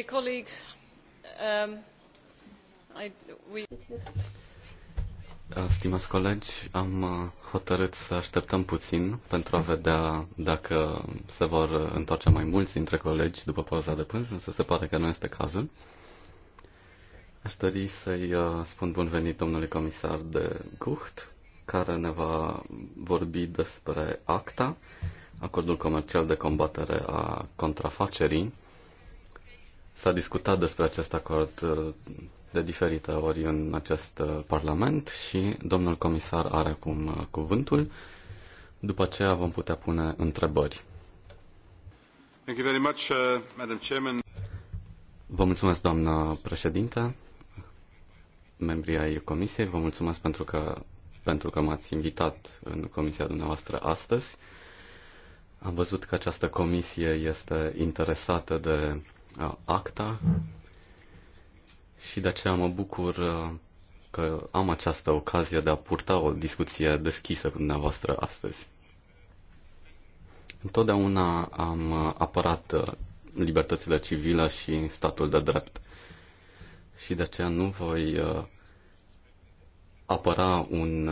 colleagues. Um, uh, stimați colegi, am uh, hotărât să așteptăm puțin pentru a vedea dacă se vor întoarce mai mulți dintre colegi după pauza de prânz, însă se pare că nu este cazul. Aș dori să-i uh, spun bun venit domnului comisar de Gucht, care ne va vorbi despre ACTA, Acordul Comercial de Combatere a Contrafacerii, S-a discutat despre acest acord uh, de diferite ori în acest uh, Parlament și domnul comisar are acum uh, cuvântul. După aceea vom putea pune întrebări. Thank you very much, uh, Madam Chairman. Vă mulțumesc, doamnă președinte, membrii ai comisiei, vă mulțumesc pentru că, pentru că m-ați invitat în comisia dumneavoastră astăzi. Am văzut că această comisie este interesată de acta și de aceea mă bucur că am această ocazie de a purta o discuție deschisă cu dumneavoastră astăzi. Întotdeauna am apărat libertățile civile și statul de drept. Și de aceea nu voi apăra un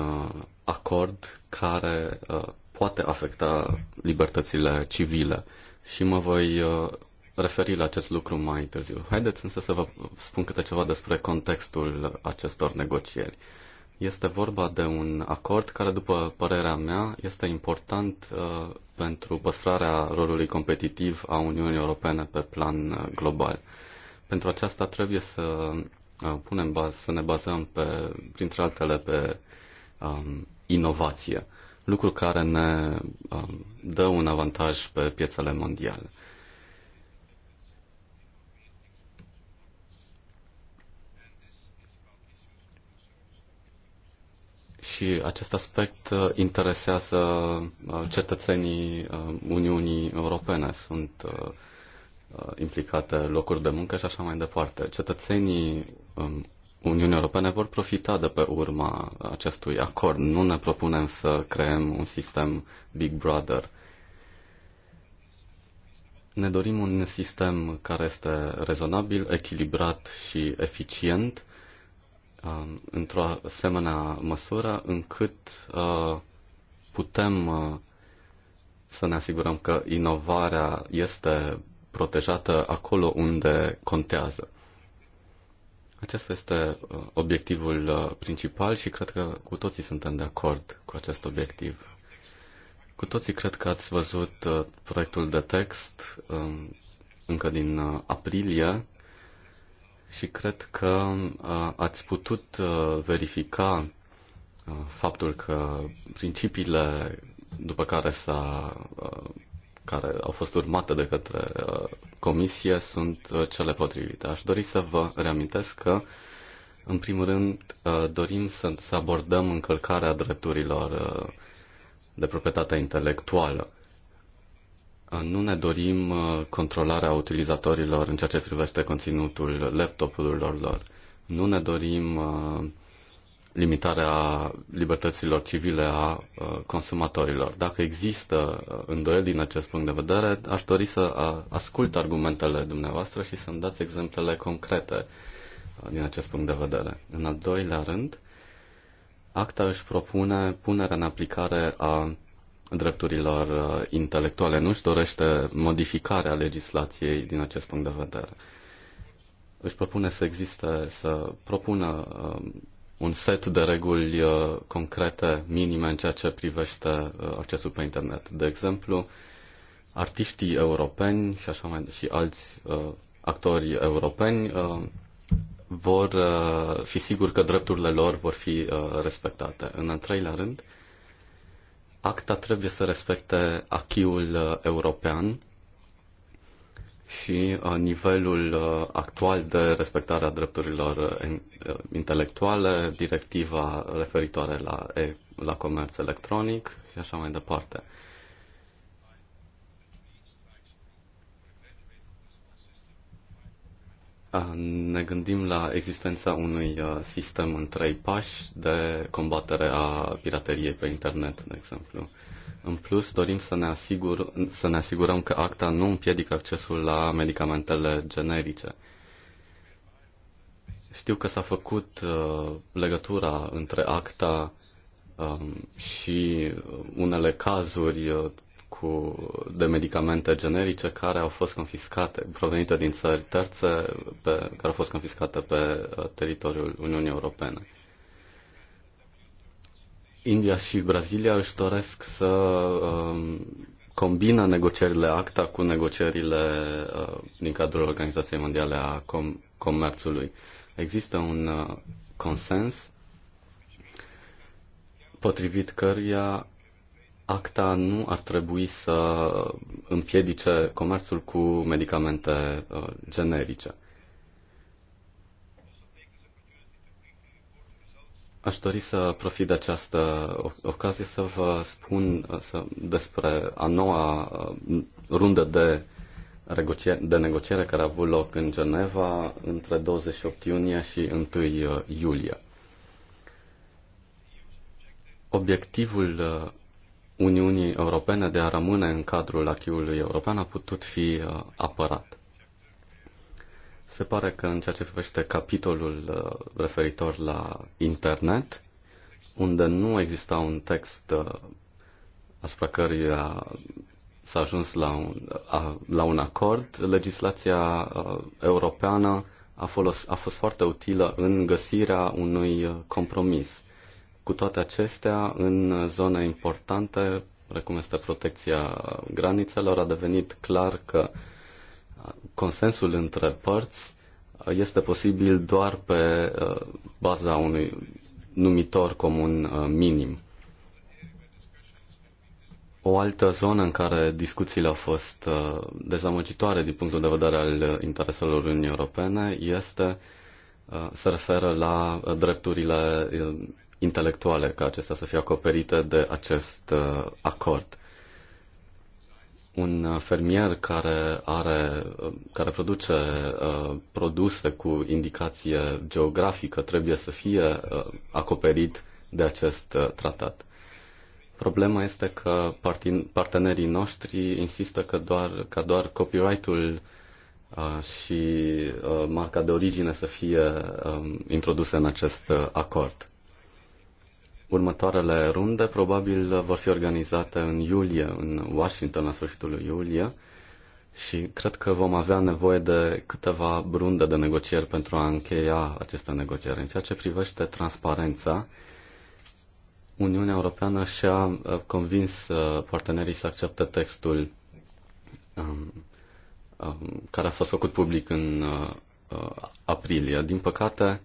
acord care poate afecta libertățile civile. Și mă voi referi la acest lucru mai târziu. Haideți însă să vă spun câte ceva despre contextul acestor negocieri. Este vorba de un acord care, după părerea mea, este important uh, pentru păstrarea rolului competitiv a Uniunii Europene pe plan uh, global. Pentru aceasta trebuie să uh, punem baz, să ne bazăm pe, printre altele, pe um, inovație, lucru care ne um, dă un avantaj pe piețele mondiale. și acest aspect uh, interesează uh, cetățenii uh, Uniunii Europene. Sunt implicate locuri de muncă și așa mai departe. Cetățenii um, Uniunii Europene vor profita de pe urma acestui acord. Nu ne propunem să creăm un sistem Big Brother. Ne dorim un sistem care este rezonabil, echilibrat și eficient Um, într-o asemenea măsură încât uh, putem uh, să ne asigurăm că inovarea este protejată acolo unde contează. Acesta este uh, obiectivul principal și cred că cu toții suntem de acord cu acest obiectiv. Cu toții cred că ați văzut proiectul de text um, încă din aprilie și cred că uh, ați putut uh, verifica uh, faptul că principiile după care s-a care au fost urmate de către comisie sunt cele potrivite. Aș dori să vă reamintesc că în primul rând dorim să, să abordăm încălcarea drepturilor de proprietate intelectuală. Uh, nu ne dorim uh, controlarea utilizatorilor în ceea ce privește conținutul laptopurilor lor. Nu ne dorim uh, limitarea libertăților civile a consumatorilor. Dacă există îndoieli din acest punct de vedere, aș dori să ascult argumentele dumneavoastră și să-mi dați exemplele concrete din acest punct de vedere. În al doilea rând, acta își propune punerea în aplicare a drepturilor uh, intelectuale, nu își dorește modificarea legislației din acest punct de vedere. Își propune să existe, să propună um, un set de reguli uh, concrete, minime în ceea ce privește uh, accesul pe internet. De exemplu, artiștii europeni și așa mai și alți uh, actori europeni uh, vor uh, fi siguri că drepturile lor vor fi uh, respectate. În al treilea rând, uh, acta trebuie să respecte achiul uh, european și uh, nivelul uh, actual de respectare a drepturilor intelectuale, directiva referitoare la, la comerț electronic și așa mai departe. ne gândim la existența unui uh, sistem în trei pași de combatere a pirateriei pe internet, de exemplu. În plus, dorim să ne, asigur, să ne asigurăm că acta nu împiedică accesul la medicamentele generice. Știu că s-a făcut uh, legătura între acta um, și unele cazuri uh, cu, de medicamente generice care au fost confiscate, provenite din țări terțe, pe, care au fost confiscate pe uh, teritoriul Uniunii Europene. India și Brazilia își doresc să um, combină negocierile ACTA cu negocierile uh, din cadrul Organizației Mondiale a Com- Comerțului. Există un uh, consens potrivit căruia ACTA nu ar trebui să împiedice comerțul cu medicamente uh, generice. Aș dori să profit de această ocazie să vă spun uh, să, despre a noua uh, rundă de, de negociere care a avut loc în Geneva între 28 iunie și 1 iulie. Obiectivul Uniunii Europene de a rămâne în cadrul achiului european a putut fi uh, apărat. Se pare că în ceea ce privește capitolul uh, referitor la internet, unde nu exista un text uh, asupra căruia s-a ajuns la un, a, la un acord, legislația europeană a, folos, a fost foarte utilă în găsirea unui compromis. Cu toate acestea, în zone importante, precum este protecția granițelor, a devenit clar că consensul între părți este posibil doar pe uh, baza unui numitor comun uh, minim. O altă zonă în care discuțiile au fost uh, dezamăgitoare din punctul de vedere al intereselor Uniunii Europene este se referă la drepturile intelectuale ca acestea să fie acoperite de acest uh, acord. Un uh, fermier care, are, uh, care produce produse cu indicație geografică trebuie să fie acoperit de acest tratat. Problema este că partenerii noștri insistă că doar, ca doar copyright-ul și marca de origine să fie um, introduse în acest acord. Următoarele runde probabil vor fi organizate în iulie, în Washington, la sfârșitul lui iulie, și cred că vom avea nevoie de câteva runde de negocieri pentru a încheia aceste negocieri. În ceea ce privește transparența, Uniunea Europeană și-a uh, convins uh, partenerii să accepte textul um, um, care a fost făcut public în uh, uh aprilie. Din păcate,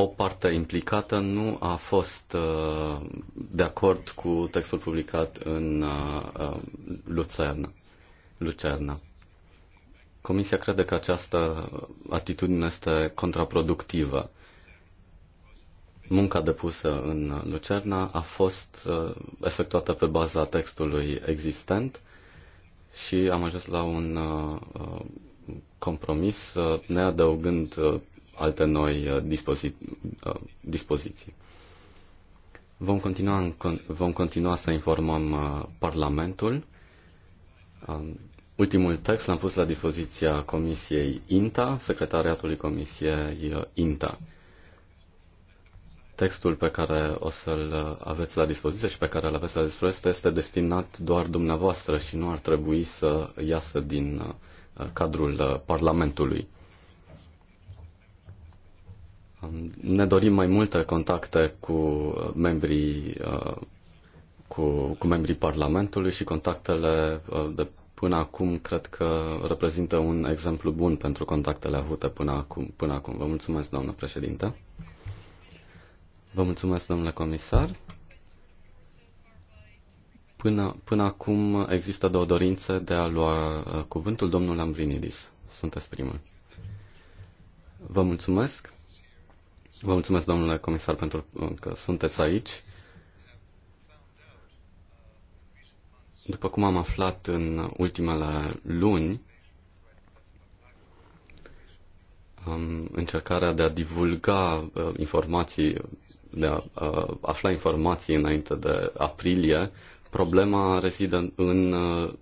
o parte implicată nu a fost uh, de acord cu textul publicat în uh, uh, Lucerna. Lucerna. Comisia crede că această atitudine este contraproductivă. Munca depusă în Lucerna a fost efectuată pe baza textului existent și am ajuns la un compromis, ne adăugând alte noi uh, dispozi- uh, dispoziții. Vom continua, vom continua să informăm uh, Parlamentul. Um, ultimul text l-am pus la dispoziția Comisiei INTA, secretariatului Comisiei INTA. Textul pe care o să-l aveți la dispoziție și pe care îl aveți la dispoziție este destinat doar dumneavoastră și nu ar trebui să iasă din cadrul Parlamentului. Ne dorim mai multe contacte cu membrii, uh, cu, cu membrii Parlamentului și contactele uh, de până acum cred că reprezintă un exemplu bun pentru contactele avute până acum. Până acum. Vă mulțumesc, doamnă președinte. Vă mulțumesc, domnule comisar. Până, până acum există două dorințe de a lua uh, cuvântul domnul Ambrinidis. Sunteți primul. Vă mulțumesc. Vă mulțumesc, domnule comisar, pentru că sunteți aici. După cum am aflat în ultimele luni, încercarea de a divulga uh, informații, de a uh, afla informații înainte de aprilie, problema rezidă în uh,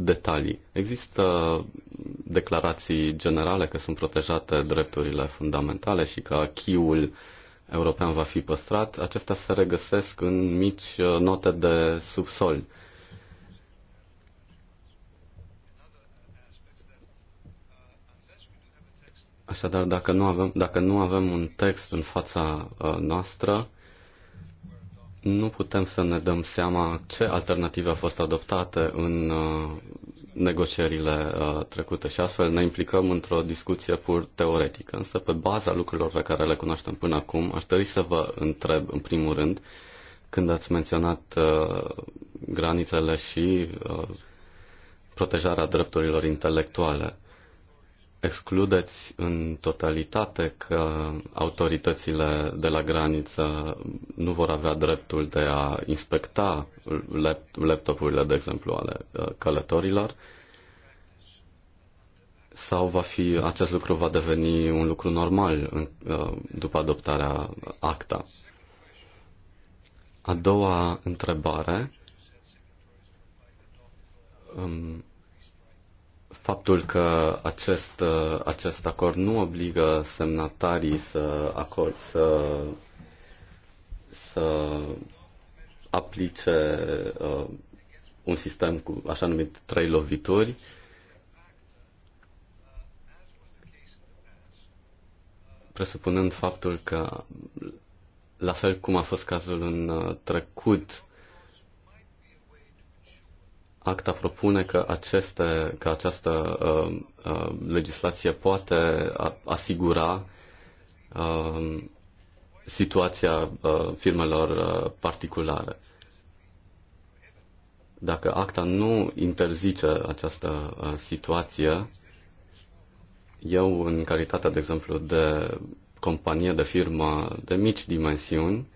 detalii. Există declarații generale că sunt protejate drepturile fundamentale și că chiul european va fi păstrat. Acestea se regăsesc în mici uh, note de subsol. Așadar, dacă nu avem, dacă nu avem un text în fața uh, noastră, nu putem să ne dăm seama ce alternative au fost adoptate în uh, negocierile uh, trecute și astfel ne implicăm într-o discuție pur teoretică. Însă, pe baza lucrurilor pe care le cunoaștem până acum, aș dori să vă întreb, în primul rând, când ați menționat uh, granițele și protejarea drepturilor intelectuale excludeți în totalitate că autoritățile de la graniță nu vor avea dreptul de a inspecta laptopurile, de exemplu, ale uh, călătorilor? Sau va fi, acest lucru va deveni un lucru normal în, uh, după adoptarea acta? A doua întrebare. Um, faptul că acest, uh, acest acord nu obligă semnatarii să, acord, să, să aplice uh, un sistem cu așa numit trei lovituri, presupunând faptul că, la fel cum a fost cazul în uh, trecut, Acta propune că, aceste, că această uh, uh, legislație poate asigura uh, situația uh, firmelor uh, particulare. Dacă acta nu interzice această uh, situație, eu, în calitate, de exemplu, de companie, de firmă de mici dimensiuni,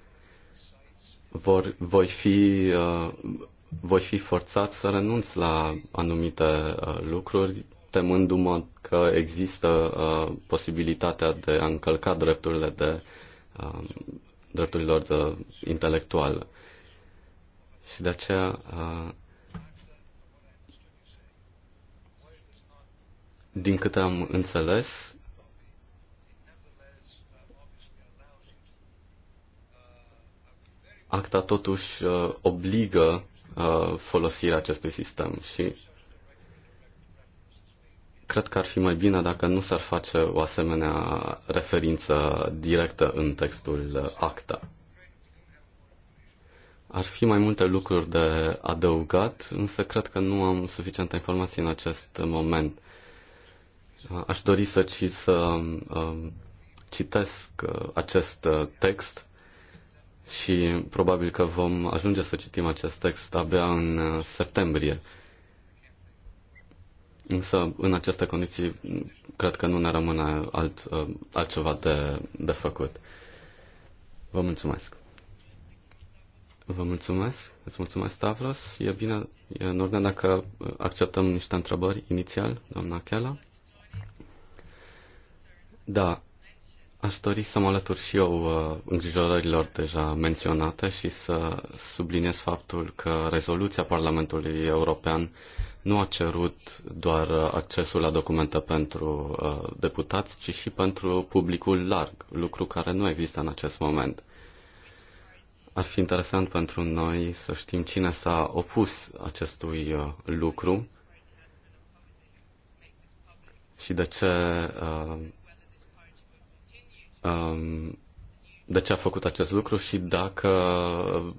vor, voi fi, uh, voi fi forțat să renunț la anumite uh, lucruri, temându-mă că există uh, posibilitatea de a încălca drepturile de uh, drepturilor de intelectuale. Și de aceea din câte am înțeles, acta totuși obligă Uh, folosirea acestui sistem și cred că ar fi mai bine dacă nu s-ar face o asemenea referință directă în textul acta. Ar fi mai multe lucruri de adăugat, însă cred că nu am suficientă informație în acest moment. Aș dori să, ci, să um, citesc uh, acest uh, text și probabil că vom ajunge să citim acest text abia în uh, septembrie. Însă, în aceste condiții, cred că nu ne rămâne alt, uh, altceva de, de făcut. Vă mulțumesc. Vă mulțumesc. Îți mulțumesc, Stavros. E bine, e în ordine dacă acceptăm niște întrebări inițial, doamna Chela. Da, Aș dori să mă alătur și eu uh, îngrijorărilor deja menționate și să subliniez faptul că rezoluția Parlamentului European nu a cerut doar uh, accesul la documente pentru uh, deputați, ci și pentru publicul larg, lucru care nu există în acest moment. Ar fi interesant pentru noi să știm cine s-a opus acestui lucru și de ce Um, de ce a făcut acest lucru și dacă uh,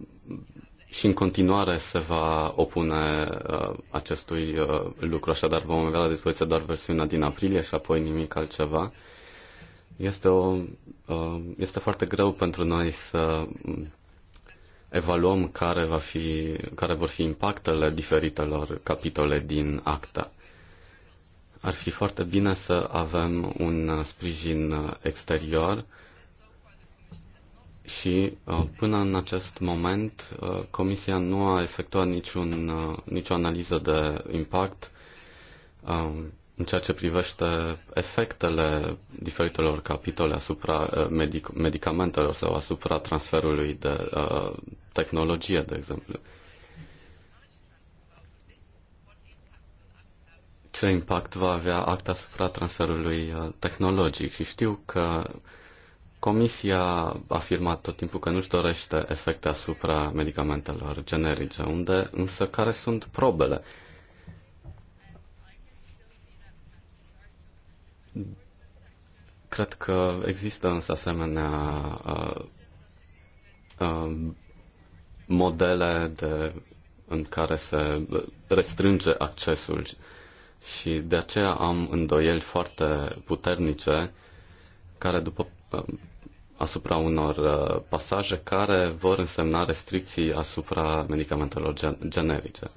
și în continuare se va opune uh, acestui uh, lucru, așadar vom avea la dispoziție doar versiunea din aprilie și apoi nimic altceva. Este, o, este foarte greu pentru noi să um, evaluăm care, va fi, care vor fi impactele diferitelor capitole din acta ar fi foarte bine să avem un uh, sprijin uh, exterior și uh, până în acest moment Comisia nu a efectuat niciun, nicio analiză de impact în ceea ce privește efectele diferitelor capitole asupra medic- medicamentelor sau asupra transferului de tehnologie, de exemplu. ce impact va avea acta asupra transferului uh, tehnologic și știu că Comisia a afirmat tot timpul că nu-și dorește efecte asupra medicamentelor generice, unde însă care sunt probele? Cred că există însă asemenea uh, uh, modele de, în care se uh, restrânge accesul uh, și de aceea am îndoieli foarte puternice care după um, asupra unor uh, pasaje care vor însemna restricții asupra medicamentelor gen- generice.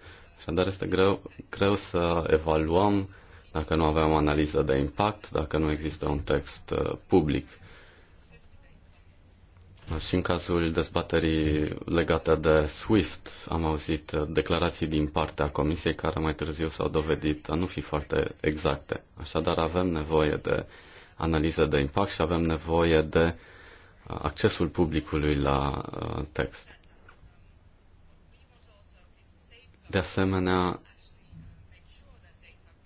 dar este greu, greu să evaluăm dacă nu avem analiză de impact, dacă nu există un text uh, public și în cazul dezbaterii legate de SWIFT am auzit declarații din partea Comisiei care mai târziu s-au dovedit a nu fi foarte exacte. Așadar avem nevoie de analiză de impact și avem nevoie de uh, accesul publicului la uh, text. De asemenea,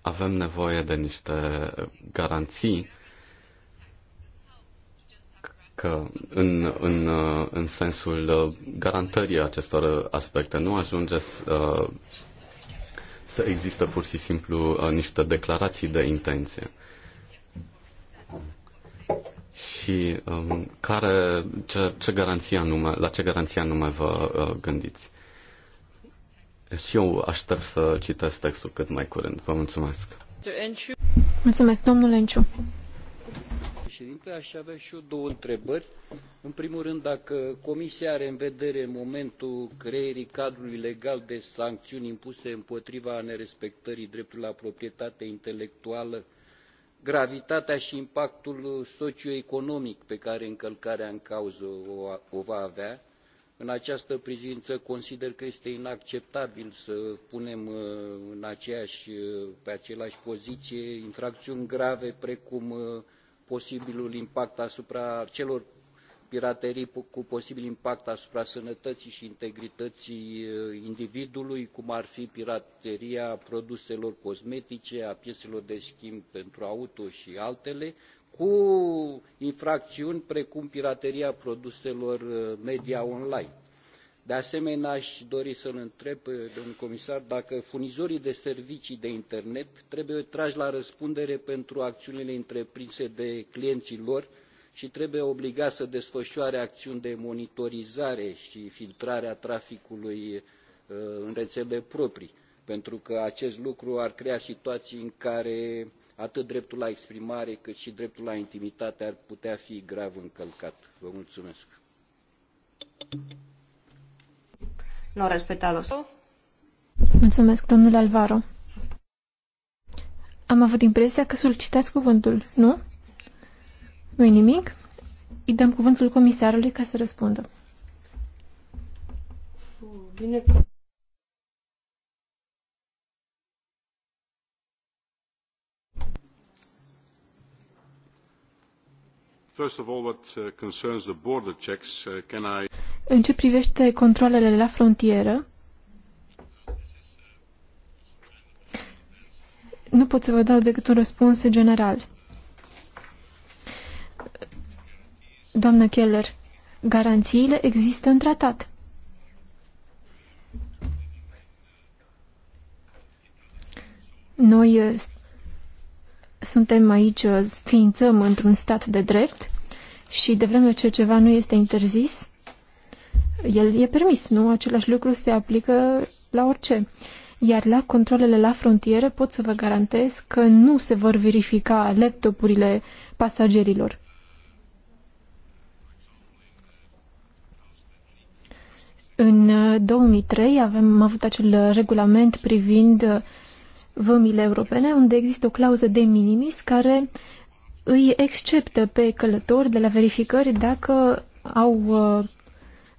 avem nevoie de niște garanții că în, în, în sensul uh, garantării acestor aspecte nu ajunge să, uh, să există pur și simplu uh, niște declarații de intenție. Și um, care, ce, ce garanție anume, la ce garanție anume vă uh, gândiți? Și eu aștept să citesc textul cât mai curând. Vă mulțumesc. Mulțumesc, domnule Enciu a avea și eu două întrebări. În primul rând, dacă Comisia are în vedere în momentul creării cadrului legal de sancțiuni impuse împotriva nerespectării dreptului la proprietate intelectuală, gravitatea și impactul socioeconomic pe care încălcarea în cauză o va avea, în această privință consider că este inacceptabil să punem uh, în aceeași, uh, pe aceeași poziție infracțiuni grave precum uh, posibilul impact asupra celor piraterii cu posibil impact asupra sănătății și integrității uh, individului, cum ar fi pirateria produselor cosmetice, a pieselor de schimb pentru auto și altele, cu infracțiuni precum pirateria produselor uh, media online. De asemenea, aș dori să-l întreb pe domnul comisar dacă furnizorii de servicii de internet trebuie trași la răspundere pentru acțiunile întreprinse de clienții lor și trebuie obligați să desfășoare acțiuni de monitorizare și filtrare a traficului uh, în rețele proprii, pentru că acest lucru ar crea situații în care atât dreptul la exprimare cât și dreptul la intimitate ar putea fi grav încălcat. Vă mulțumesc no respetados. Mulțumesc, domnule Alvaro. Am avut impresia că solicitați cuvântul, nu? nu nimic. Îi dăm cuvântul comisarului ca să răspundă. Bine. În ce privește controlele la frontieră, nu pot să vă dau decât un răspuns general. Doamnă Keller, garanțiile există în tratat. Noi uh, suntem aici, uh, ființăm într-un stat de drept și de vreme ce ceva nu este interzis, el e permis, nu? Același lucru se aplică la orice. Iar la controlele la frontiere pot să vă garantez că nu se vor verifica laptopurile pasagerilor. În 2003 uh, avem avut acel regulament privind uh, vămile europene, unde există o clauză de minimis care îi exceptă pe călători de la verificări dacă au uh,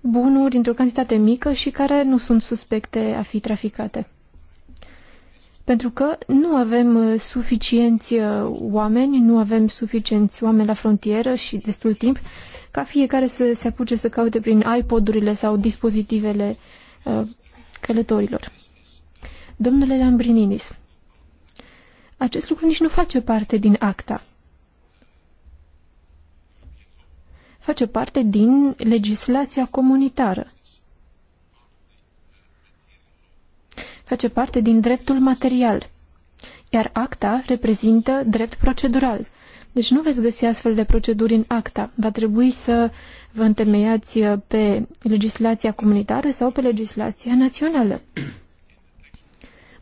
bunuri într-o cantitate mică și care nu sunt suspecte a fi traficate. Pentru că nu avem uh, suficienți uh, oameni, nu avem suficienți oameni la frontieră și destul timp ca fiecare să se apuce să caute prin iPod-urile sau dispozitivele călătorilor. Domnule Lambrininis, acest lucru nici nu face parte din acta. Face parte din legislația comunitară. Face parte din dreptul material. Iar acta reprezintă drept procedural. Deci nu veți găsi astfel de proceduri în acta. Va trebui să vă întemeiați pe legislația comunitară sau pe legislația națională.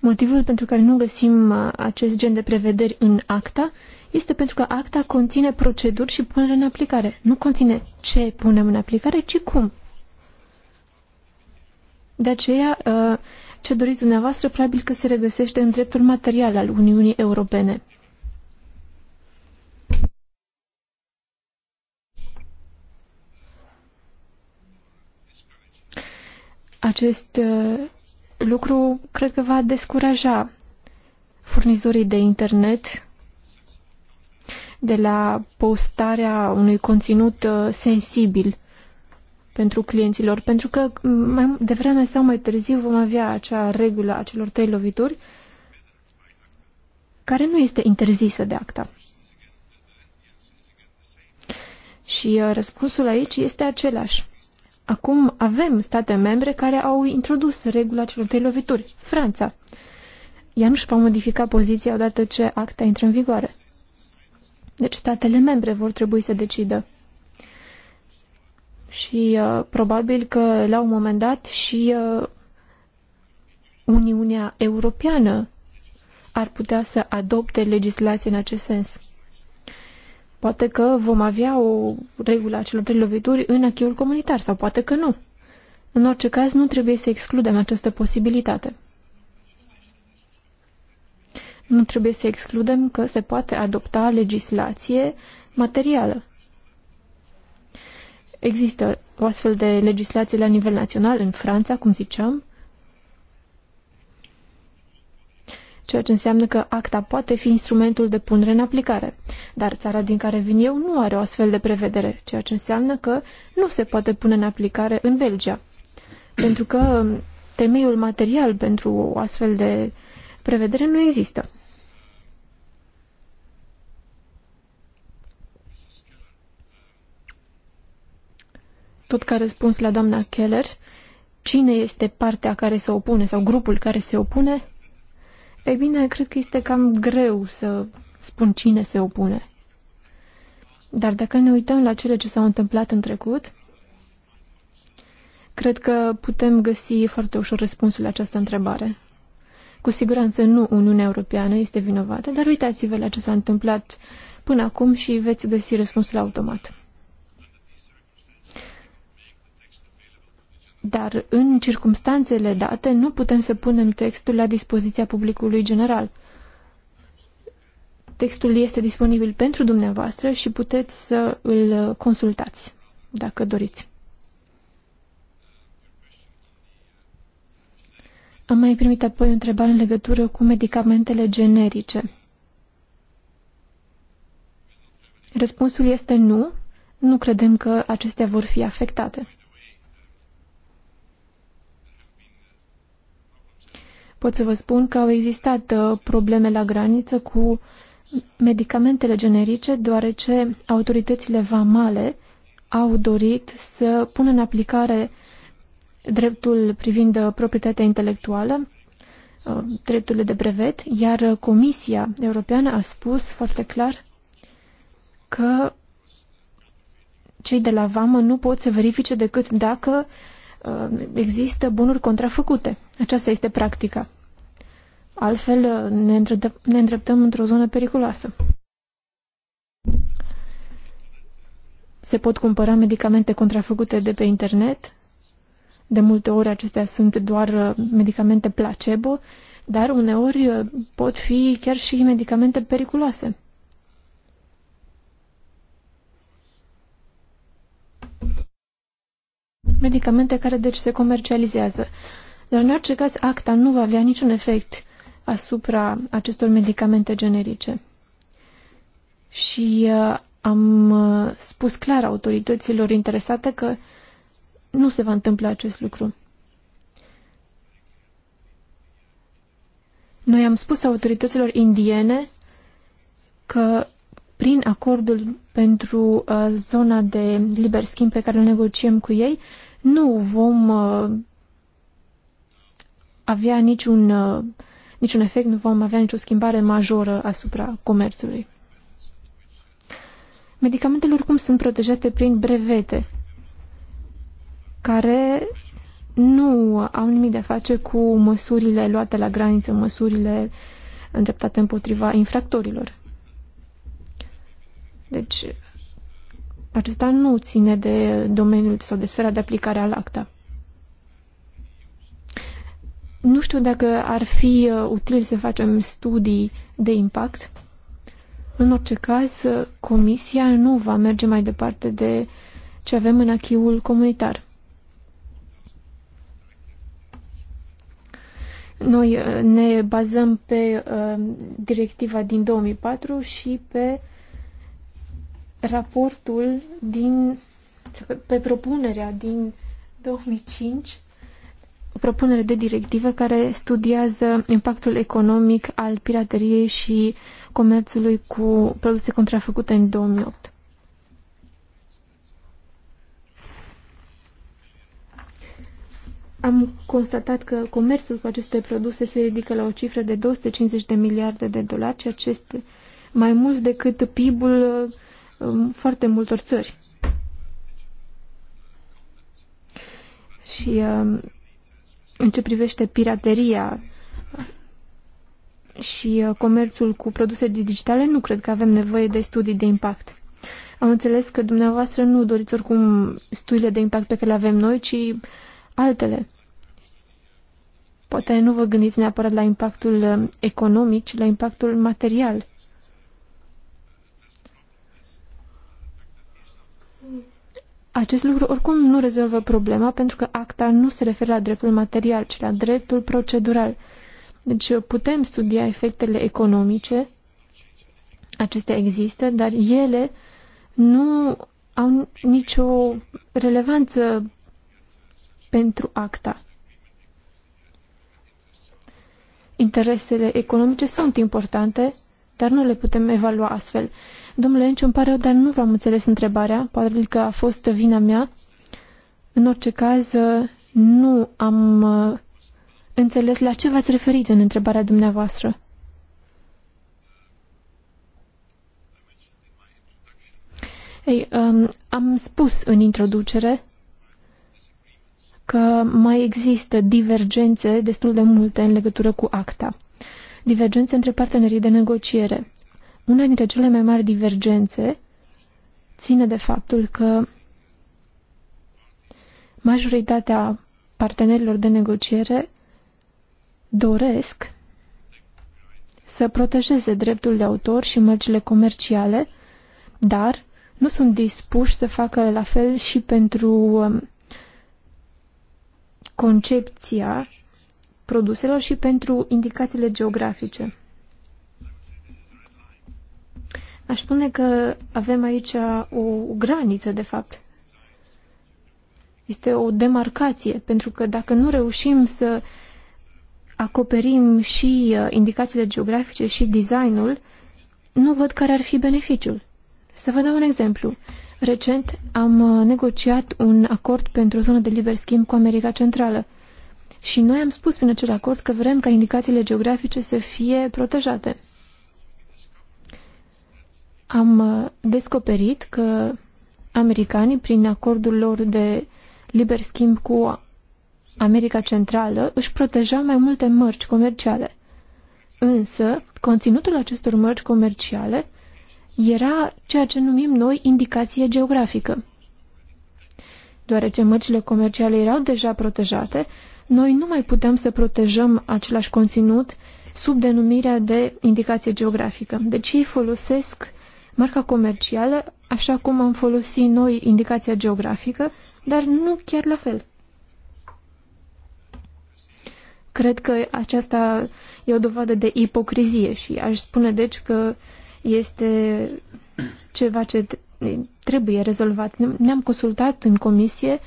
Motivul pentru care nu găsim uh, acest gen de prevederi în acta este pentru că acta conține proceduri și punere în aplicare. Nu conține ce punem în aplicare, ci cum. De aceea, uh, ce doriți dumneavoastră probabil că se regăsește în dreptul material al Uniunii Europene. Acest uh, lucru cred că va descuraja furnizorii de internet de la postarea unui conținut uh, sensibil pentru clienților, pentru că mm, mai devreme sau mai târziu vom avea acea regulă a celor trei lovituri care nu este interzisă de acta. Și uh, răspunsul aici este același. Acum avem state membre care au introdus regula celor trei lovituri. Franța. Ea nu și va modifica poziția odată ce acta intră în vigoare. Deci statele membre vor trebui să decidă. Și uh, probabil că la un moment dat și uh, Uniunea Europeană ar putea să adopte legislație în acest sens. Poate că vom avea o regulă a celor trei lovituri în achiul comunitar, sau poate că nu. În orice caz, nu trebuie să excludem această posibilitate. Nu trebuie să excludem că se poate adopta legislație materială. Există o astfel de legislație la nivel național în Franța, cum ziceam, ceea ce înseamnă că acta poate fi instrumentul de punere în aplicare. Dar țara din care vin eu nu are o astfel de prevedere, ceea ce înseamnă că nu se poate pune în aplicare în Belgia. Pentru că um, temeiul material pentru o astfel de prevedere nu există. Tot ca răspuns la doamna Keller, cine este partea care se opune sau grupul care se opune, ei bine, cred că este cam greu să spun cine se opune. Dar dacă ne uităm la cele ce s-au întâmplat în trecut, cred că putem găsi foarte ușor răspunsul la această întrebare. Cu siguranță nu Uniunea Europeană este vinovată, dar uitați-vă la ce s-a întâmplat până acum și veți găsi răspunsul automat. dar în circumstanțele date nu putem să punem textul la dispoziția publicului general. Textul este disponibil pentru dumneavoastră și puteți să îl consultați, dacă doriți. Am mai primit apoi o întrebare în legătură cu medicamentele generice. Răspunsul este nu, nu credem că acestea vor fi afectate. Pot să vă spun că au existat uh, probleme la graniță cu medicamentele generice, deoarece autoritățile vamale au dorit să pună în aplicare dreptul privind uh, proprietatea intelectuală, uh, drepturile de brevet, iar Comisia Europeană a spus foarte clar că cei de la vamă nu pot să verifice decât dacă Uh, există bunuri contrafăcute. Aceasta este practica. Altfel uh, ne îndreptăm, ne îndreptăm într-o zonă periculoasă. Se pot cumpăra medicamente contrafăcute de pe internet. De multe ori acestea sunt doar uh, medicamente placebo, dar uneori pot fi chiar și medicamente periculoase. medicamente care deci se comercializează. Dar în orice caz, acta nu va avea niciun efect asupra acestor medicamente generice. Și uh, am uh, spus clar autorităților interesate că nu se va întâmpla acest lucru. Noi am spus autorităților indiene că prin acordul pentru uh, zona de liber schimb pe care îl negociem cu ei, nu vom uh, avea niciun, uh, niciun efect, nu vom avea nicio schimbare majoră asupra comerțului. Medicamentele oricum sunt protejate prin brevete, care nu au nimic de a face cu măsurile luate la graniță, măsurile îndreptate împotriva infractorilor. Deci, acesta nu ține de domeniul sau de sfera de aplicare al acta. Nu știu dacă ar fi uh, util să facem studii de impact. În orice caz, uh, Comisia nu va merge mai departe de ce avem în achiul comunitar. Noi uh, ne bazăm pe uh, directiva din 2004 și pe uh, raportul din, pe propunerea din 2005, o propunere de directivă care studiază impactul economic al pirateriei și comerțului cu produse contrafăcute în 2008. Am constatat că comerțul cu aceste produse se ridică la o cifră de 250 de miliarde de dolari, ceea ce este mai mult decât PIB-ul foarte multor țări. Și um, în ce privește pirateria și uh, comerțul cu produse digitale, nu cred că avem nevoie de studii de impact. Am înțeles că dumneavoastră nu doriți oricum studiile de impact pe care le avem noi, ci altele. Poate nu vă gândiți neapărat la impactul um, economic, ci la impactul material Acest lucru oricum nu rezolvă problema pentru că acta nu se referă la dreptul material, ci la dreptul procedural. Deci uh, putem studia efectele economice, acestea există, dar ele nu au nicio relevanță pentru acta. Interesele economice sunt importante, dar nu le putem evalua astfel. Domnule Enciu, îmi pare rău, dar nu v-am înțeles întrebarea, poate că a fost vina mea. În orice caz, nu am uh, înțeles la ce v-ați referit în întrebarea dumneavoastră. Ei, um, am spus în introducere că mai există divergențe destul de multe în legătură cu acta divergențe între partenerii de negociere. Una dintre cele mai mari divergențe ține de faptul că majoritatea partenerilor de negociere doresc să protejeze dreptul de autor și mărcile comerciale, dar nu sunt dispuși să facă la fel și pentru um, concepția produselor și pentru indicațiile geografice. Aș spune că avem aici o graniță, de fapt. Este o demarcație, pentru că dacă nu reușim să acoperim și uh, indicațiile geografice și designul, nu văd care ar fi beneficiul. Să vă dau un exemplu. Recent am uh, negociat un acord pentru o zonă de liber schimb cu America Centrală. Și noi am spus prin acel acord că vrem ca indicațiile geografice să fie protejate. Am uh, descoperit că americanii, prin acordul lor de liber schimb cu America Centrală, își protejau mai multe mărci comerciale. Însă, conținutul acestor mărci comerciale era ceea ce numim noi indicație geografică. Deoarece mărcile comerciale erau deja protejate, noi nu mai putem să protejăm același conținut sub denumirea de indicație geografică. Deci ei folosesc marca comercială așa cum am folosit noi indicația geografică, dar nu chiar la fel. Cred că aceasta e o dovadă de ipocrizie și aș spune deci că este ceva ce trebuie rezolvat. Ne-am consultat în comisie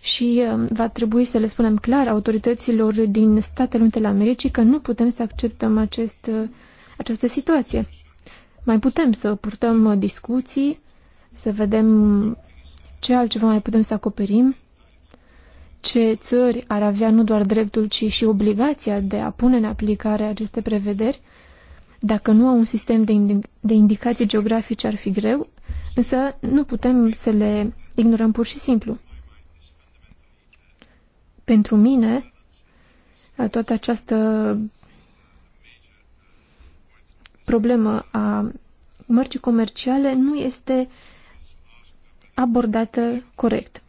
și um, va trebui să le spunem clar autorităților din Statele Unite ale Americii că nu putem să acceptăm acest, uh, această situație. Mai putem să purtăm uh, discuții, să vedem ce altceva mai putem să acoperim, ce țări ar avea nu doar dreptul, ci și obligația de a pune în aplicare aceste prevederi. Dacă nu au un sistem de, ind- de indicații geografice ar fi greu, însă nu putem să le ignorăm pur și simplu. Pentru mine, toată această problemă a mărcii comerciale nu este abordată corect.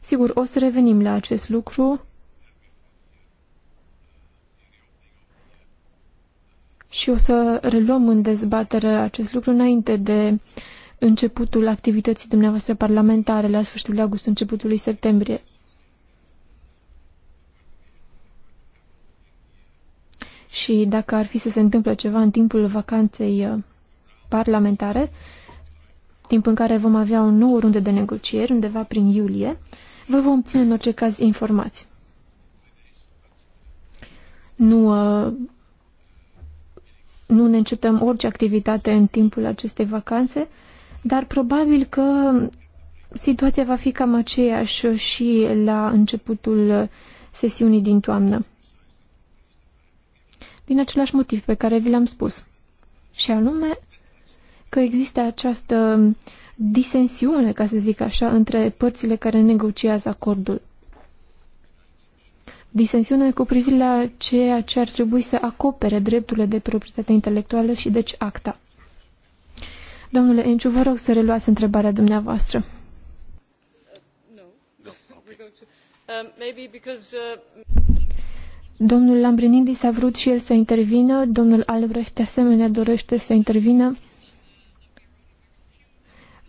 Sigur, o să revenim la acest lucru și o să reluăm în dezbatere acest lucru înainte de începutul activității dumneavoastră parlamentare, la sfârșitul august, începutul lui septembrie. Și dacă ar fi să se întâmple ceva în timpul vacanței uh, parlamentare, timp în care vom avea o nouă rundă de negocieri, undeva prin iulie, vă vom ține în orice caz informați. Nu, uh, nu ne încetăm orice activitate în timpul acestei vacanțe, dar probabil că situația va fi cam aceeași și la începutul sesiunii din toamnă. Din același motiv pe care vi l-am spus. Și anume că există această disensiune, ca să zic așa, între părțile care negociază acordul. Disensiune cu privire la ceea ce ar trebui să acopere drepturile de proprietate intelectuală și deci acta. Domnule Enciu, vă rog să reluați întrebarea dumneavoastră. Domnul Lambrinidis a vrut și el să intervină, domnul Albrecht de asemenea dorește să intervină.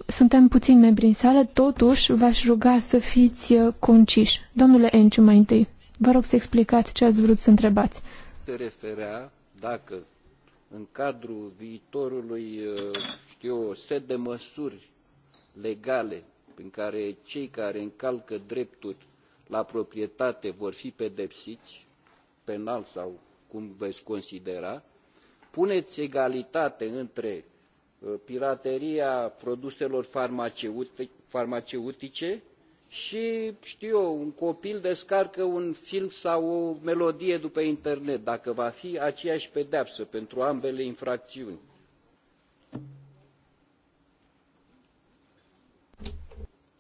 Suntem puțini membri în sală, totuși v-aș ruga să fiți uh, conciși. Domnule Enciu, mai întâi, vă rog să explicați ce ați vrut să întrebați. Se referea dacă în cadrul viitorului uh, eu, set de măsuri legale prin care cei care încalcă dreptul la proprietate vor fi pedepsiți, penal sau cum veți considera, puneți egalitate între uh, pirateria produselor farmaceutice și, știu eu, un copil descarcă un film sau o melodie după internet, dacă va fi aceeași pedeapsă pentru ambele infracțiuni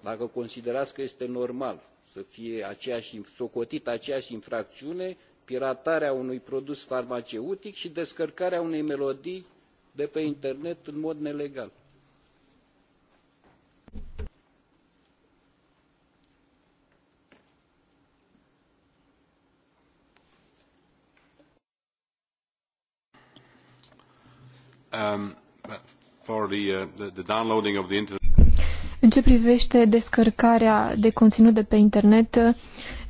dacă considerați că este normal să fie aceeași, socotită aceeași infracțiune piratarea unui produs farmaceutic și descărcarea unei melodii de pe internet în mod nelegal. Um, for the, uh, the, the downloading of the internet. În ce privește descărcarea de conținut de pe internet,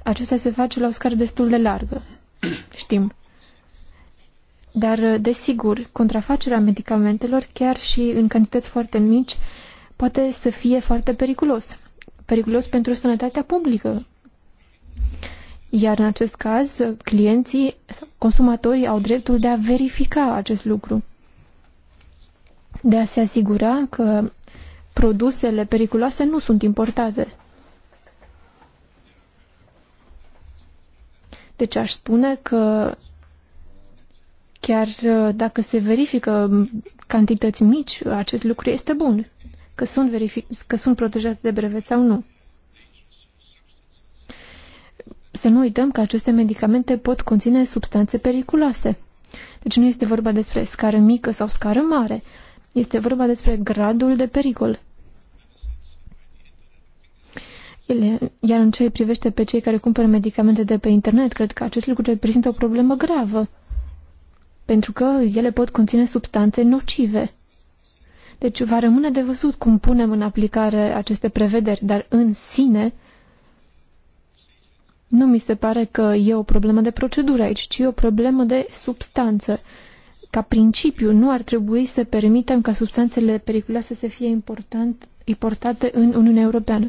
acesta se face la o scară destul de largă, știm. Dar, desigur, contrafacerea medicamentelor, chiar și în cantități foarte mici, poate să fie foarte periculos. Periculos pentru sănătatea publică. Iar în acest caz, clienții, consumatorii au dreptul de a verifica acest lucru. De a se asigura că produsele periculoase nu sunt importate. Deci aș spune că chiar uh, dacă se verifică um, cantități mici, acest lucru este bun, că sunt, verific- că sunt protejate de brevet sau nu. Să nu uităm că aceste medicamente pot conține substanțe periculoase. Deci nu este vorba despre scară mică sau scară mare, este vorba despre gradul de pericol ele, iar în ce privește pe cei care cumpără medicamente de pe internet, cred că acest lucru reprezintă o problemă gravă, pentru că ele pot conține substanțe nocive. Deci va rămâne de văzut cum punem în aplicare aceste prevederi, dar în sine nu mi se pare că e o problemă de procedură aici, ci o problemă de substanță. Ca principiu, nu ar trebui să permitem ca substanțele periculoase să fie importante importate în Uniunea Europeană.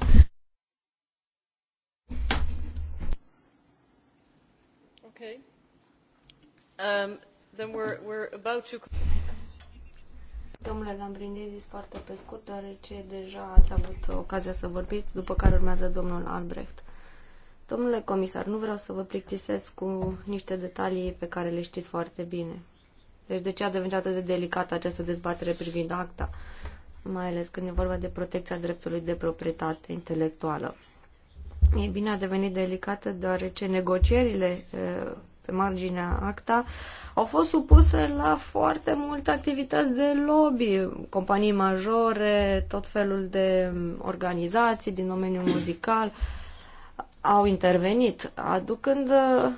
Um, then we're, we're about to... Domnule Lambrinidis, foarte pe scurt, deoarece deja ați avut ocazia să vorbiți, după care urmează domnul Albrecht. Domnule comisar, nu vreau să vă plictisesc cu niște detalii pe care le știți foarte bine. Deci de ce a devenit atât de delicată această dezbatere privind acta, mai ales când e vorba de protecția dreptului de proprietate intelectuală? E bine, a devenit delicată deoarece negocierile uh, pe marginea acta, au fost supuse la foarte multe activități de lobby, companii majore, tot felul de organizații din domeniul muzical au intervenit, aducând uh,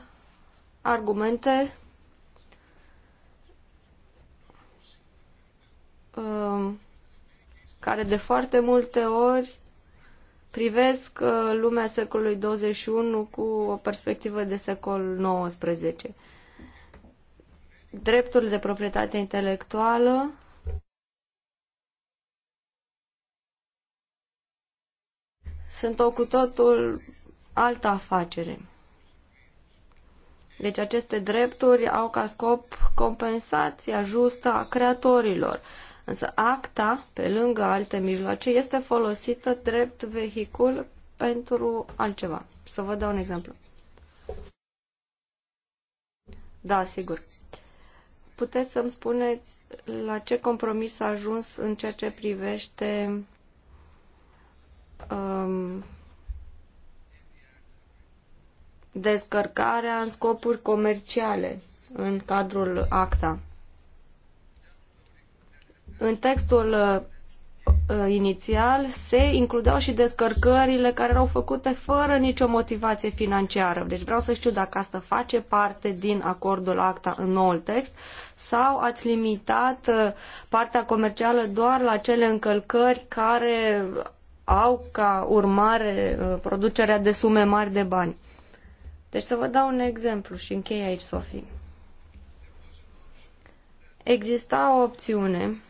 argumente uh, care de foarte multe ori privesc uh, lumea secolului 21 cu o perspectivă de secol 19. Drepturile de proprietate intelectuală sunt o cu totul altă afacere. Deci aceste drepturi au ca scop compensația justă a creatorilor. Însă acta, pe lângă alte mijloace, este folosită drept vehicul pentru altceva. Să vă dau un exemplu. Da, sigur. Puteți să-mi spuneți la ce compromis a ajuns în ceea ce privește um, descărcarea în scopuri comerciale în cadrul ACTA. În textul uh, uh, inițial se includeau și descărcările care erau făcute fără nicio motivație financiară. Deci vreau să știu dacă asta face parte din acordul ACTA în noul text sau ați limitat uh, partea comercială doar la cele încălcări care au ca urmare producerea de sume mari de bani. Deci să vă dau un exemplu și închei aici, Sofie. Exista o opțiune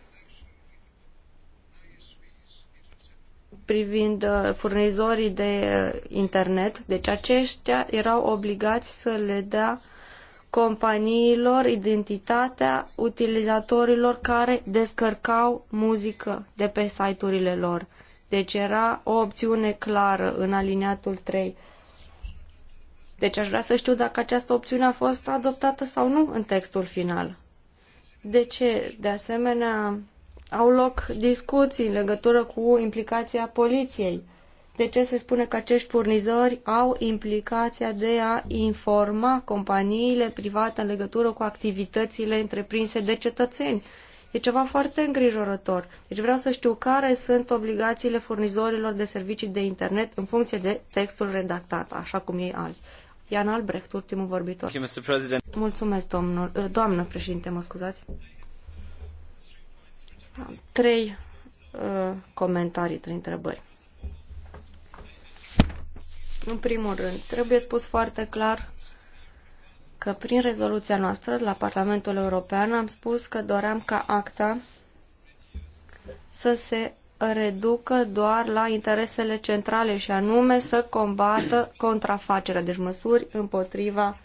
privind uh, furnizorii de uh, internet. Deci aceștia erau obligați să le dea companiilor identitatea utilizatorilor care descărcau muzică de pe site-urile lor. Deci era o opțiune clară în aliniatul 3. Deci aș vrea să știu dacă această opțiune a fost adoptată sau nu în textul final. De ce? De asemenea, au loc discuții în legătură cu implicația poliției. De ce se spune că acești furnizori au implicația de a informa companiile private în legătură cu activitățile întreprinse de cetățeni? E ceva foarte îngrijorător. Deci vreau să știu care sunt obligațiile furnizorilor de servicii de internet în funcție de textul redactat, așa cum ei azi. Ian Albrecht, ultimul vorbitor. Mulțumesc, domnul, doamnă președinte, mă scuzați. Am trei uh, comentarii, trei întrebări. În primul rând, trebuie spus foarte clar că prin rezoluția noastră la Parlamentul European am spus că doream ca acta să se reducă doar la interesele centrale și anume să combată contrafacerea, deci măsuri împotriva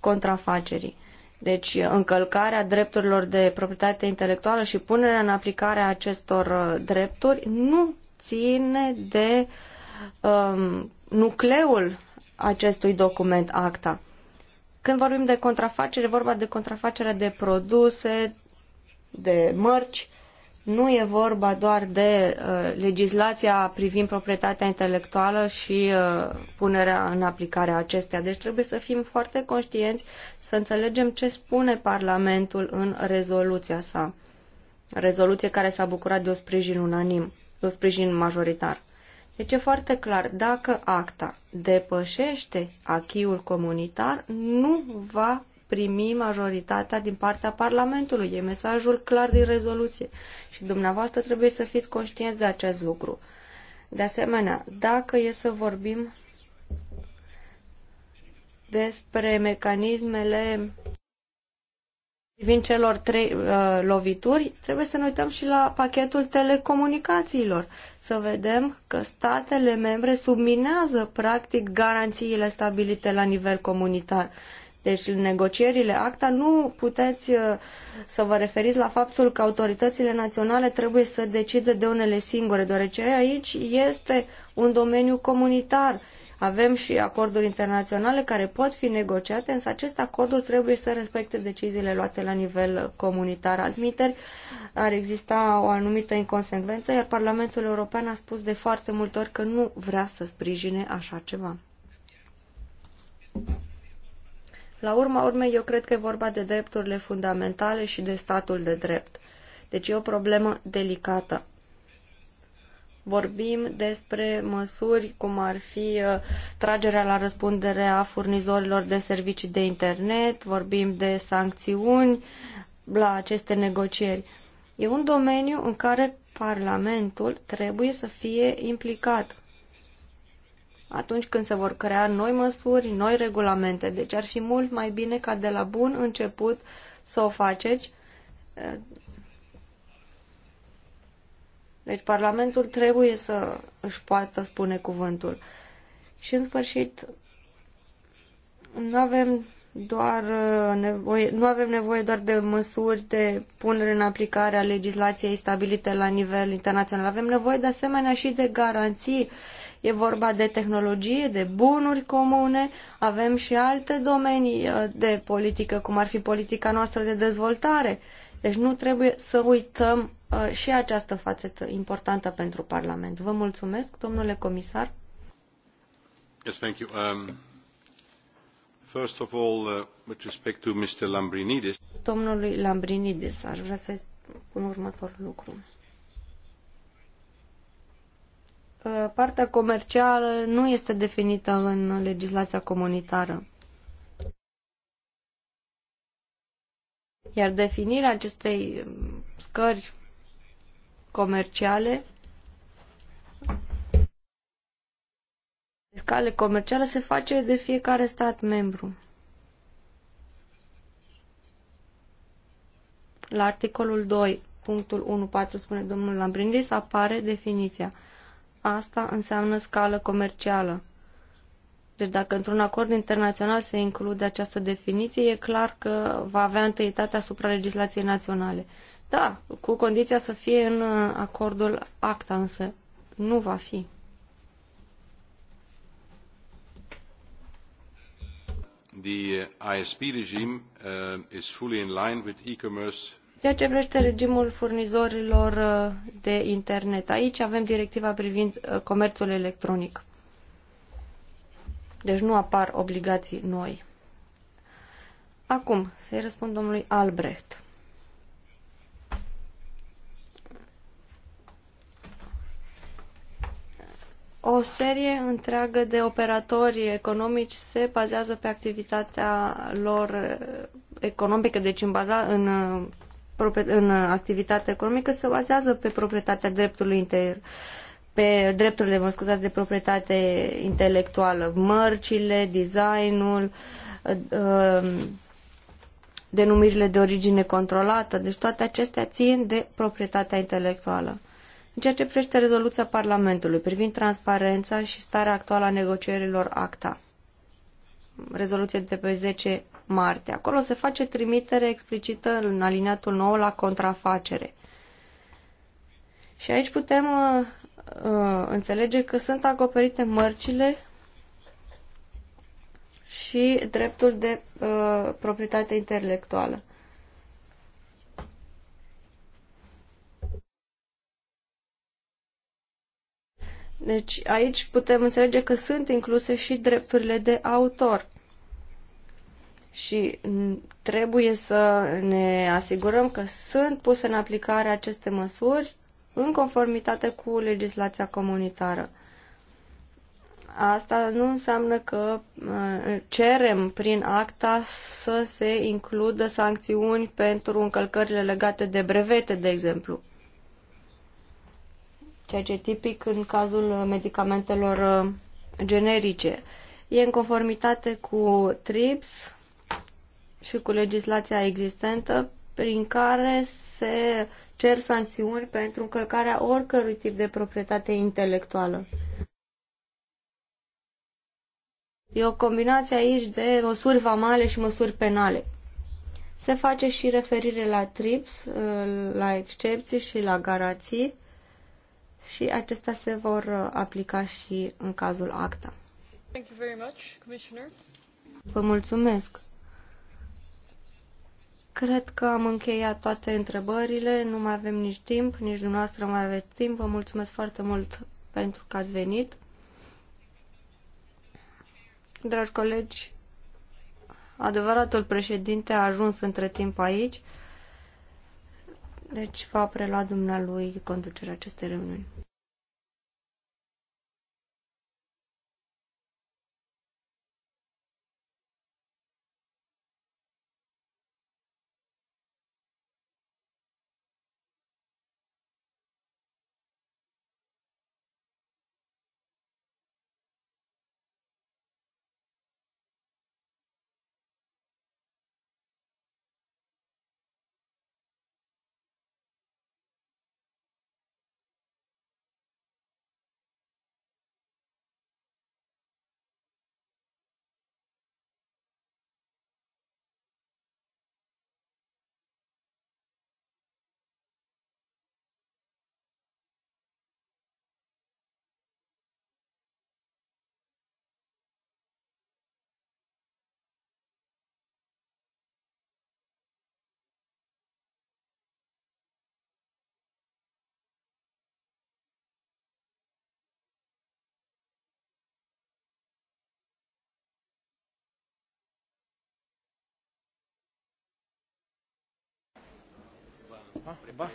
contrafacerii. Deci încălcarea drepturilor de proprietate intelectuală și punerea în aplicare a acestor uh, drepturi nu ține de um, nucleul acestui document ACTA. Când vorbim de contrafacere, vorba de contrafacerea de produse, de mărci, nu e vorba doar de uh, legislația privind proprietatea intelectuală și uh, punerea în aplicare a acesteia. Deci trebuie să fim foarte conștienți, să înțelegem ce spune Parlamentul în rezoluția sa. Rezoluție care s-a bucurat de o sprijin unanim, de o sprijin majoritar. Deci e foarte clar, dacă acta depășește achiul comunitar, nu va primi majoritatea din partea Parlamentului. E mesajul clar din rezoluție. Și dumneavoastră trebuie să fiți conștienți de acest lucru. De asemenea, dacă e să vorbim despre mecanismele privind celor trei uh, lovituri, trebuie să ne uităm și la pachetul telecomunicațiilor, să vedem că statele membre subminează practic garanțiile stabilite la nivel comunitar. Deci, în negocierile ACTA nu puteți uh, să vă referiți la faptul că autoritățile naționale trebuie să decidă de unele singure, deoarece aici este un domeniu comunitar. Avem și acorduri internaționale care pot fi negociate, însă aceste acorduri trebuie să respecte deciziile luate la nivel comunitar. Admiteri, ar exista o anumită inconsecvență, iar Parlamentul European a spus de foarte multe ori că nu vrea să sprijine așa ceva. La urma urmei, eu cred că e vorba de drepturile fundamentale și de statul de drept. Deci e o problemă delicată. Vorbim despre măsuri cum ar fi uh, tragerea la răspundere a furnizorilor de servicii de internet, vorbim de sancțiuni la aceste negocieri. E un domeniu în care Parlamentul trebuie să fie implicat atunci când se vor crea noi măsuri, noi regulamente. Deci ar fi mult mai bine ca de la bun început să o faceți. Deci Parlamentul trebuie să își poată spune cuvântul. Și în sfârșit, nu avem doar uh, nevoie, nu avem nevoie doar de măsuri de punere în aplicare a legislației stabilite la nivel internațional. Avem nevoie de asemenea și de garanții uh, E vorba de tehnologie, de bunuri comune, avem și alte domenii uh, de politică, cum ar fi politica noastră de dezvoltare. Deci nu trebuie să uităm uh, și această fațetă importantă pentru Parlament. Vă mulțumesc, domnule comisar. Yes, thank you. Um, first of all, uh, with respect to Mr. Lambrinidis. Domnului Lambrinidis, aș vrea să spun următorul lucru. Uh, partea comercială nu este definită în legislația comunitară. Iar definirea acestei um, scări comerciale scale comerciale se face de fiecare stat membru. La articolul 2, punctul 1.4 spune domnul Lambrindis, apare definiția asta înseamnă scală comercială. Deci dacă într-un acord internațional se include această definiție, e clar că va avea întâietate asupra legislației naționale. Da, cu condiția să fie în uh, acordul ACTA, însă nu va fi. The ISP regime uh, is fully in line with e-commerce ceea ce privește regimul furnizorilor uh, de internet. Aici avem directiva privind uh, comerțul electronic. Deci nu apar obligații noi. Acum, să-i răspund domnului Albrecht. O serie întreagă de operatori economici se bazează pe activitatea lor uh, economică, deci în baza în în activitatea economică se bazează pe proprietatea dreptului inter pe drepturile, mă scuzați, de proprietate intelectuală, mărcile, designul, uh, denumirile de origine controlată, deci toate acestea țin de proprietatea intelectuală. În ceea ce prește rezoluția Parlamentului privind transparența și starea actuală a negocierilor ACTA, rezoluție de pe 10 Marte. Acolo se face trimitere explicită în alineatul 9 la contrafacere. Și aici putem uh, uh, înțelege că sunt acoperite mărcile și dreptul de uh, proprietate intelectuală. Deci aici putem înțelege că sunt incluse și drepturile de autor și trebuie să ne asigurăm că sunt puse în aplicare aceste măsuri în conformitate cu legislația comunitară. Asta nu înseamnă că cerem prin acta să se includă sancțiuni pentru încălcările legate de brevete, de exemplu. Ceea ce e tipic în cazul medicamentelor uh, generice. E în conformitate cu TRIPS, și cu legislația existentă prin care se cer sancțiuni pentru încălcarea oricărui tip de proprietate intelectuală. E o combinație aici de măsuri vamale și măsuri penale. Se face și referire la TRIPS, la excepții și la garanții și acestea se vor aplica și în cazul ACTA. Vă mulțumesc! Cred că am încheiat toate întrebările, nu mai avem nici timp, nici dumneavoastră mai aveți timp. Vă mulțumesc foarte mult pentru că ați venit. Dragi colegi, adevăratul președinte a ajuns între timp aici, deci va prelua dumnealui conducerea acestei reuniuni. Ba, ba.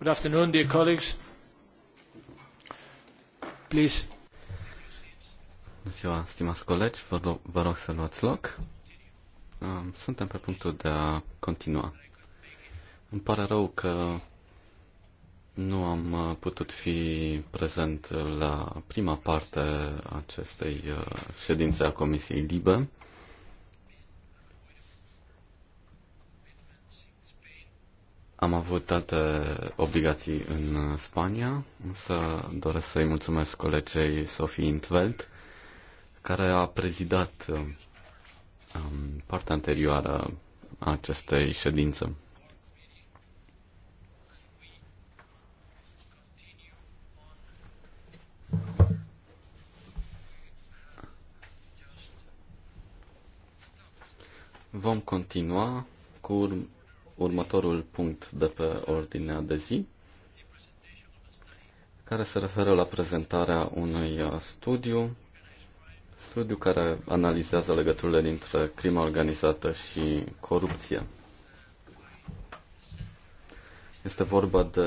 Good afternoon, dear colleagues. Please. Bună ziua, stimați colegi, vă, vă rog să luați loc. Suntem pe punctul de a continua. Îmi pare rău că nu am uh, putut fi prezent la prima parte a acestei uh, ședințe a Comisiei Libe. Am avut alte obligații în Spania, însă doresc să-i mulțumesc colegei Sofie Intveld, care a prezidat um, partea anterioară a acestei ședințe. Vom continua cu următorul punct de pe ordinea de zi, care se referă la prezentarea unui uh, studiu, studiu care analizează legăturile dintre crima organizată și corupție. Este vorba de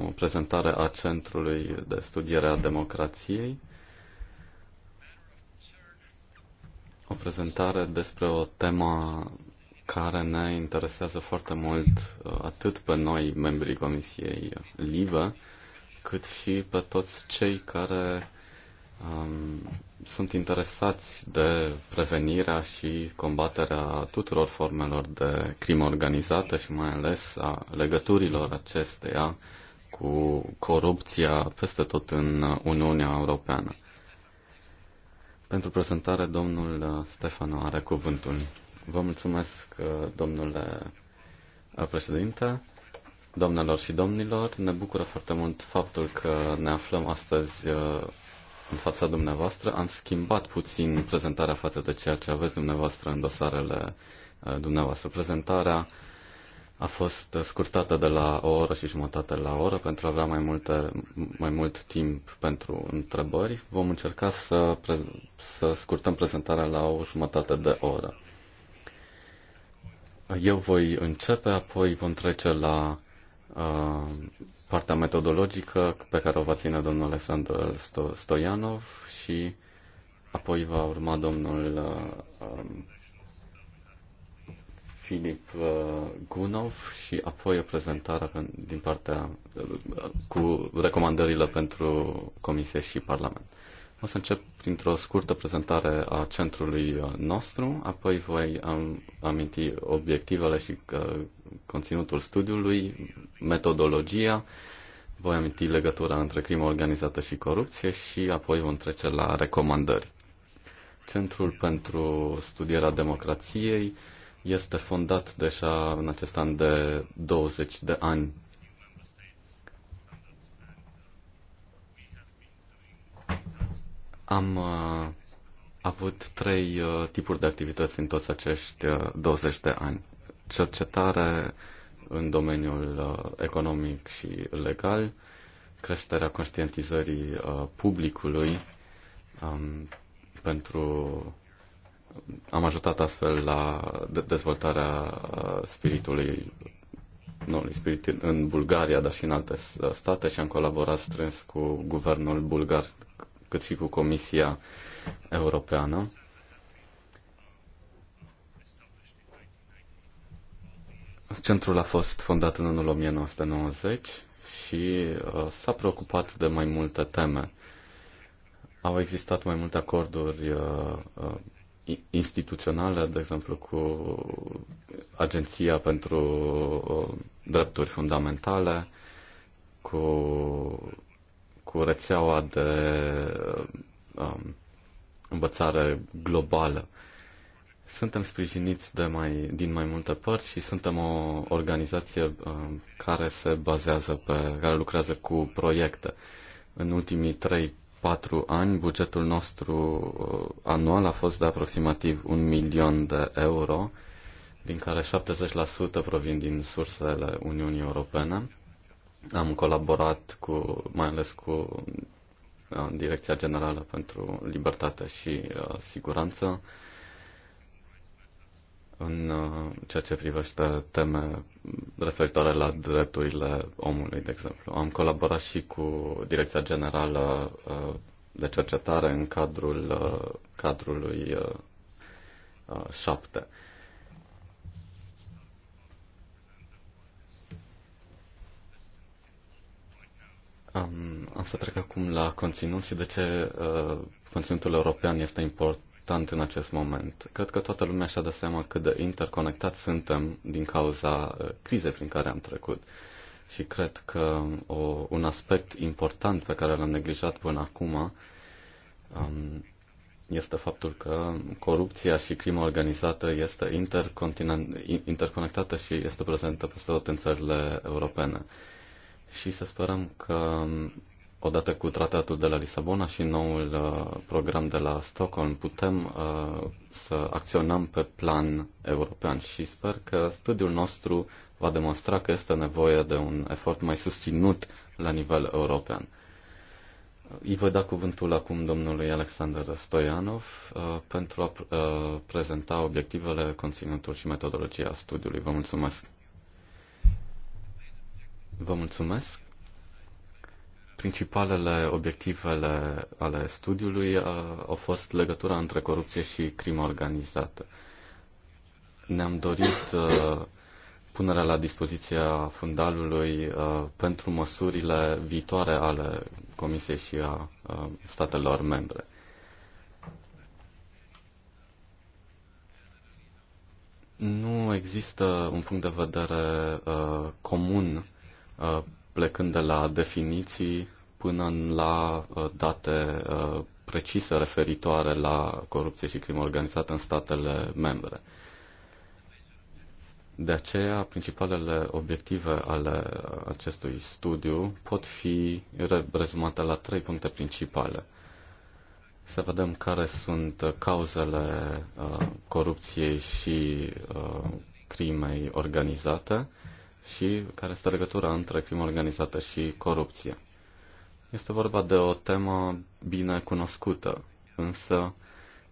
o prezentare a Centrului de Studiere a Democrației, o prezentare despre o temă care ne interesează foarte mult uh, atât pe noi, membrii Comisiei Live, cât și pe toți cei care um, sunt interesați de prevenirea și combaterea tuturor formelor de crimă organizată și mai ales a legăturilor acesteia cu corupția peste tot în Uniunea Europeană. Pentru prezentare, domnul Stefano are cuvântul. Vă mulțumesc, uh, domnule uh, președinte, doamnelor și domnilor. Ne bucură foarte mult faptul că ne aflăm astăzi uh, în fața dumneavoastră. Am schimbat puțin prezentarea față de ceea ce aveți dumneavoastră în dosarele dumneavoastră. Prezentarea a fost scurtată de la o oră și jumătate la o oră pentru a avea mai, multe, mai mult timp pentru întrebări. Vom încerca să, pre- să scurtăm prezentarea la o jumătate de oră. Eu voi începe, apoi vom trece la uh, partea metodologică pe care o va ține domnul Alexandru Sto- Stoianov și apoi va urma domnul uh, um, Filip uh, Gunov și apoi o prezentare din partea uh, cu recomandările pentru Comisie și Parlament. O să încep printr-o scurtă prezentare a centrului uh, nostru, apoi voi am, aminti obiectivele și că, uh, conținutul studiului, metodologia, voi aminti legătura între crimă organizată și corupție și apoi vom trece la recomandări. Centrul pentru studierea democrației este fondat deja în acest an de 20 de ani Am uh, avut trei uh, tipuri de activități în toți acești uh, 20 de ani. Cercetare în domeniul uh, economic și legal, creșterea conștientizării uh, publicului um, pentru am ajutat astfel la dezvoltarea uh, spiritului nu, spirit în Bulgaria, dar și în alte state și am colaborat strâns cu guvernul bulgar cât și cu Comisia Europeană. Centrul a fost fondat în anul 1990 și uh, s-a preocupat de mai multe teme. Au existat mai multe acorduri uh, uh, instituționale, de exemplu cu Agenția pentru Drepturi Fundamentale, cu cu rețeaua de um, învățare globală. Suntem sprijiniți de mai, din mai multe părți și suntem o organizație um, care se bazează pe, care lucrează cu proiecte. În ultimii 3-4 ani, bugetul nostru uh, anual a fost de aproximativ un milion de euro, din care 70% provin din sursele Uniunii Europene am colaborat cu, mai ales cu uh, Direcția Generală pentru Libertate și uh, Siguranță în uh, ceea ce privește teme referitoare la drepturile omului, de exemplu. Am colaborat și cu Direcția Generală de Cercetare în cadrul cadrului 7. Um, am să trec acum la conținut și de ce uh, conținutul european este important în acest moment. Cred că toată lumea și-a dat seama cât de interconectați suntem din cauza uh, crizei prin care am trecut. Și cred că o, un aspect important pe care l-am neglijat până acum um, este faptul că corupția și crima organizată este intercontinent, interconectată și este prezentă peste tot în țările europene. Uh, și să sperăm că odată cu tratatul de la Lisabona și noul uh, program de la Stockholm putem uh, să acționăm pe plan european și sper că studiul nostru va demonstra că este nevoie de un efort mai susținut la nivel european. Îi voi da cuvântul acum domnului Alexander Stoianov uh, pentru a uh, prezenta obiectivele, conținutul și metodologia studiului. Vă mulțumesc! Vă mulțumesc. Principalele obiectivele ale studiului uh, au fost legătura între corupție și crimă organizată. Ne-am dorit uh, punerea la dispoziția fundalului uh, pentru măsurile viitoare ale Comisiei și a statelor membre. Nu există un punct de vedere uh, comun Uh, plecând de la definiții până la uh, date uh, precise referitoare la corupție și crimă organizată în statele membre. De aceea, principalele obiective ale acestui studiu pot fi rezumate la trei puncte principale. Să vedem care sunt cauzele uh, corupției și uh, crimei organizate, uh, și care este legătura între crimă organizată și corupție. Este vorba de o temă bine cunoscută, însă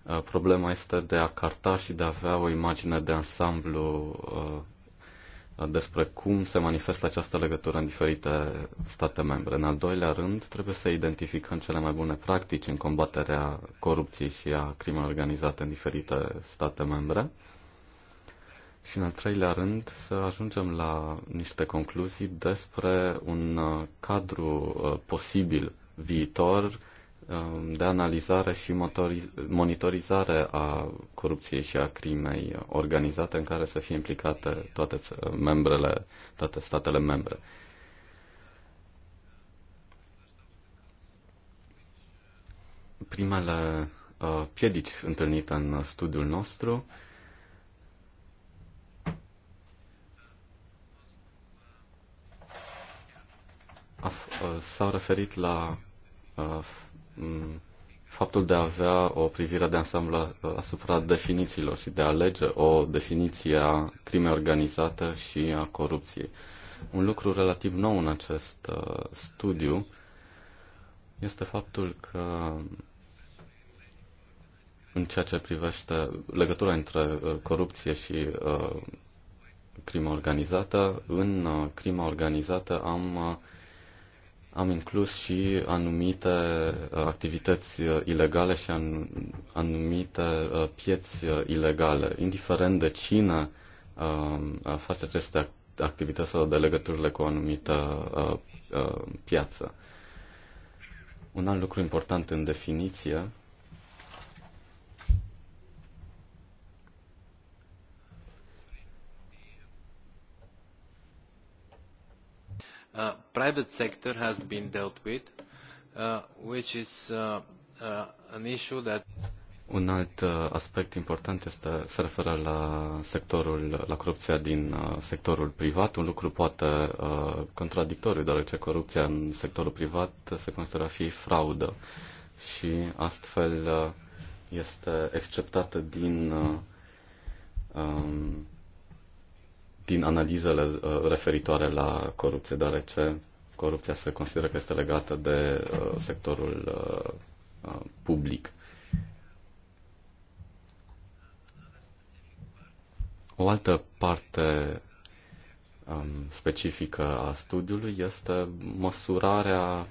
uh, problema este de a carta și de a avea o imagine de ansamblu uh, despre cum se manifestă această legătură în diferite state membre. În al doilea rând, trebuie să identificăm cele mai bune practici în combaterea corupției și a crimei organizate în diferite state membre și, în al treilea rând, să ajungem la niște concluzii despre un uh, cadru uh, posibil viitor um, de analizare și monitorizare a corupției și a crimei organizate în care să fie implicate toate membrele, toate statele membre. Primele uh, piedici întâlnite în studiul nostru s-au referit la faptul de a avea o privire de ansamblu asupra definițiilor și de a alege o definiție a crimei organizate și a corupției. Un lucru relativ nou în acest studiu este faptul că în ceea ce privește legătura între corupție și uh, crimă organizată, în uh, crima organizată am uh, am inclus și anumite uh, activități uh, ilegale și anumite uh, pieți ilegale, indiferent de cine um, face aceste activități sau de legăturile cu o anumită piață. Un alt lucru important în definiție Uh, private sector has been dealt with, uh, which is uh, uh, an issue that un alt uh, aspect important este se referă la sectorul, la corupția din uh, sectorul privat, un lucru poate uh, contradictoriu, deoarece corupția în sectorul privat se consideră a fi fraudă și astfel este exceptată din um, din analizele uh, referitoare la corupție, deoarece corupția se consideră că este legată de uh, sectorul uh, public. O altă parte um, specifică a studiului este măsurarea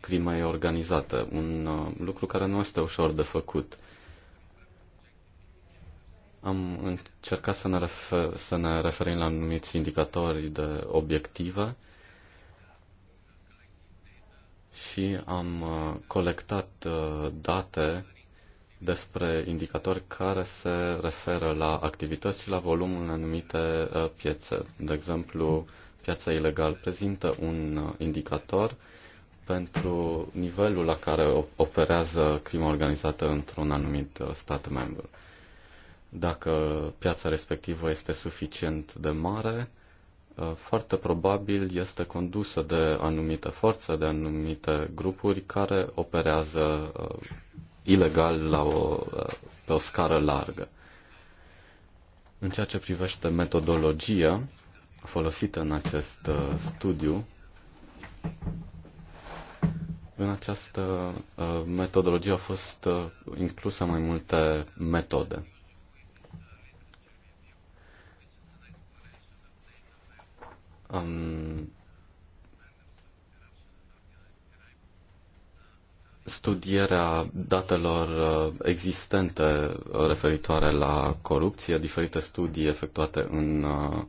crimei organizate, un uh, lucru care nu este ușor de făcut. Am încercat să ne, refer, să ne referim la anumiți indicatori de obiective și am uh, colectat uh, date despre indicatori care se referă la activități și la volumul în anumite uh, piețe. De exemplu, piața ilegală prezintă un indicator pentru nivelul la care operează crima organizată într-un anumit stat membru. Dacă piața respectivă este suficient de mare, uh, foarte probabil este condusă de anumite forțe, de anumite grupuri care operează uh, ilegal la o, uh, pe o scară largă. În ceea ce privește metodologia folosită în acest studiu, în această metodologie au fost incluse mai multe metode. um, studierea datelor uh, existente uh, referitoare la corupție, diferite studii efectuate în uh,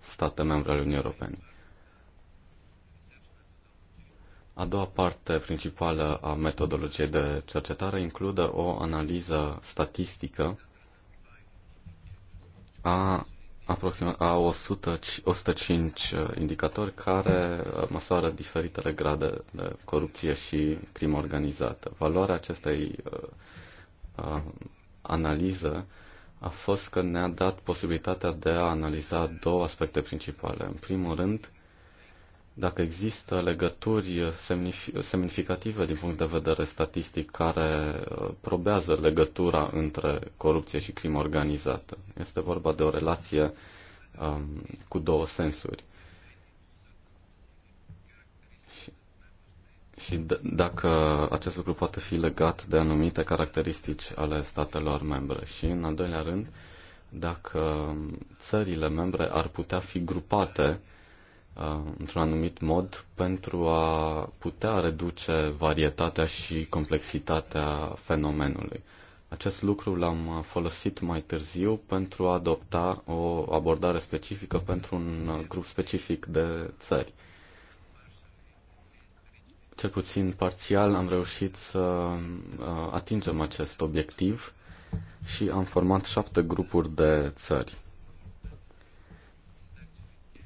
state membre ale Uniunii Europene. A doua parte principală a metodologiei de cercetare include o analiză statistică a aproximativ a 100, 105 uh, indicatori care uh, măsoară diferitele grade de corupție și crimă organizată. Valoarea acestei uh, uh, analize a fost că ne-a dat posibilitatea de a analiza două aspecte principale. În primul rând, dacă există legături semnificative din punct de vedere statistic care uh, probează legătura între corupție și crimă organizată. Este vorba de o relație um, cu două sensuri. Și, și dacă acest lucru poate fi legat de anumite caracteristici ale statelor membre. Și, în al doilea rând, dacă um, țările membre ar putea fi grupate uh, Uh, într-un anumit mod pentru a putea reduce varietatea și complexitatea fenomenului. Acest lucru l-am folosit mai târziu pentru a adopta o abordare specifică pentru un grup specific de țări. Cel puțin parțial am reușit să uh, atingem acest obiectiv și am format șapte grupuri de țări.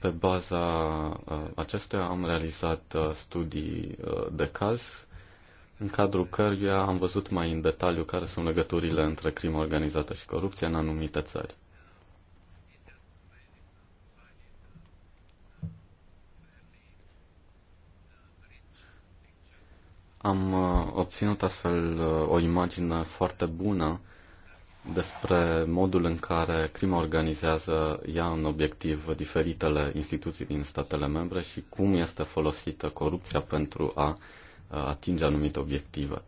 Pe baza uh, acestea am realizat uh, studii uh, de caz în cadrul căruia am văzut mai în detaliu care sunt legăturile între crimă organizată și corupție în anumite țări. Am obținut astfel o imagine foarte bună despre modul în care crima organizează ia în obiectiv diferitele instituții din statele membre și cum este folosită corupția pentru a atinge anumite obiective.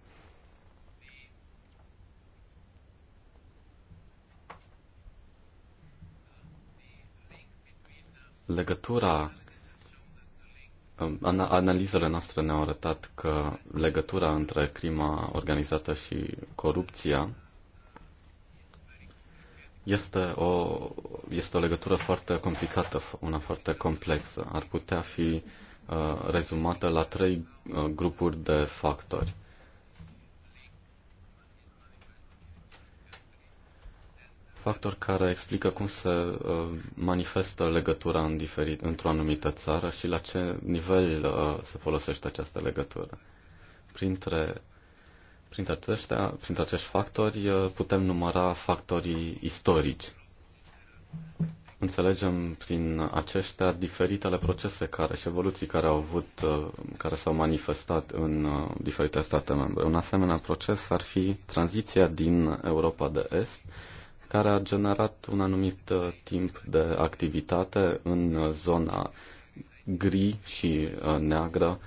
Legătura um, Analizele noastre ne-au arătat că legătura între crima organizată și corupția este o, este o legătură foarte complicată, una foarte complexă. Ar putea fi uh, rezumată la trei uh, grupuri de factori. Factor care explică cum se uh, manifestă legătura în diferit, într-o anumită țară și la ce nivel uh, se folosește această legătură. Printre Printre, aceștia, printre acești factori uh, putem număra factorii istorici. Înțelegem prin aceștia diferitele procese care și evoluții care au avut, uh, care s-au manifestat în uh, diferite state membre. Un asemenea proces ar fi tranziția din Europa de Est, care a generat un anumit timp de activitate în zona gri și neagră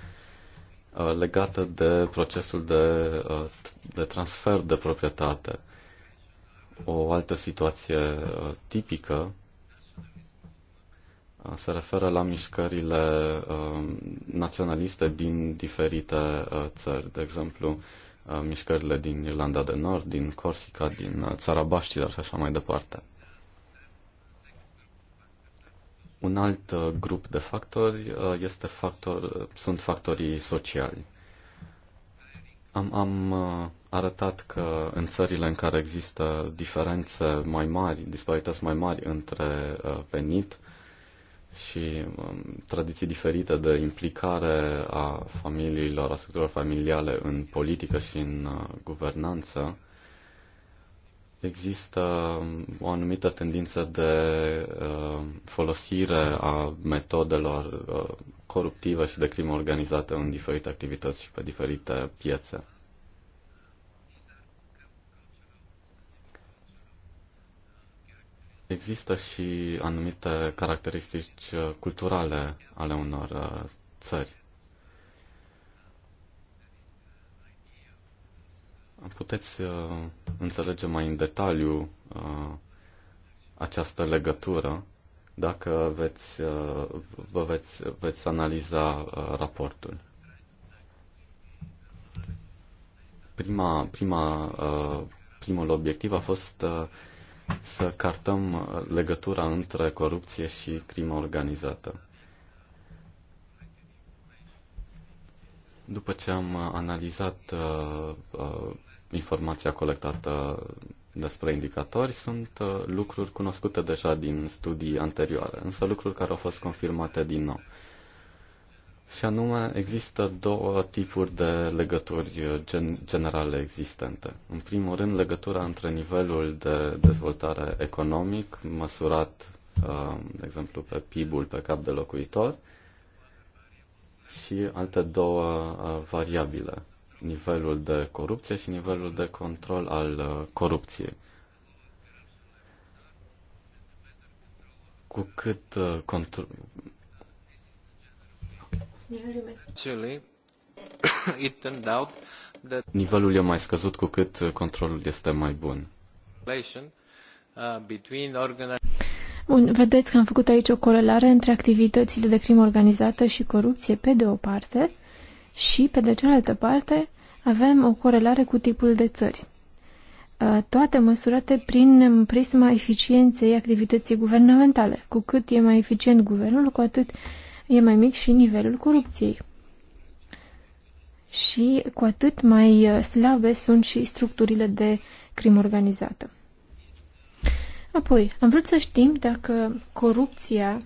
Uh, legată de procesul de, uh, de transfer de proprietate. O altă situație uh, tipică se referă la mișcările naționaliste din diferite țări, de exemplu mișcările din Irlanda de Nord, din Corsica, din țara Baștilor și așa mai departe. Un alt uh, grup de factori uh, este factor, sunt factorii sociali. Am, am uh, arătat că în țările în care există diferențe mai mari, disparități mai mari între venit și um, tradiții diferite de implicare a familiilor, a structurilor familiale în politică și în guvernanță, Există o anumită tendință de uh, folosire a metodelor uh, coruptive și de crimă organizată în diferite activități și pe diferite piețe. Există și anumite caracteristici uh, culturale ale unor uh, țări. puteți uh, înțelege mai în detaliu uh, această legătură dacă veți, uh, vă veți, veți analiza uh, raportul. Prima, prima, uh, primul obiectiv a fost uh, să cartăm uh, legătura între corupție și crimă organizată. După ce am analizat uh, uh, informația colectată despre indicatori sunt uh, lucruri cunoscute deja din studii anterioare, însă lucruri care au fost confirmate din nou. Și anume, există două tipuri de legături uh, gen- generale existente. În primul rând, legătura între nivelul de dezvoltare economic, măsurat, uh, de exemplu, pe PIB-ul pe cap de locuitor, și alte două variabile, nivelul de corupție și nivelul de control al uh, corupției. Cu cât uh, control... Nivelul e mai scăzut cu cât uh, controlul este mai bun. Bun, vedeți că am făcut aici o corelare între activitățile de crimă organizată și corupție, pe de o parte, și, pe de cealaltă parte, avem o corelare cu tipul de țări. Uh, toate măsurate prin prisma eficienței activității guvernamentale. Cu cât e mai eficient guvernul, cu atât e mai mic și nivelul corupției. Și cu atât mai uh, slabe sunt și structurile de crimă organizată. Apoi, am vrut să știm dacă corupția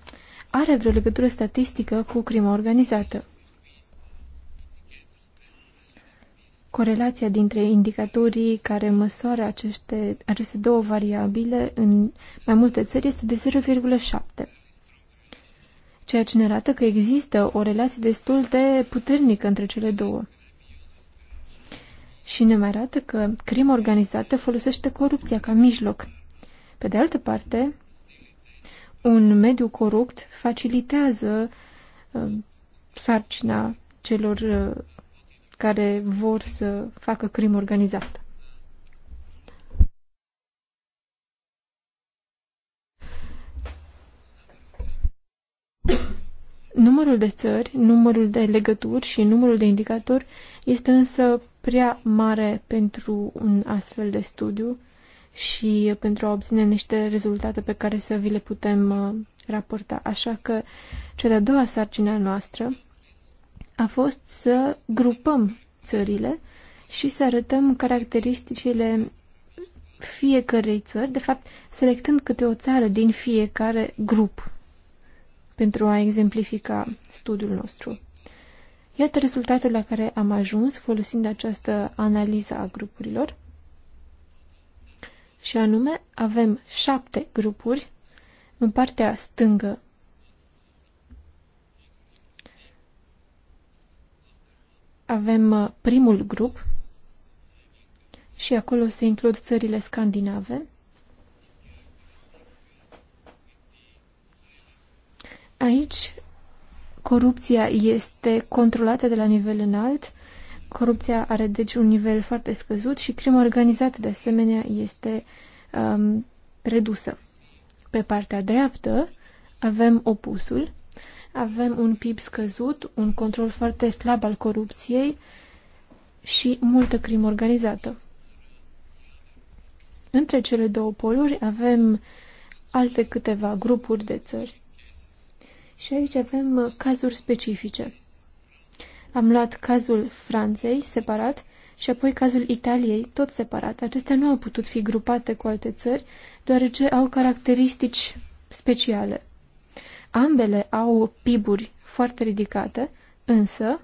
are vreo legătură statistică cu crimă organizată. corelația dintre indicatorii care măsoară aceste, aceste două variabile în mai multe țări este de 0,7, ceea ce ne arată că există o relație destul de puternică între cele două. Și ne mai arată că crima organizată folosește corupția ca mijloc. Pe de altă parte, un mediu corupt facilitează uh, sarcina celor uh, care vor să facă crimă organizată. Numărul de țări, numărul de legături și numărul de indicatori este însă prea mare pentru un astfel de studiu și pentru a obține niște rezultate pe care să vi le putem uh, raporta. Așa că cea de-a doua sarcină noastră a fost să grupăm țările și să arătăm caracteristicile fiecărei țări, de fapt selectând câte o țară din fiecare grup pentru a exemplifica studiul nostru. Iată rezultatele la care am ajuns folosind această analiză a grupurilor. Și anume, avem șapte grupuri. În partea stângă Avem uh, primul grup și acolo se includ țările scandinave. Aici corupția este controlată de la nivel înalt, corupția are deci un nivel foarte scăzut și crima organizată de asemenea este um, redusă. Pe partea dreaptă avem opusul, avem un PIB scăzut, un control foarte slab al corupției și multă crimă organizată. Între cele două poluri avem alte câteva grupuri de țări. Și aici avem cazuri specifice. Am luat cazul Franței separat și apoi cazul Italiei tot separat. Acestea nu au putut fi grupate cu alte țări, deoarece au caracteristici speciale. Ambele au piburi foarte ridicate, însă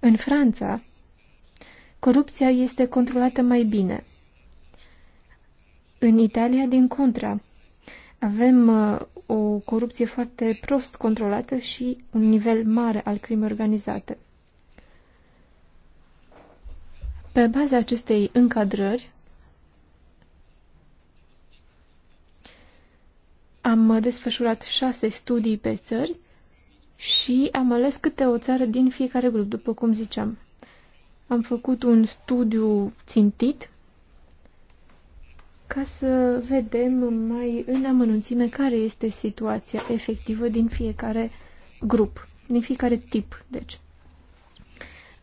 în Franța corupția este controlată mai bine. În Italia, din contra, avem uh, o corupție foarte prost controlată și un nivel mare al crimei organizate. Pe baza acestei încadrări, Am uh, desfășurat șase studii pe țări și am ales câte o țară din fiecare grup, după cum ziceam. Am făcut un studiu țintit ca să vedem mai în amănunțime care este situația efectivă din fiecare grup, din fiecare tip, deci.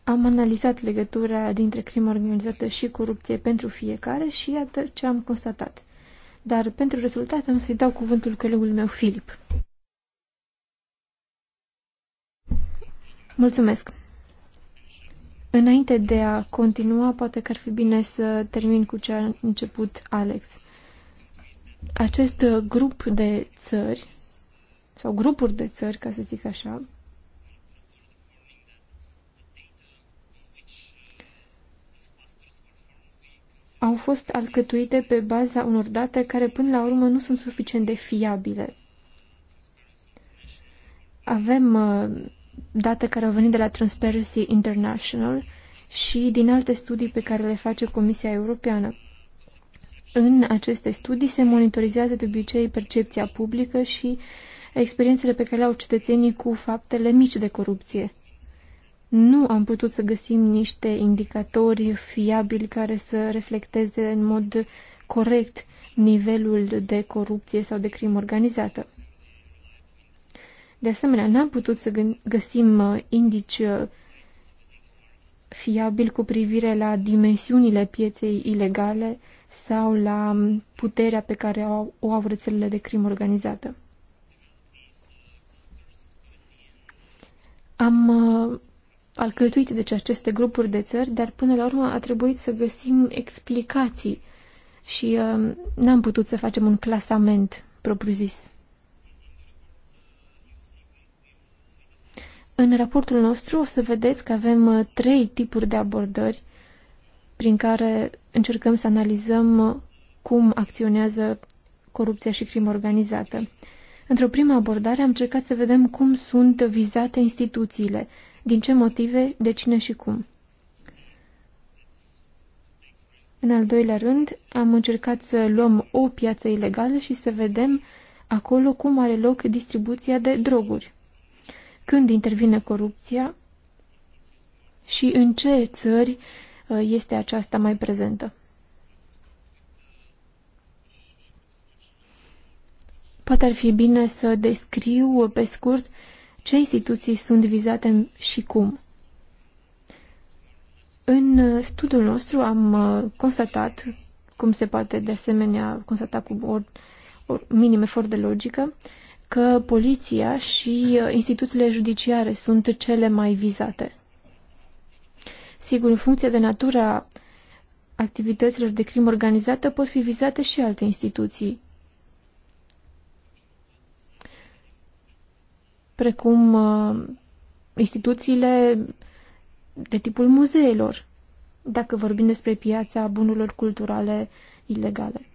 Am analizat legătura dintre crimă organizată și corupție pentru fiecare și iată ce am constatat dar pentru rezultate am să-i dau cuvântul colegului meu, Filip. Mulțumesc! Înainte de a continua, poate că ar fi bine să termin cu ce a început Alex. Acest grup de țări, sau grupuri de țări, ca să zic așa, au fost alcătuite pe baza unor date care până la urmă nu sunt suficient de fiabile. Avem uh, date care au venit de la Transparency International și din alte studii pe care le face Comisia Europeană. În aceste studii se monitorizează de obicei percepția publică și experiențele pe care le au cetățenii cu faptele mici de corupție nu am putut să găsim niște indicatori fiabili care să reflecteze în mod corect nivelul de corupție sau de crimă organizată. De asemenea, n-am putut să găsim uh, indici uh, fiabil cu privire la dimensiunile pieței ilegale sau la um, puterea pe care o au rețelele de crimă organizată. Am uh, alcătuite, deci aceste grupuri de țări, dar până la urmă a trebuit să găsim explicații și uh, n-am putut să facem un clasament propriu-zis. În raportul nostru o să vedeți că avem uh, trei tipuri de abordări prin care încercăm să analizăm uh, cum acționează corupția și crimă organizată. Într-o primă abordare am încercat să vedem cum sunt vizate instituțiile, din ce motive, de cine și cum. În al doilea rând, am încercat să luăm o piață ilegală și să vedem acolo cum are loc distribuția de droguri. Când intervine corupția și în ce țări uh, este aceasta mai prezentă. Poate ar fi bine să descriu pe scurt ce instituții sunt vizate și cum. În uh, studiul nostru am uh, constatat, cum se poate de asemenea constata cu o minim efort de logică, că poliția și uh, instituțiile judiciare sunt cele mai vizate. Sigur, în funcție de natura activităților de crimă organizată pot fi vizate și alte instituții, precum uh, instituțiile de tipul muzeelor, dacă vorbim despre piața bunurilor culturale ilegale.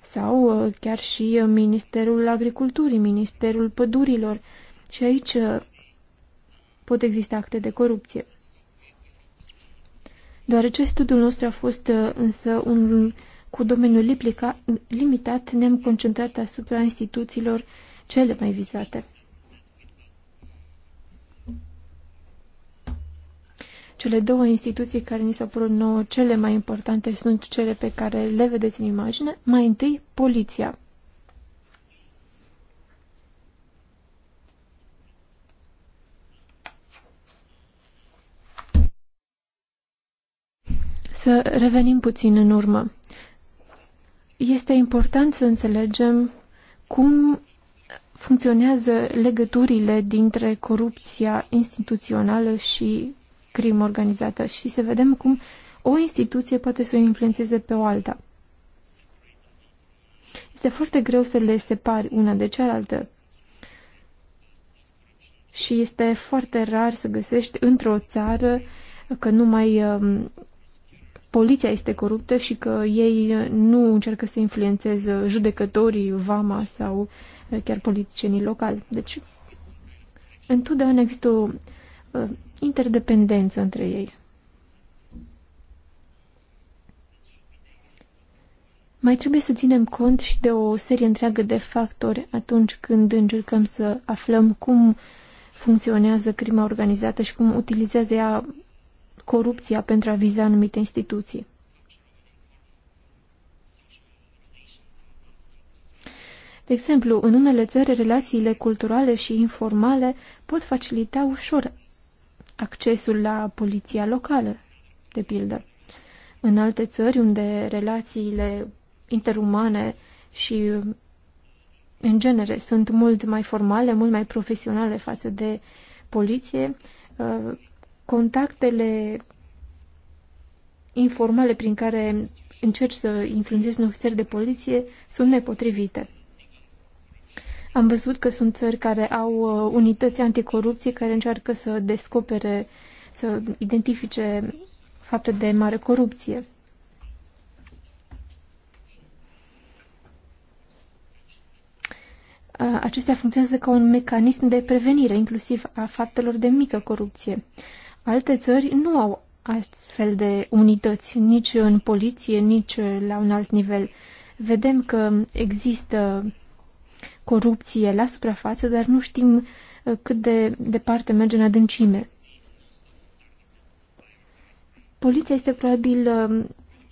Sau uh, chiar și Ministerul Agriculturii, Ministerul Pădurilor. Și aici uh, pot exista acte de corupție. Deoarece studiul nostru a fost însă un cu domeniul limitat ne-am concentrat asupra instituțiilor cele mai vizate. Cele două instituții care ni s-au părut nouă cele mai importante sunt cele pe care le vedeți în imagine. Mai întâi, poliția. Să revenim puțin în urmă. Este important să înțelegem cum funcționează legăturile dintre corupția instituțională și crimă organizată și să vedem cum o instituție poate să o influențeze pe o alta. Este foarte greu să le separi una de cealaltă și este foarte rar să găsești într-o țară că numai um, poliția este coruptă și că ei nu încearcă să influențeze judecătorii, vama sau eh, chiar politicienii locali. Deci, întotdeauna există o eh, interdependență între ei. Mai trebuie să ținem cont și de o serie întreagă de factori atunci când încercăm să aflăm cum funcționează crima organizată și cum utilizează ea corupția pentru a viza anumite instituții. De exemplu, în unele țări, relațiile culturale și informale pot facilita ușor accesul la poliția locală, de pildă. În alte țări, unde relațiile interumane și, în genere, sunt mult mai formale, mult mai profesionale față de poliție, uh, contactele informale prin care încerci să influențezi un ofițer de poliție sunt nepotrivite. Am văzut că sunt țări care au uh, unități anticorupție care încearcă să descopere, să identifice fapte de mare corupție. Uh, acestea funcționează ca un mecanism de prevenire, inclusiv a faptelor de mică corupție. Alte țări nu au astfel de unități, nici în poliție, nici la un alt nivel. Vedem că există corupție la suprafață, dar nu știm uh, cât de departe merge în adâncime. Poliția este probabil um,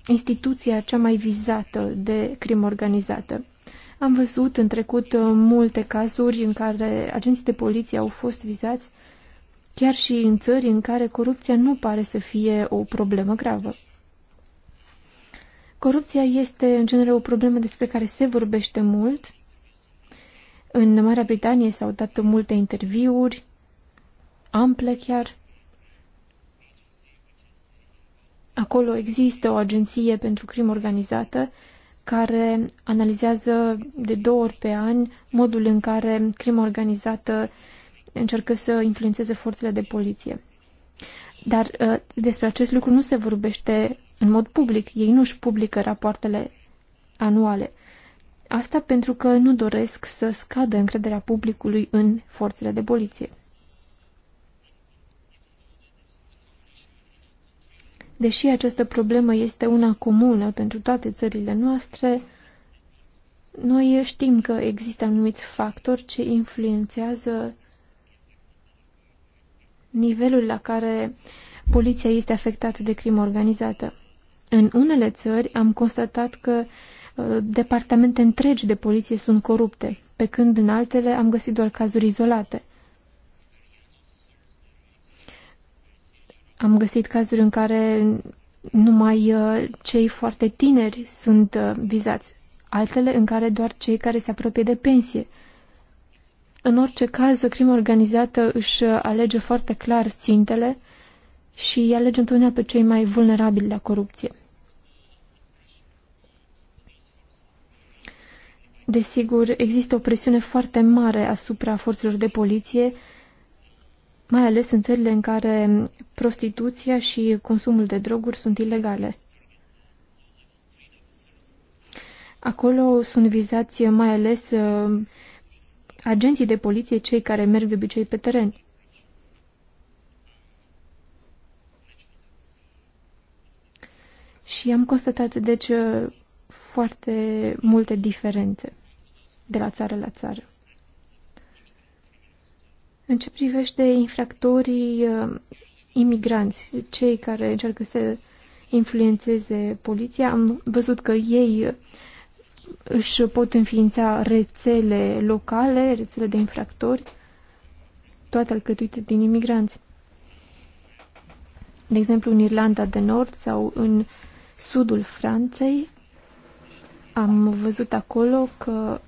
instituția cea mai vizată de crimă organizată. Am văzut în trecut uh, multe cazuri în care agenții de poliție au fost vizați chiar și în țări în care corupția nu pare să fie o problemă gravă. Corupția este, în general o problemă despre care se vorbește mult. În Marea Britanie s-au dat multe interviuri, ample chiar. Acolo există o agenție pentru crimă organizată care analizează de două ori pe an modul în care crimă organizată uh, încercă să influențeze forțele de poliție. Dar uh, despre acest lucru nu se vorbește în mod public. Ei nu își publică rapoartele anuale. Asta pentru că nu doresc să scadă încrederea publicului în forțele de poliție. Deși această problemă este una comună pentru toate țările noastre, noi știm că există anumiți factori ce influențează nivelul la care poliția este afectată de crimă organizată. În unele țări am constatat că uh, departamente întregi de poliție sunt corupte, pe când în altele am găsit doar cazuri izolate. Am găsit cazuri în care numai uh, cei foarte tineri sunt uh, vizați, altele în care doar cei care se apropie de pensie. În orice caz, crima organizată își alege foarte clar țintele și îi alege întotdeauna pe cei mai vulnerabili la corupție. Desigur, există o presiune foarte mare asupra forțelor de poliție, mai ales în țările în care prostituția și consumul de droguri sunt ilegale. Acolo sunt vizați mai ales uh, agenții de poliție cei care merg de obicei pe teren. Și am constatat, deci, uh, foarte multe diferențe de la țară la țară. În ce privește infractorii uh, imigranți, cei care încearcă să influențeze poliția, am văzut că ei își pot înființa rețele locale, rețele de infractori, toate alcătuite din imigranți. De exemplu, în Irlanda de Nord sau în sudul Franței, am văzut acolo că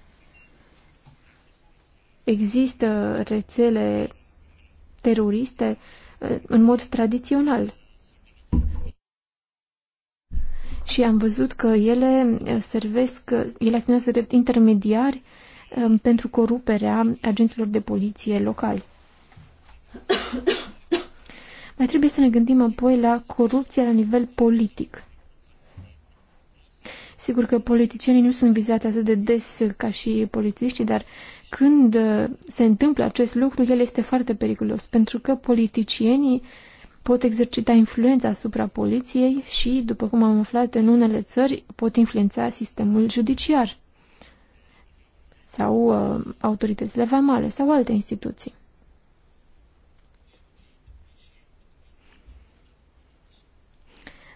există rețele teroriste în mod tradițional. și am văzut că ele eh, servesc, eh, ele acționează drept intermediari eh, pentru coruperea agenților de poliție locali. Mai trebuie să ne gândim apoi la corupția la nivel politic. Sigur că politicienii nu sunt vizați atât de des ca și polițiștii, dar când se întâmplă acest lucru, el este foarte periculos, pentru că politicienii uh, pot exercita influența asupra poliției și, după cum am aflat în unele țări, pot influența sistemul judiciar sau uh, autoritățile vamale sau alte instituții.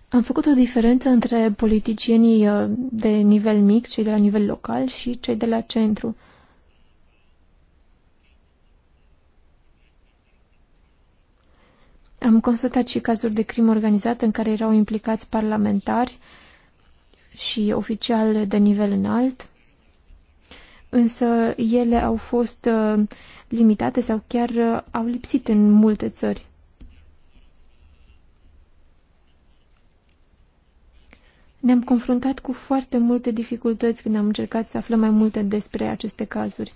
Am făcut o diferență între politicienii uh, de nivel mic, cei de la nivel local și cei de la centru. Uh, constatat și cazuri de crimă organizată în care erau implicați parlamentari și oficiali de nivel înalt, însă ele au fost uh, limitate sau chiar uh, au lipsit în multe țări. Ne-am confruntat cu foarte multe dificultăți când am încercat să aflăm mai multe despre aceste cazuri.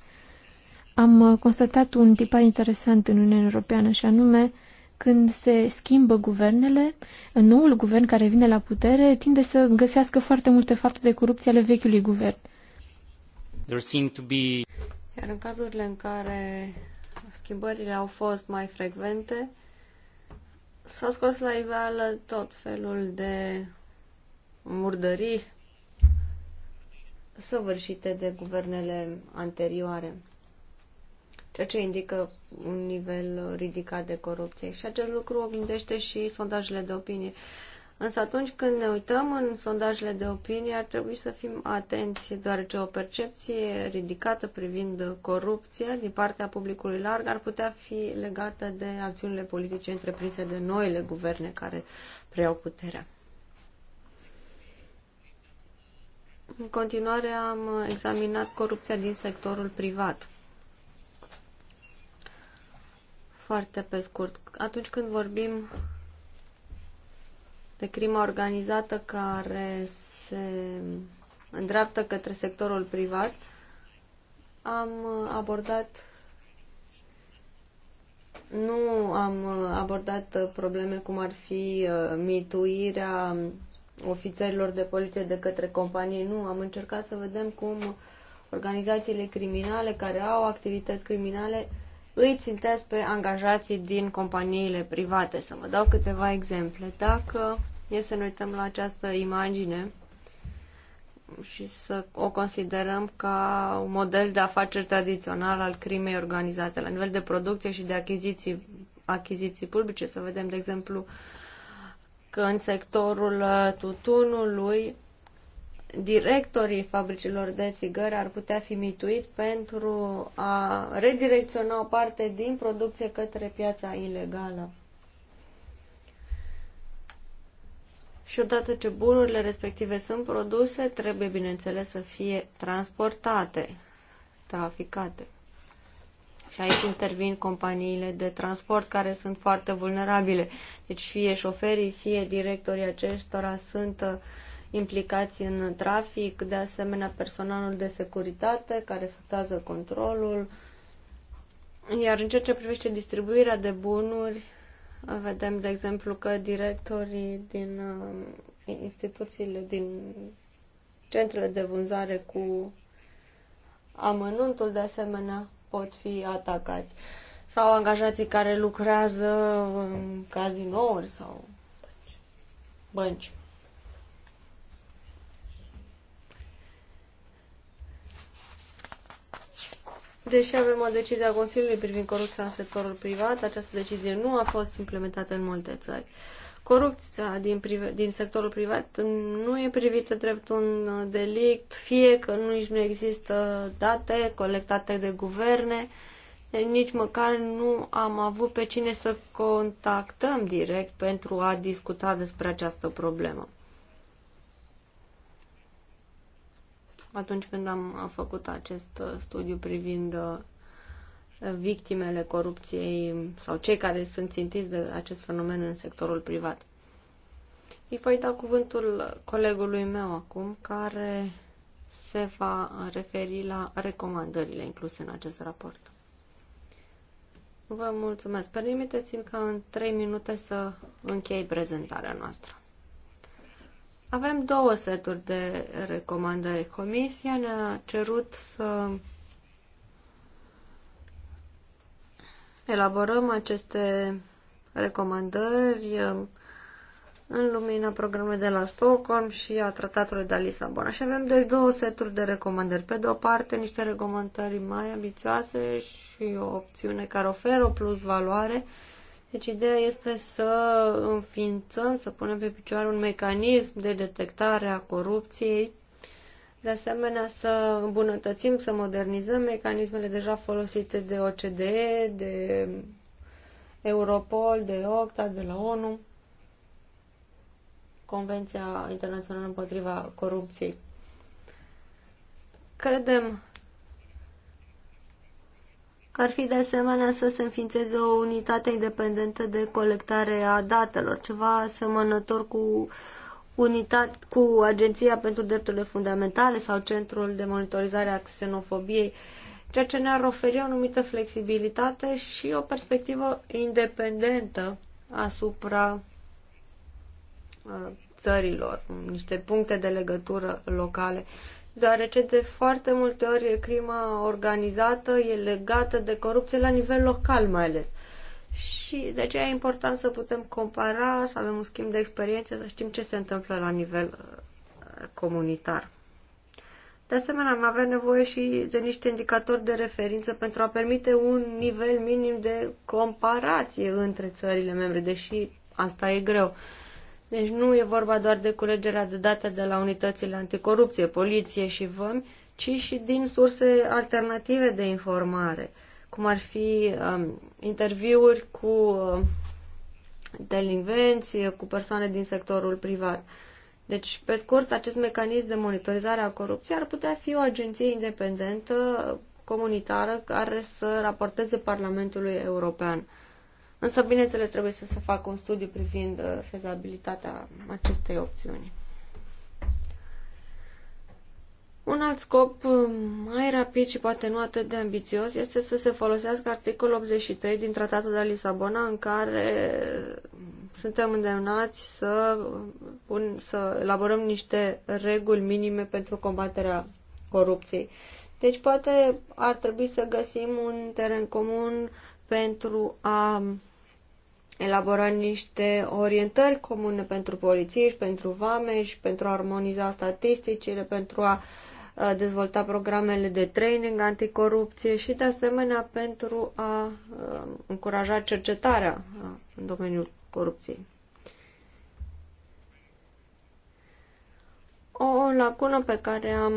Am uh, constatat un tipar interesant în Uniunea Europeană și anume când se schimbă guvernele, noul guvern care vine la putere tinde să găsească foarte multe fapte de corupție ale vechiului guvern. There seem to be... Iar în cazurile în care schimbările au fost mai frecvente, s-au scos la iveală tot felul de murdării săvârșite de guvernele anterioare ceea ce indică un nivel ridicat de corupție. Și acest lucru oglindește și sondajele de opinie. Însă atunci când ne uităm în sondajele de opinie, ar trebui să fim atenți, deoarece o percepție ridicată privind corupția din partea publicului larg ar putea fi legată de acțiunile politice întreprinse de noile guverne care preiau puterea. În continuare am examinat corupția din sectorul privat. Foarte pe scurt. Atunci când vorbim de crimă organizată care se îndreaptă către sectorul privat, am abordat nu am abordat probleme cum ar fi uh, mituirea ofițerilor de poliție de către companii. Nu, am încercat să vedem cum organizațiile criminale care au activități criminale îi țintesc pe angajații din companiile private. Să vă dau câteva exemple. Dacă e să ne uităm la această imagine și să o considerăm ca un model de afaceri tradițional al crimei organizate la nivel de producție și de achiziții, achiziții publice, să vedem, de exemplu, că în sectorul tutunului directorii fabricilor de țigări ar putea fi mituit pentru a redirecționa o parte din producție către piața ilegală. Și odată ce bunurile respective sunt produse, trebuie, bineînțeles, să fie transportate, traficate. Și aici intervin companiile de transport care sunt foarte vulnerabile. Deci fie șoferii, fie directorii acestora sunt uh, implicați în trafic, de asemenea personalul de securitate care efectuează controlul. Iar în ceea ce privește distribuirea de bunuri, vedem, de exemplu, că directorii din uh, instituțiile, din centrele de vânzare cu amănuntul, de asemenea, pot fi atacați. Sau angajații care lucrează în cazinouri sau bănci. Deși avem o decizie a Consiliului privind corupția în sectorul privat, această decizie nu a fost implementată în multe țări. Corupția din, din sectorul privat nu e privită drept un delict, fie că nu, nici nu există date colectate de guverne, deci nici măcar nu am avut pe cine să contactăm direct pentru a discuta despre această problemă. atunci când am făcut acest uh, studiu privind uh, victimele corupției sau cei care sunt țintiți de acest fenomen în sectorul privat. Îi voi da cuvântul colegului meu acum, care se va referi la recomandările incluse în acest raport. Vă mulțumesc. Permiteți-mi ca în trei minute să închei prezentarea noastră. Avem două seturi de recomandări. Comisia ne-a cerut să elaborăm aceste recomandări um, în lumina programului de la Stockholm și a tratatului de la Lisabona. Și avem deci două seturi de recomandări. Pe de o parte, niște recomandări mai ambițioase și o opțiune care oferă o plus valoare deci ideea este să înființăm, să punem pe picioare un mecanism de detectare a corupției, de asemenea să îmbunătățim, să modernizăm mecanismele deja folosite de OCDE, de Europol, de OCTA, de la ONU, Convenția Internațională împotriva Corupției. Credem că ar fi de asemenea să se înființeze o unitate independentă de colectare a datelor, ceva asemănător cu unitat cu Agenția pentru Drepturile Fundamentale sau Centrul de Monitorizare a Xenofobiei, ceea ce ne-ar oferi o anumită flexibilitate și o perspectivă independentă asupra uh, țărilor, niște puncte de legătură locale deoarece de foarte multe ori crima organizată e legată de corupție la nivel local mai ales. Și de aceea e important să putem compara, să avem un schimb de experiențe, să știm ce se întâmplă la nivel uh, comunitar. De asemenea, am avea nevoie și de niște indicatori de referință pentru a permite un nivel minim de comparație între țările membre, deși asta e greu. Uh, deci nu e vorba doar de culegerea de date de la unitățile anticorupție, poliție și vămi, ci și din surse alternative de informare, cum ar fi um, interviuri cu uh, delinvenți, cu persoane din sectorul privat. Deci, pe scurt, acest mecanism de monitorizare a corupției ar putea fi o agenție independentă, comunitară, care să raporteze Parlamentului European. Însă, bineînțeles, trebuie să se facă un studiu privind uh, fezabilitatea acestei opțiuni. Un alt scop um, mai rapid și poate nu atât de ambițios este să se folosească articolul 83 din Tratatul de Lisabona în care um, suntem îndemnați să, pun, să elaborăm niște reguli minime pentru combaterea corupției. Deci poate ar trebui să găsim un teren comun pentru a elabora niște orientări comune pentru poliție și pentru vame și pentru a armoniza statisticile, pentru a dezvolta programele de training anticorupție și de asemenea pentru a încuraja cercetarea în domeniul corupției. O lacună pe care am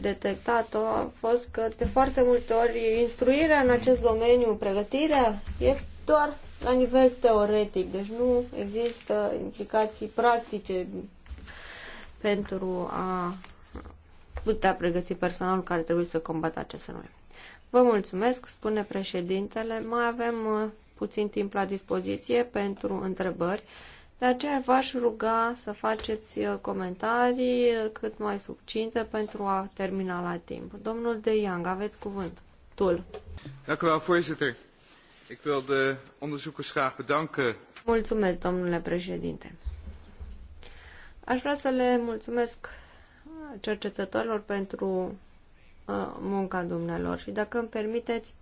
detectat-o a fost că de foarte multe ori instruirea în acest domeniu, pregătirea, e doar la nivel teoretic, deci nu există implicații practice pentru a putea pregăti personalul care trebuie să combată aceste noi. Vă mulțumesc, spune președintele. Mai avem uh, puțin timp la dispoziție pentru întrebări. De aceea v-aș ruga să faceți uh, comentarii uh, cât mai subcinte pentru a termina la timp. Domnul De Young, aveți cuvânt. Tul. Dacă vă Ik wil de onderzoekers graag bedanken. Mulțumesc, domnule președinte. Aș vrea să le mulțumesc uh, cercetătorilor pentru uh, munca dumnealor și dacă îmi permiteți,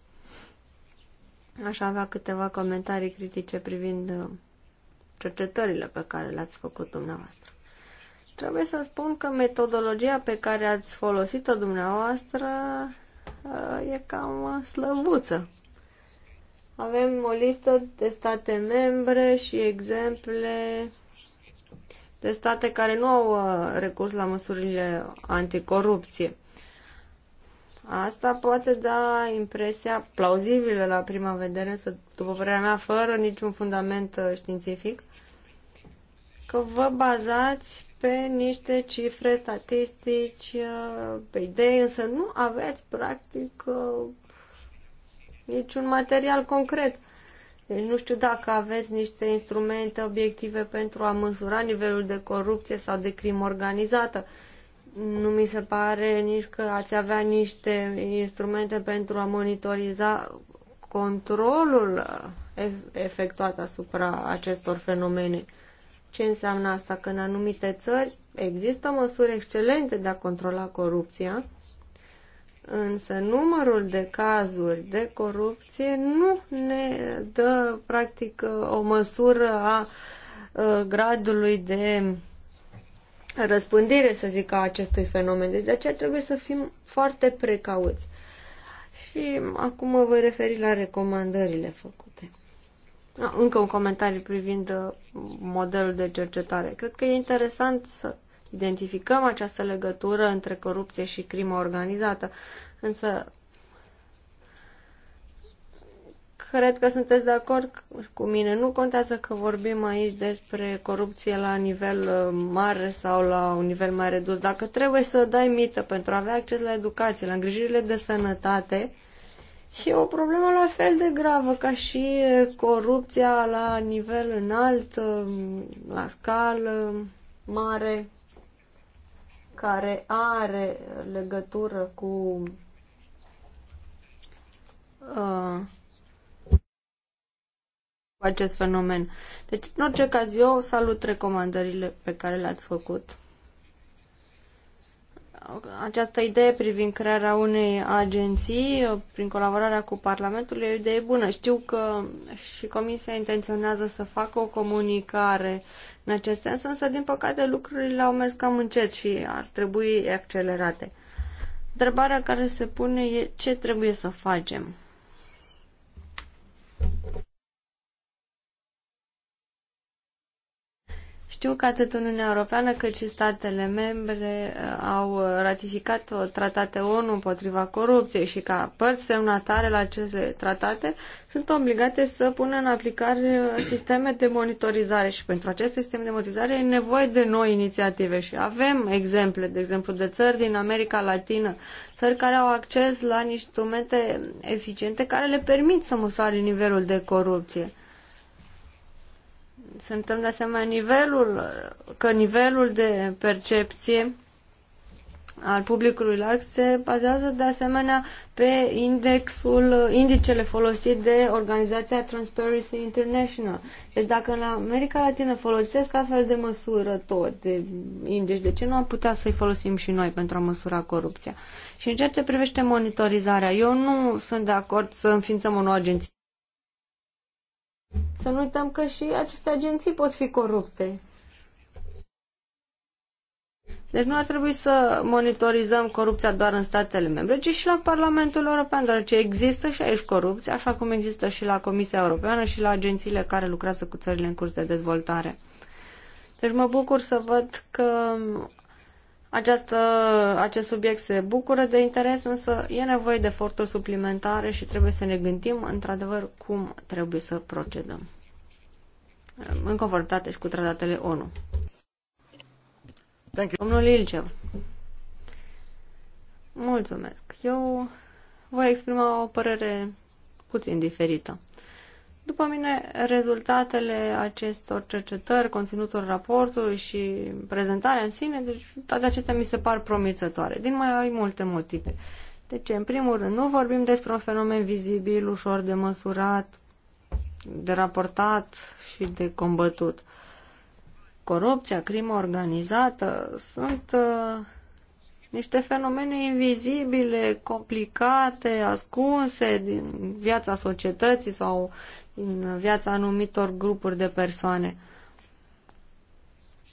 aș avea câteva comentarii critice privind uh, cercetările pe care le-ați făcut dumneavoastră. Trebuie să spun că metodologia pe care ați folosit-o dumneavoastră e cam slăbuță. Avem o listă de state membre și exemple de state care nu au uh, recurs la măsurile anticorupție. Asta poate da impresia plauzibilă la prima vedere, să după părerea mea, fără niciun fundament uh, științific, că vă bazați pe niște cifre statistici, uh, pe idei, însă nu aveți, practic, niciun material concret. Deci nu știu dacă aveți niște instrumente obiective pentru a măsura nivelul de corupție sau de crimă organizată. Nu mi se pare nici că ați avea niște instrumente pentru a monitoriza controlul uh, efectuat asupra acestor fenomene. Ce înseamnă asta? Că în anumite țări există măsuri excelente de a controla corupția, Însă numărul de cazuri de corupție nu ne dă practic o măsură a gradului de răspândire, să zic, a acestui fenomen. Deci de aceea trebuie să fim foarte precauți. Și acum mă voi referi la recomandările făcute. Încă un comentariu privind uh, modelul de cercetare. Cred că e interesant să identificăm această legătură între corupție și crimă organizată. Însă, cred că sunteți de acord cu mine. Nu contează că vorbim aici despre corupție la nivel uh, mare sau la un nivel mai redus. Dacă trebuie să dai mită pentru a avea acces la educație, la îngrijirile de sănătate, e o problemă la fel de gravă ca și uh, corupția la nivel înalt, uh, la scală mare care are legătură cu uh, acest fenomen. Deci, în orice caz, eu salut recomandările pe care le-ați făcut. Această idee privind crearea unei agenții prin colaborarea cu Parlamentul e o idee bună. Știu că și Comisia intenționează să facă o comunicare în acest sens, însă, din păcate, lucrurile au mers cam încet și ar trebui accelerate. Întrebarea care se pune e ce trebuie să facem Știu că atât Uniunea Europeană cât și statele membre uh, au ratificat o tratate ONU împotriva corupției și ca părți semnatare la aceste tratate sunt obligate să pună în aplicare uh, sisteme de monitorizare și pentru aceste sisteme de monitorizare e nevoie de noi inițiative și avem exemple, de exemplu, de țări din America Latină, țări care au acces la instrumente eficiente care le permit să măsoare nivelul de corupție să notăm de asemenea nivelul, că nivelul de percepție al publicului larg se bazează de asemenea pe indexul, indicele folosit de organizația Transparency International. Deci dacă în America Latină folosesc astfel de măsură tot, de indici, de ce nu am putea să-i folosim și noi pentru a măsura corupția? Și în ceea ce privește monitorizarea, eu nu sunt de acord să înființăm o nouă agenție să nu uităm că și aceste agenții pot fi corupte. Deci nu ar trebui să monitorizăm corupția doar în statele membre, ci și la Parlamentul European, deoarece există și aici corupție, așa cum există și la Comisia Europeană și la agențiile care lucrează cu țările în curs de dezvoltare. Deci mă bucur să văd că această, acest subiect se bucură de interes, însă e nevoie de eforturi suplimentare și trebuie să ne gândim într-adevăr cum trebuie să procedăm în conformitate și cu tratatele ONU. Thank you. Domnul Ilcev, mulțumesc. Eu voi exprima o părere puțin diferită. După mine, rezultatele acestor cercetări, conținutul raportului și prezentarea în sine, deci toate acestea mi se par promițătoare, din mai multe motive. Deci, în primul rând, nu vorbim despre un fenomen vizibil, ușor de măsurat, de raportat și de combătut. Corupția, crimă organizată sunt uh, niște fenomene invizibile, complicate, ascunse din viața societății sau din viața anumitor grupuri de persoane.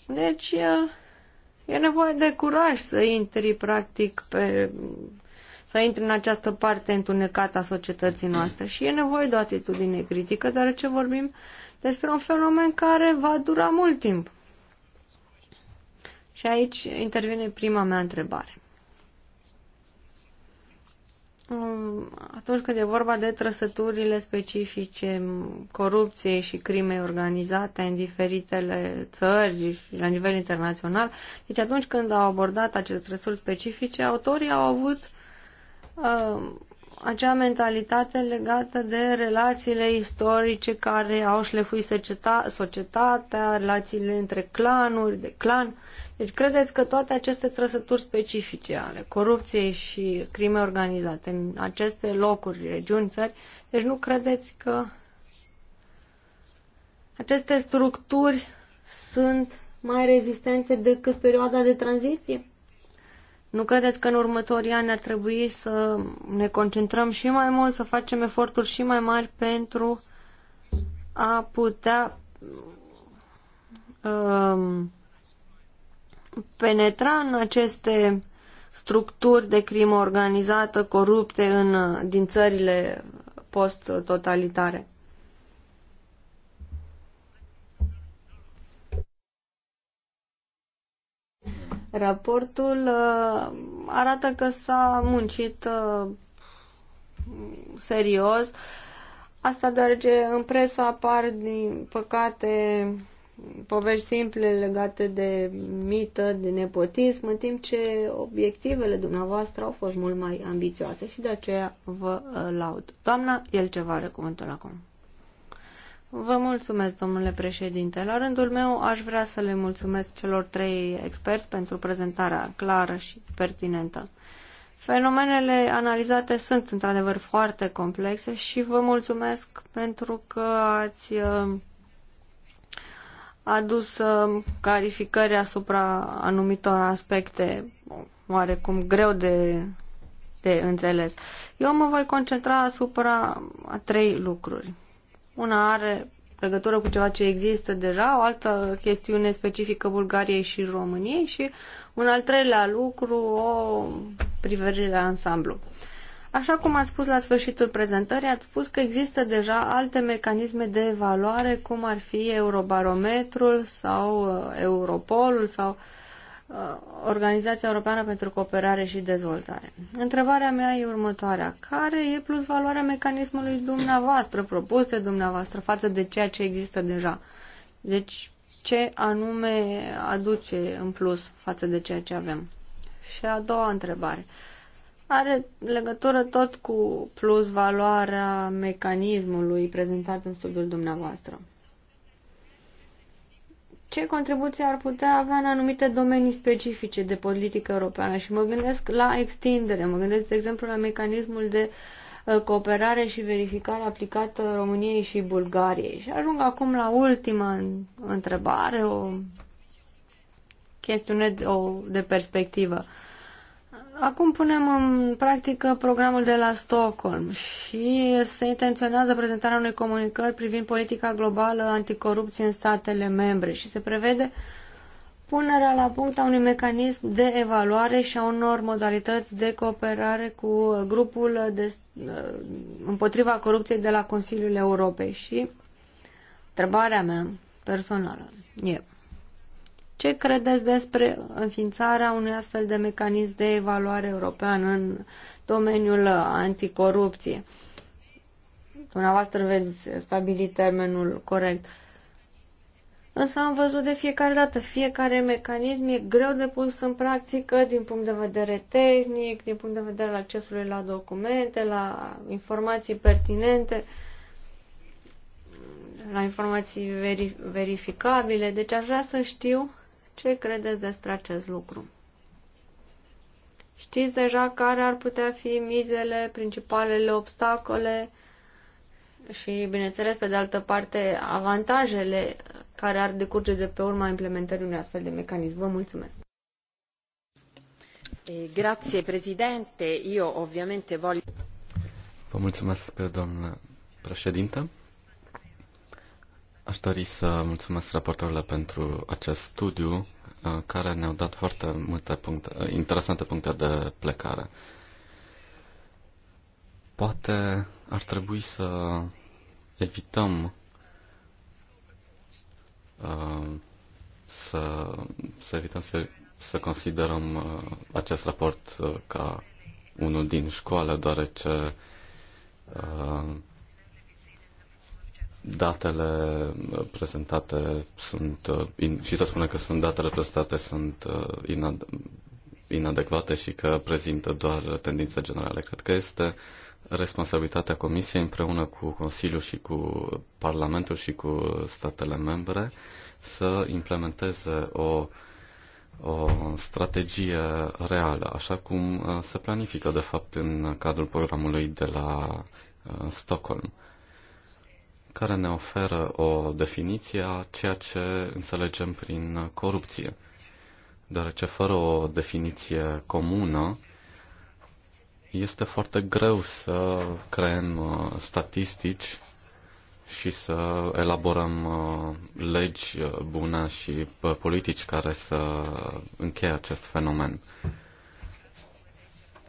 Deci e nevoie de curaj să intri practic pe să intri în această parte întunecată a societății noastre și e nevoie de o atitudine critică, dar ce vorbim despre un fenomen care va dura mult timp. Și aici intervine prima mea întrebare. Um, atunci când e vorba de trăsăturile specifice corupției și crimei organizate în diferitele țări și la nivel internațional, deci atunci când au abordat acele trăsături specifice, autorii au avut uh, acea mentalitate legată de relațiile istorice care au șlefuit societatea, relațiile între clanuri, de clan. Deci credeți că toate aceste trăsături specifice ale corupției și crime organizate în aceste locuri, regiuni, țări, deci nu credeți că aceste structuri sunt mai rezistente decât perioada de tranziție? Nu credeți că în următorii ani ar trebui să ne concentrăm și mai mult, să facem eforturi și mai mari pentru a putea um, penetra în aceste structuri de crimă organizată corupte în, din țările post-totalitare. Raportul uh, arată că s-a muncit uh, serios. Asta deoarece în presă apar, din păcate, povești simple legate de mită, de nepotism, în timp ce obiectivele dumneavoastră au fost mult mai ambițioase și de aceea vă uh, laud. Doamna, el ceva are cuvântul acum. Vă mulțumesc, domnule președinte. La rândul meu aș vrea să le mulțumesc celor trei experți pentru prezentarea clară și pertinentă. Fenomenele analizate sunt într-adevăr foarte complexe și vă mulțumesc pentru că ați uh, adus uh, clarificări asupra anumitor aspecte oarecum greu de, de înțeles. Eu mă voi concentra asupra a trei lucruri. Una are legătură cu ceva ce există deja, o altă chestiune specifică Bulgariei și României și un al treilea lucru, o privire la ansamblu. Așa cum ați spus la sfârșitul prezentării, ați spus că există deja alte mecanisme de evaluare, cum ar fi Eurobarometrul sau uh, Europolul sau uh, Uh, Organizația Europeană pentru Cooperare și Dezvoltare. Întrebarea mea e următoarea. Care e plus valoarea mecanismului dumneavoastră, propus de dumneavoastră, față de ceea ce există deja? Deci, ce anume aduce în plus față de ceea ce avem? Și a doua întrebare. Are legătură tot cu plus valoarea mecanismului prezentat în studiul dumneavoastră ce contribuție ar putea avea în anumite domenii specifice de politică europeană și mă gândesc la extindere, mă gândesc, de exemplu, la mecanismul de uh, cooperare și verificare aplicată României și Bulgariei. Și ajung acum la ultima întrebare, o chestiune de, o, de perspectivă. Uh, Acum punem în practică programul de la Stockholm și se intenționează prezentarea unei comunicări privind politica globală anticorupție în statele membre și se prevede punerea la punct a unui mecanism de evaluare și a unor modalități de cooperare cu grupul de, uh, împotriva corupției de la Consiliul Europei. Și întrebarea mea personală e ce credeți despre înființarea unui astfel de mecanism de evaluare european în domeniul anticorupție? Dumneavoastră veți stabili termenul corect. Însă am văzut de fiecare dată, fiecare mecanism e greu de pus în practică din punct de vedere tehnic, din punct de vedere al accesului la documente, la informații pertinente, la informații verificabile. Deci aș vrea să știu ce credeți despre acest lucru? Știți deja care ar putea fi mizele, principalele obstacole și, bineînțeles, pe de altă parte, avantajele care ar decurge de pe urma implementării unui astfel de mecanism. Vă mulțumesc! Eh, grazie, Presidente. Eu, obviamente, voglio... Vă mulțumesc, doamnă președintă. Aș dori să mulțumesc raportorilor pentru acest studiu uh, care ne-au dat foarte multe puncte, uh, interesante puncte de plecare. Poate ar trebui să evităm uh, să, să evităm să, să considerăm acest raport ca unul din școală, deoarece datele prezentate sunt uh, și să spune că sunt datele prezentate sunt uh, inadecvate și că prezintă doar tendințe generale. Cred că este responsabilitatea Comisiei împreună cu Consiliul și cu Parlamentul și cu statele membre să implementeze o, o strategie reală, așa cum uh, se planifică de fapt în cadrul programului de la Stockholm care ne oferă o definiție a ceea ce înțelegem prin corupție. Deoarece fără o definiție comună, este foarte greu să creăm uh, statistici și să elaborăm uh, legi uh, bune și politici care să încheie acest fenomen.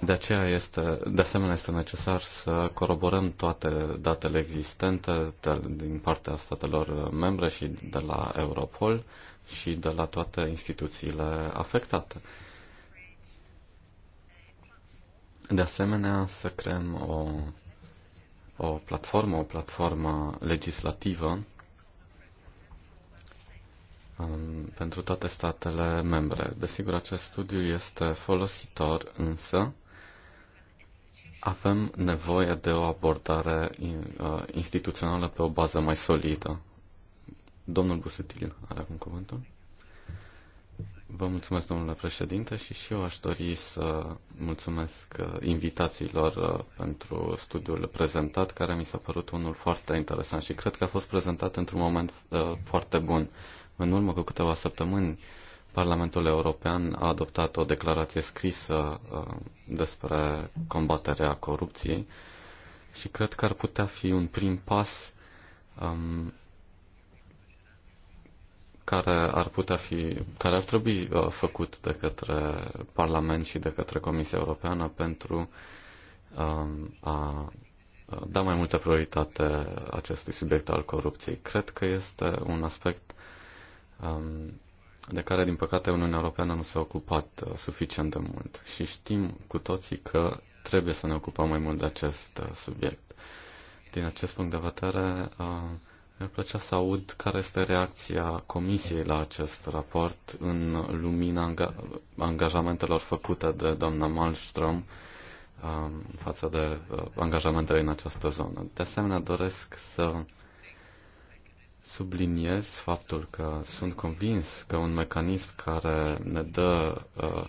De aceea este, de asemenea, este necesar să coroborăm toate datele existente de, din partea statelor membre și de la Europol și de la toate instituțiile afectate. De asemenea, să creăm o, o platformă, o platformă legislativă um, pentru toate statele membre. Desigur, acest studiu este folositor, însă avem nevoie de o abordare uh, instituțională pe o bază mai solidă. Domnul Busetil are acum cuvântul. Vă mulțumesc, domnule președinte, și și eu aș dori să mulțumesc uh, invitațiilor uh, pentru studiul prezentat, care mi s-a părut unul foarte interesant și cred că a fost prezentat într-un moment foarte bun. În urmă cu câteva săptămâni, Parlamentul European a adoptat o declarație scrisă uh, despre combaterea corupției și cred că ar putea fi un prim pas um, care ar putea fi, care ar trebui uh, făcut de către Parlament și de către Comisia Europeană pentru um, a da mai multă prioritate acestui subiect al corupției. Cred că este un aspect um, de care, din păcate, Uniunea Europeană nu s-a ocupat uh, suficient de mult. Și știm cu toții că trebuie să ne ocupăm mai mult de acest uh, subiect. Din acest punct de vedere, uh, mi-ar plăcea să aud care este reacția Comisiei la acest raport în lumina angajamentelor făcute de doamna Malmström față de angajamentele în această zonă. De asemenea, doresc să subliniez faptul că sunt convins că un mecanism care ne dă uh,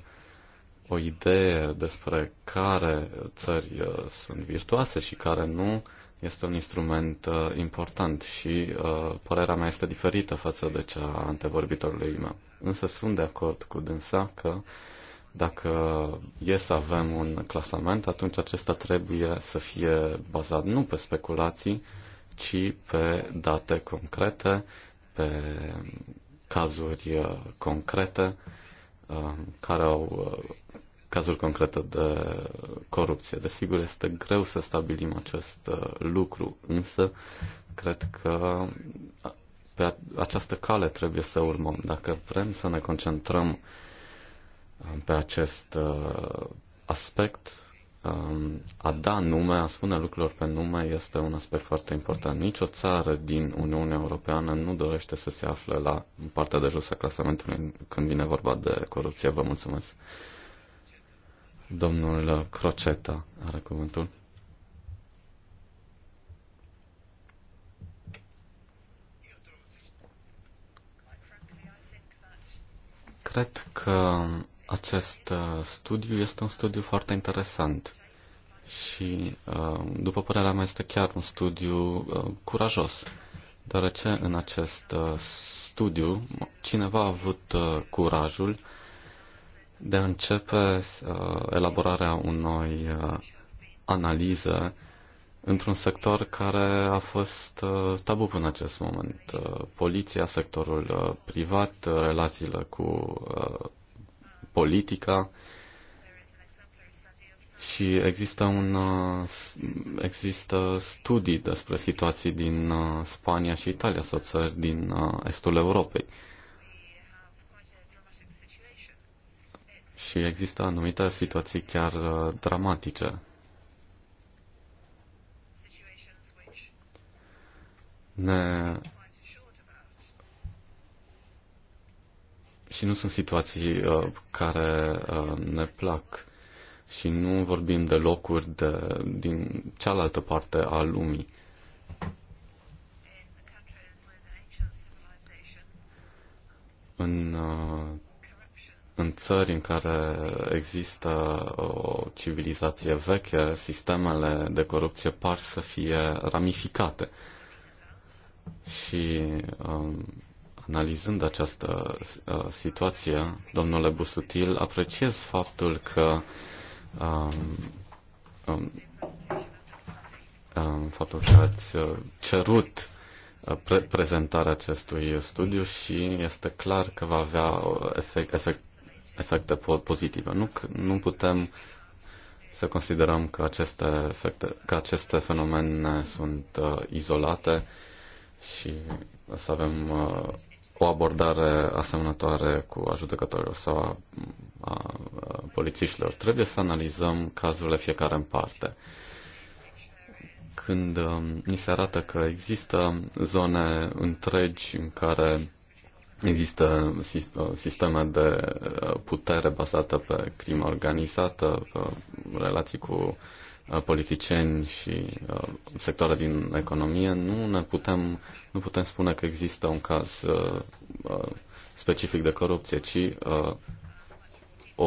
o idee despre care țări uh, sunt virtuoase și care nu este un instrument uh, important și uh, părerea mea este diferită față de cea a antevorbitorului meu. Însă sunt de acord cu dânsa că dacă e să avem un clasament, atunci acesta trebuie să fie bazat nu pe speculații, ci pe date concrete, pe cazuri uh, concrete uh, care au uh, cazuri concrete de corupție. Desigur, este greu să stabilim acest lucru, însă cred că pe această cale trebuie să urmăm. Dacă vrem să ne concentrăm pe acest aspect, Um, a da nume, a spune lucrurilor pe nume, este un aspect foarte important. Nici o țară din Uniunea Europeană nu dorește să se afle la partea de jos a clasamentului când vine vorba de corupție. Vă mulțumesc. Domnul Croceta are cuvântul. Cred că acest uh, studiu este un studiu foarte interesant și, uh, după părerea mea, este chiar un studiu uh, curajos, deoarece în acest studiu cineva a avut curajul de a începe elaborarea unei analize într-un sector care a fost tabu până acest moment. Poliția, sectorul privat, relațiile cu politica și există, un, uh, există studii despre situații din uh, Spania și Italia sau țări din uh, estul Europei. Și există anumite situații chiar dramatice. Ne și nu sunt situații uh, care uh, ne plac și nu vorbim de locuri de, din cealaltă parte a lumii. În, uh, în țări în care există o civilizație veche, sistemele de corupție par să fie ramificate. Și um, Analizând această uh, situație, domnule Busutil, apreciez faptul că um, um, um faptul că ați uh, cerut uh, pre- prezentarea acestui studiu și este clar că va avea efect, efect, efecte pozitive. Nu, nu putem să considerăm că aceste, efecte, că aceste fenomene sunt uh, izolate și să avem uh, o abordare asemănătoare cu ajutătorilor sau a, a, a polițiștilor. Trebuie să analizăm cazurile fiecare în parte. Când um, ni se arată că există zone întregi în care există uh, sisteme de uh, putere bazată pe crimă organizată, pe relații cu Uh, politicieni și uh, sectoare din economie, nu ne putem, nu putem spune că există un caz uh, specific de corupție, ci o,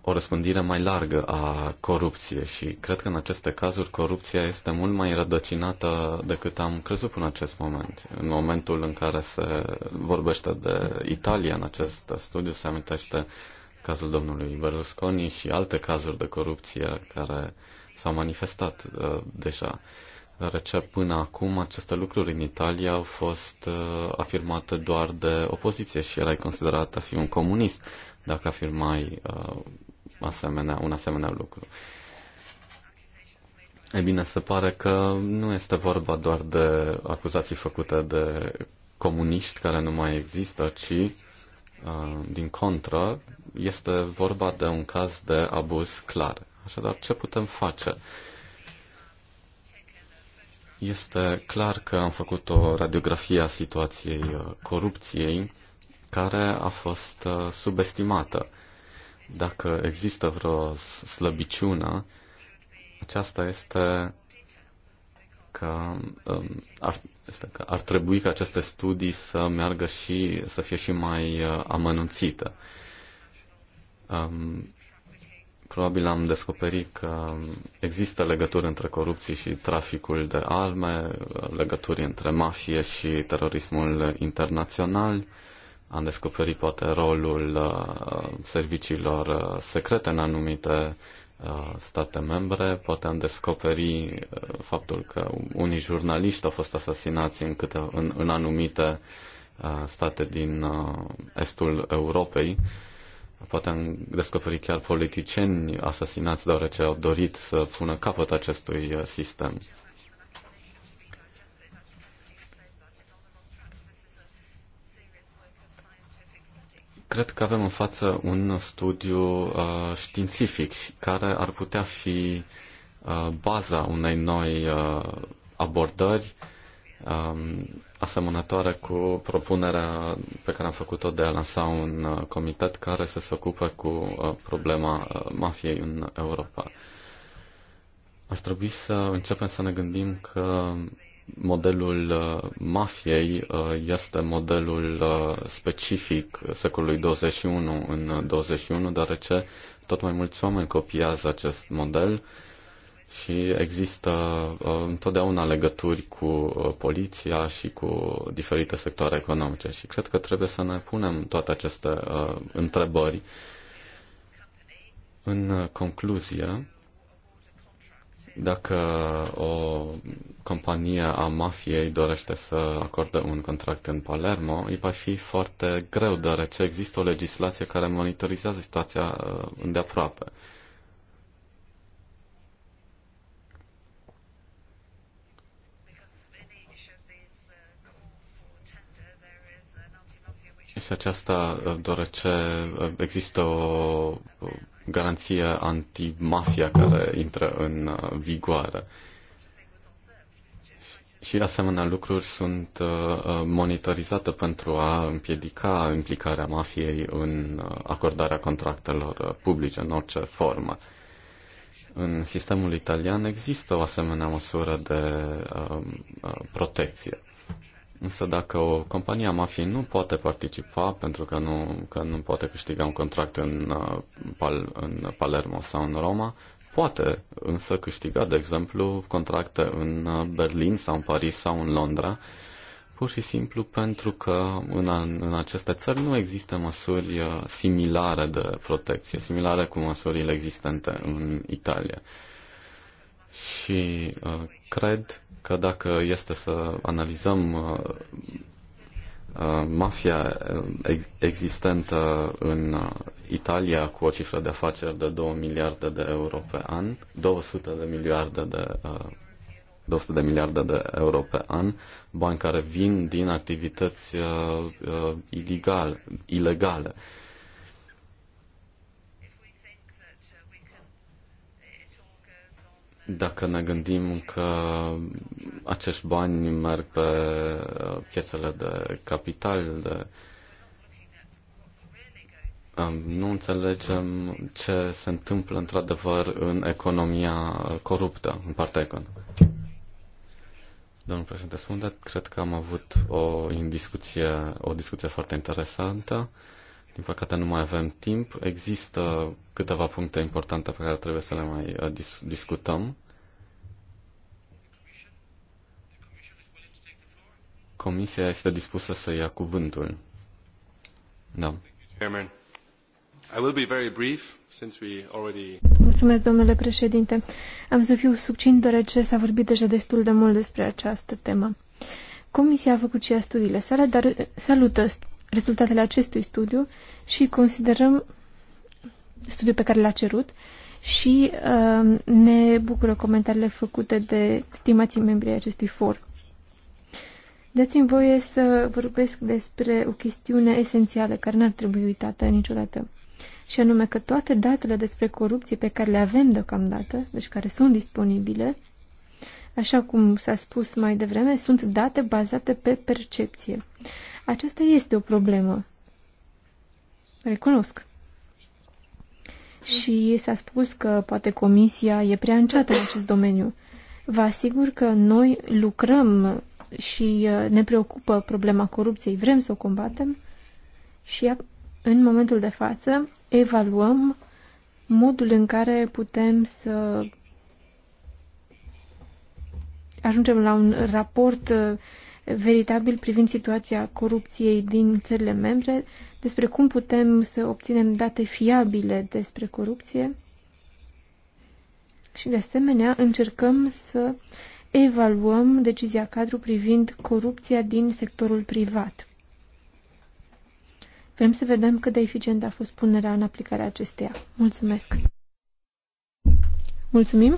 o răspândire mai largă a corupției și cred că în aceste cazuri corupția este mult mai rădăcinată decât am crezut până în acest moment. În momentul în care se vorbește de Italia în acest studiu, se amintește uh, cazul domnului Berlusconi și alte cazuri de corupție care s-au manifestat uh, deja. Deoarece până acum aceste lucruri în Italia au fost uh, afirmate doar de opoziție și erai considerat a fi un comunist dacă afirmai uh, asemenea, un asemenea lucru. E bine, se pare că nu este vorba doar de acuzații făcute de comuniști care nu mai există, ci din contră, este vorba de un caz de abuz clar. Așadar, ce putem face? Este clar că am făcut o radiografie a situației corupției care a fost subestimată. Dacă există vreo slăbiciune, aceasta este că, um, ar, că ar trebui ca aceste studii să meargă și să fie și mai uh, amănunțite. Um, probabil am descoperit că există legături între corupție și traficul de arme, legături între mafie și terorismul internațional. Am descoperit poate rolul uh, serviciilor uh, secrete în anumite Uh, state membre. Poate am descoperi uh, faptul că unii jurnaliști au fost asasinați în, câte, în, în anumite uh, state din estul Europei. Poate am descoperi chiar politicieni asasinați deoarece au dorit să pună capăt acestui sistem. Cred că avem în față un studiu uh, științific care ar putea fi uh, baza unei noi uh, abordări um, asemănătoare cu propunerea pe care am făcut-o de a lansa un uh, comitet care să se ocupe cu uh, problema uh, mafiei în Europa. Ar trebui să începem să ne gândim că modelul uh, mafiei uh, este modelul uh, specific secolului 21 în 21, deoarece tot mai mulți oameni copiază acest model și există întotdeauna legături cu poliția și cu diferite sectoare economice și cred că trebuie să ne punem toate aceste întrebări. În concluzie, dacă o companie a mafiei dorește să acorde un contract în Palermo, îi va fi foarte greu, deoarece există o legislație care monitorizează situația uh, îndeaproape. Și aceasta uh, deoarece uh, există o garanție antimafia care intră în uh, vigoare. Și asemenea lucruri sunt uh, uh, monitorizate pentru a împiedica implicarea mafiei în acordarea contractelor publice în orice formă. În sistemul italian există o asemenea măsură de protecție. Însă dacă o companie mafie nu poate participa pentru că nu, că nu poate câștiga un contract în, uh, în Palermo sau în Roma, poate însă câștiga, de exemplu, contracte în uh, Berlin sau în Paris sau în Londra, pur și simplu pentru că în, în aceste țări nu există măsuri uh, similare de protecție, similare cu măsurile existente în Italia. Și uh, cred că dacă este să analizăm uh, uh, mafia uh, existentă în Italia cu o cifră de afaceri de 2 miliarde de euro pe an, 200 de miliarde de 200 de miliarde de euro pe an, bani care vin din activități uh, ilegale. Uh, Dacă ne gândim că acești bani merg pe uh, piețele de capital, de... Um, nu înțelegem ce se întâmplă într-adevăr în economia coruptă, în partea economică. Domnul președinte Smundat, cred că am avut o discuție, o discuție foarte interesantă. Din păcate nu mai avem timp. Există câteva puncte importante pe care trebuie să le mai uh, dis- discutăm. Comisia este dispusă să ia cuvântul. Da. Mulțumesc, domnule președinte. Am să fiu succint, deoarece s-a vorbit deja destul de mult despre această temă. Comisia a făcut și ea studiile sale, dar salută rezultatele acestui studiu și considerăm studiul pe care l-a cerut și uh, ne bucură comentariile făcute de stimații membrii acestui for. Dați-mi voie să vorbesc despre o chestiune esențială care n-ar trebui uitată niciodată. Și anume că toate datele despre corupție pe care le avem deocamdată, deci care sunt disponibile, Așa cum s-a spus mai devreme, sunt date bazate pe percepție. Aceasta este o problemă. Recunosc. Și s-a spus că poate comisia e prea înceată în acest domeniu. Vă asigur că noi lucrăm și uh, ne preocupă problema corupției, vrem să o combatem și în momentul de față evaluăm modul în care putem să ajungem la un raport uh, veritabil privind situația corupției din țările membre, despre cum putem să obținem date fiabile despre corupție și, de asemenea, încercăm să evaluăm decizia cadru privind corupția din sectorul privat. Vrem să vedem cât de eficient a fost punerea în aplicare a acesteia. Mulțumesc! Mulțumim!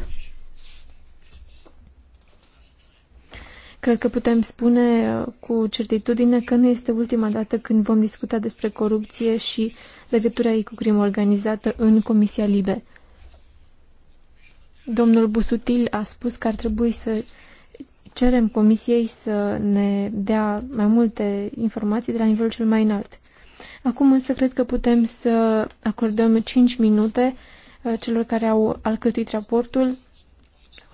Cred că putem spune uh, cu certitudine că nu este ultima dată când vom discuta despre corupție și legătura ei cu crimă organizată în Comisia Libe. Domnul Busutil a spus că ar trebui să cerem Comisiei să ne dea mai multe informații de la nivelul cel mai înalt. Acum însă cred că putem să acordăm 5 minute uh, celor care au alcătuit raportul,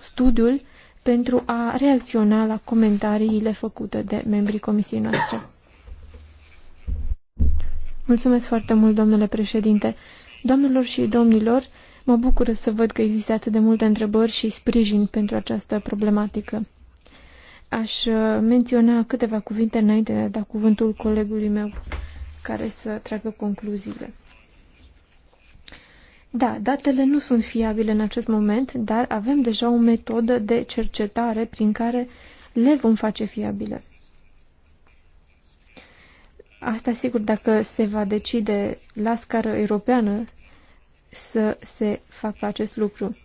studiul pentru a reacționa la comentariile făcute de membrii comisiei noastre. Mulțumesc foarte mult, domnule președinte. Doamnelor și domnilor, mă bucură să văd că există atât de multe întrebări și sprijin pentru această problematică. Aș uh, menționa câteva cuvinte înainte de a da cuvântul colegului meu care să tragă concluziile. Da, datele nu sunt fiabile în acest moment, dar avem deja o metodă de cercetare prin care le vom face fiabile. Asta sigur dacă se va decide la scară europeană să se facă acest lucru.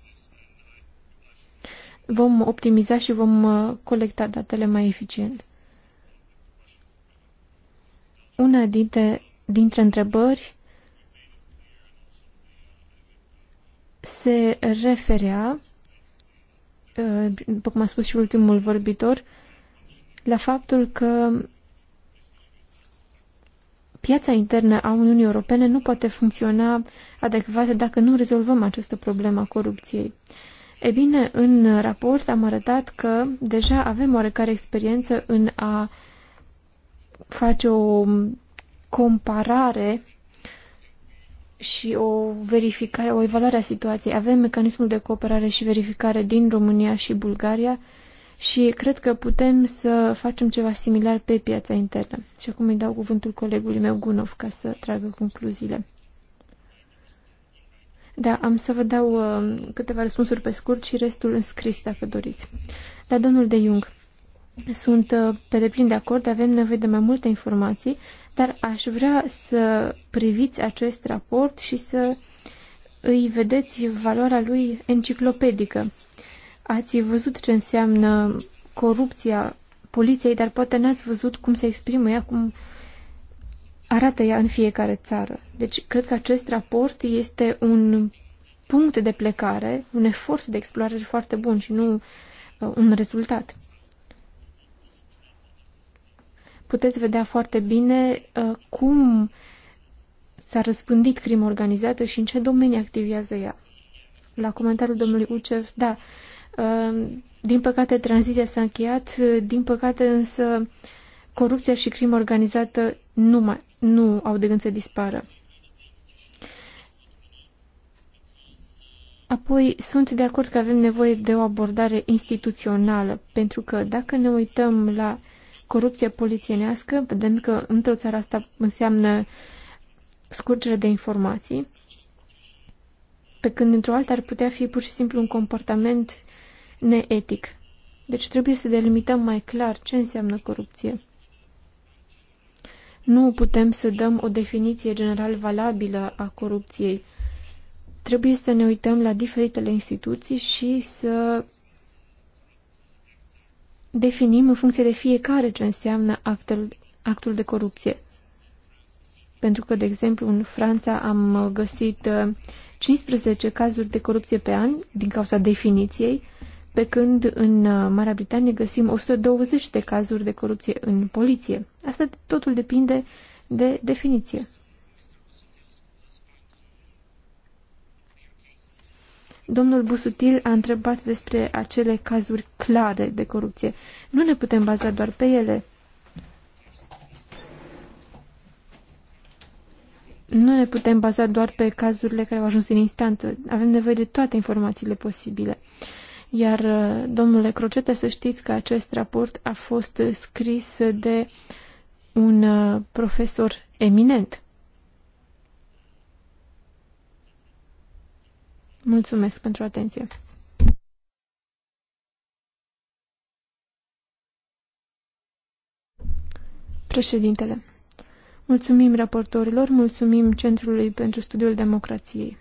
Vom optimiza și vom uh, colecta datele mai eficient. Una dintre, dintre întrebări se referea, uh, după cum a spus și ultimul vorbitor, la faptul că piața internă a Uniunii Europene nu poate funcționa adecvat dacă nu rezolvăm această problemă a corupției. E bine, în raport am arătat că deja avem oarecare experiență în a face o comparare și o verificare, o evaluare a situației. Avem mecanismul de cooperare și verificare din România și Bulgaria și cred că putem să facem ceva similar pe piața internă. Și acum îi dau cuvântul colegului meu Gunov ca să tragă concluziile. Da, am să vă dau uh, câteva răspunsuri pe scurt și restul în scris, dacă doriți. Dar domnul de Jung, sunt uh, pe deplin de acord, avem nevoie de mai multe informații dar aș vrea să priviți acest raport și să îi vedeți valoarea lui enciclopedică. Ați văzut ce înseamnă corupția poliției, dar poate n-ați văzut cum se exprimă ea, cum arată ea în fiecare țară. Deci, cred că acest raport este un punct de plecare, un efort de explorare foarte bun și nu uh, un rezultat. puteți vedea foarte bine uh, cum s-a răspândit crima organizată și în ce domenii activează ea. La comentariul domnului Ucev, da, uh, din păcate tranziția s-a încheiat, uh, din păcate însă corupția și crima organizată nu, mai, nu au de gând să dispară. Apoi, sunt de acord că avem nevoie de o abordare instituțională, pentru că dacă ne uităm la corupție polițienească, vedem că într-o țară asta înseamnă scurgere de informații, pe când într-o altă ar putea fi pur și simplu un comportament neetic. Deci trebuie să delimităm mai clar ce înseamnă corupție. Nu putem să dăm o definiție general valabilă a corupției. Trebuie să ne uităm la diferitele instituții și să definim în funcție de fiecare ce înseamnă actul, actul de corupție. Pentru că, de exemplu, în Franța am găsit 15 uh, cazuri de corupție pe an din cauza definiției, pe când în uh, Marea Britanie găsim 120 de cazuri de corupție în poliție. Asta totul depinde de definiție. Domnul Busutil a întrebat despre acele cazuri clare de corupție. Nu ne putem baza doar pe ele. Nu ne putem baza doar pe cazurile care au ajuns în instanță. Avem nevoie de toate informațiile posibile. Iar, uh, domnule Crocete, să știți că acest raport a fost scris de un uh, profesor eminent. Mulțumesc pentru atenție. Președintele, mulțumim raportorilor, mulțumim Centrului pentru Studiul Democrației.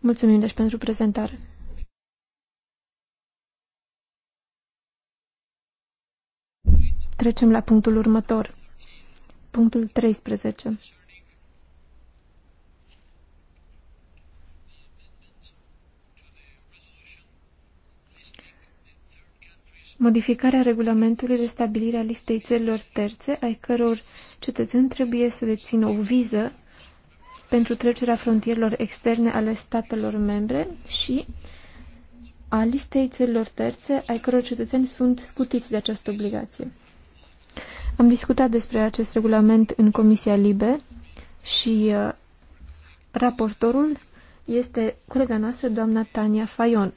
Mulțumim deci pentru prezentare. Trecem la punctul următor. Punctul 13. modificarea regulamentului de stabilire a listei țărilor terțe, ai căror cetățeni trebuie să dețină o viză pentru trecerea frontierelor externe ale statelor membre și a listei țărilor terțe, ai căror cetățeni sunt scutiți de această obligație. Am discutat despre acest regulament în Comisia Libe și uh, raportorul este colega noastră, doamna Tania Fayon.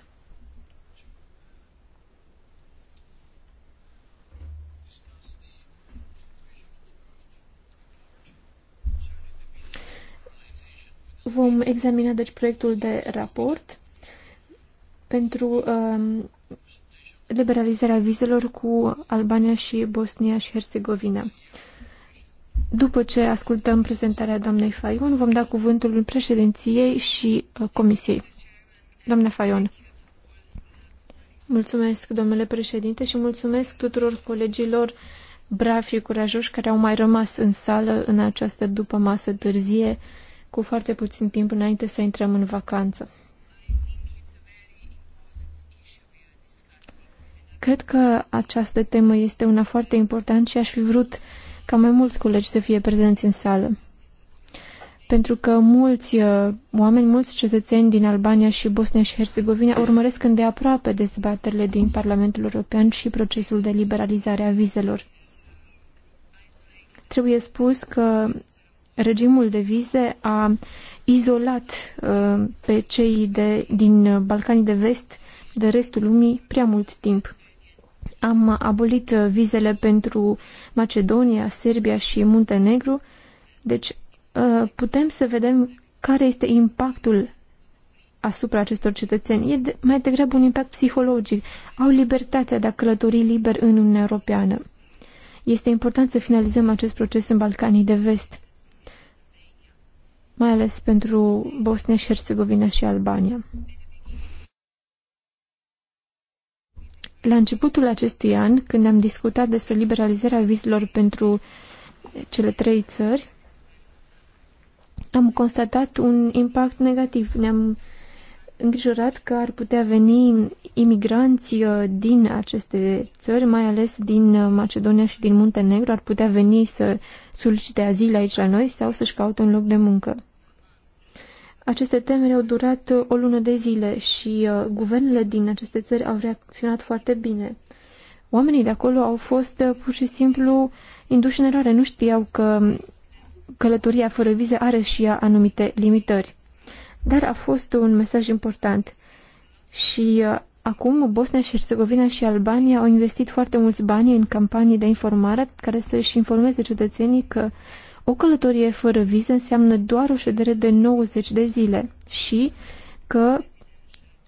Vom examina, deci, proiectul de raport pentru um, liberalizarea vizelor cu Albania și Bosnia și Herțegovina. După ce ascultăm prezentarea doamnei Fayon, vom da cuvântul președinției și uh, comisiei. Doamne Fayon. Mulțumesc, domnule președinte, și mulțumesc tuturor colegilor bravi și curajoși care au mai rămas în sală în această după masă târzie cu foarte puțin timp înainte să intrăm în vacanță. Cred că această temă este una foarte importantă și aș fi vrut ca mai mulți colegi să fie prezenți în sală. Pentru că mulți uh, oameni, mulți cetățeni din Albania și Bosnia și Herțegovina urmăresc îndeaproape dezbaterile din Parlamentul European și procesul de liberalizare a vizelor. Trebuie spus că regimul de vize a izolat uh, pe cei de, din Balcanii de Vest de restul lumii prea mult timp. Am abolit uh, vizele pentru Macedonia, Serbia și Muntenegru, deci uh, putem să vedem care este impactul asupra acestor cetățeni. E mai degrabă un impact psihologic. Au libertatea de a călători liber în Uniunea Europeană. Este important să finalizăm acest proces în Balcanii de Vest mai ales pentru Bosnia și Herțegovina și Albania. La începutul acestui an, când am discutat despre liberalizarea vizelor pentru cele trei țări, am constatat un impact negativ. Ne-am îngrijorat că ar putea veni imigranți uh, din aceste țări, mai ales din uh, Macedonia și din Muntenegru, ar putea veni să solicite azil aici la noi sau să-și caute un loc de muncă. Aceste temeri au durat uh, o lună de zile și uh, guvernele din aceste țări au reacționat foarte bine. Oamenii de acolo au fost uh, pur și simplu induși în eroare. Nu știau că călătoria fără vize are și ea anumite limitări. Dar a fost un mesaj important. Și acum Bosnia și Herzegovina și Albania au investit foarte mulți bani în campanii de informare care să-și informeze cetățenii că uh, o călătorie fără viză înseamnă doar o ședere de 90 de zile și că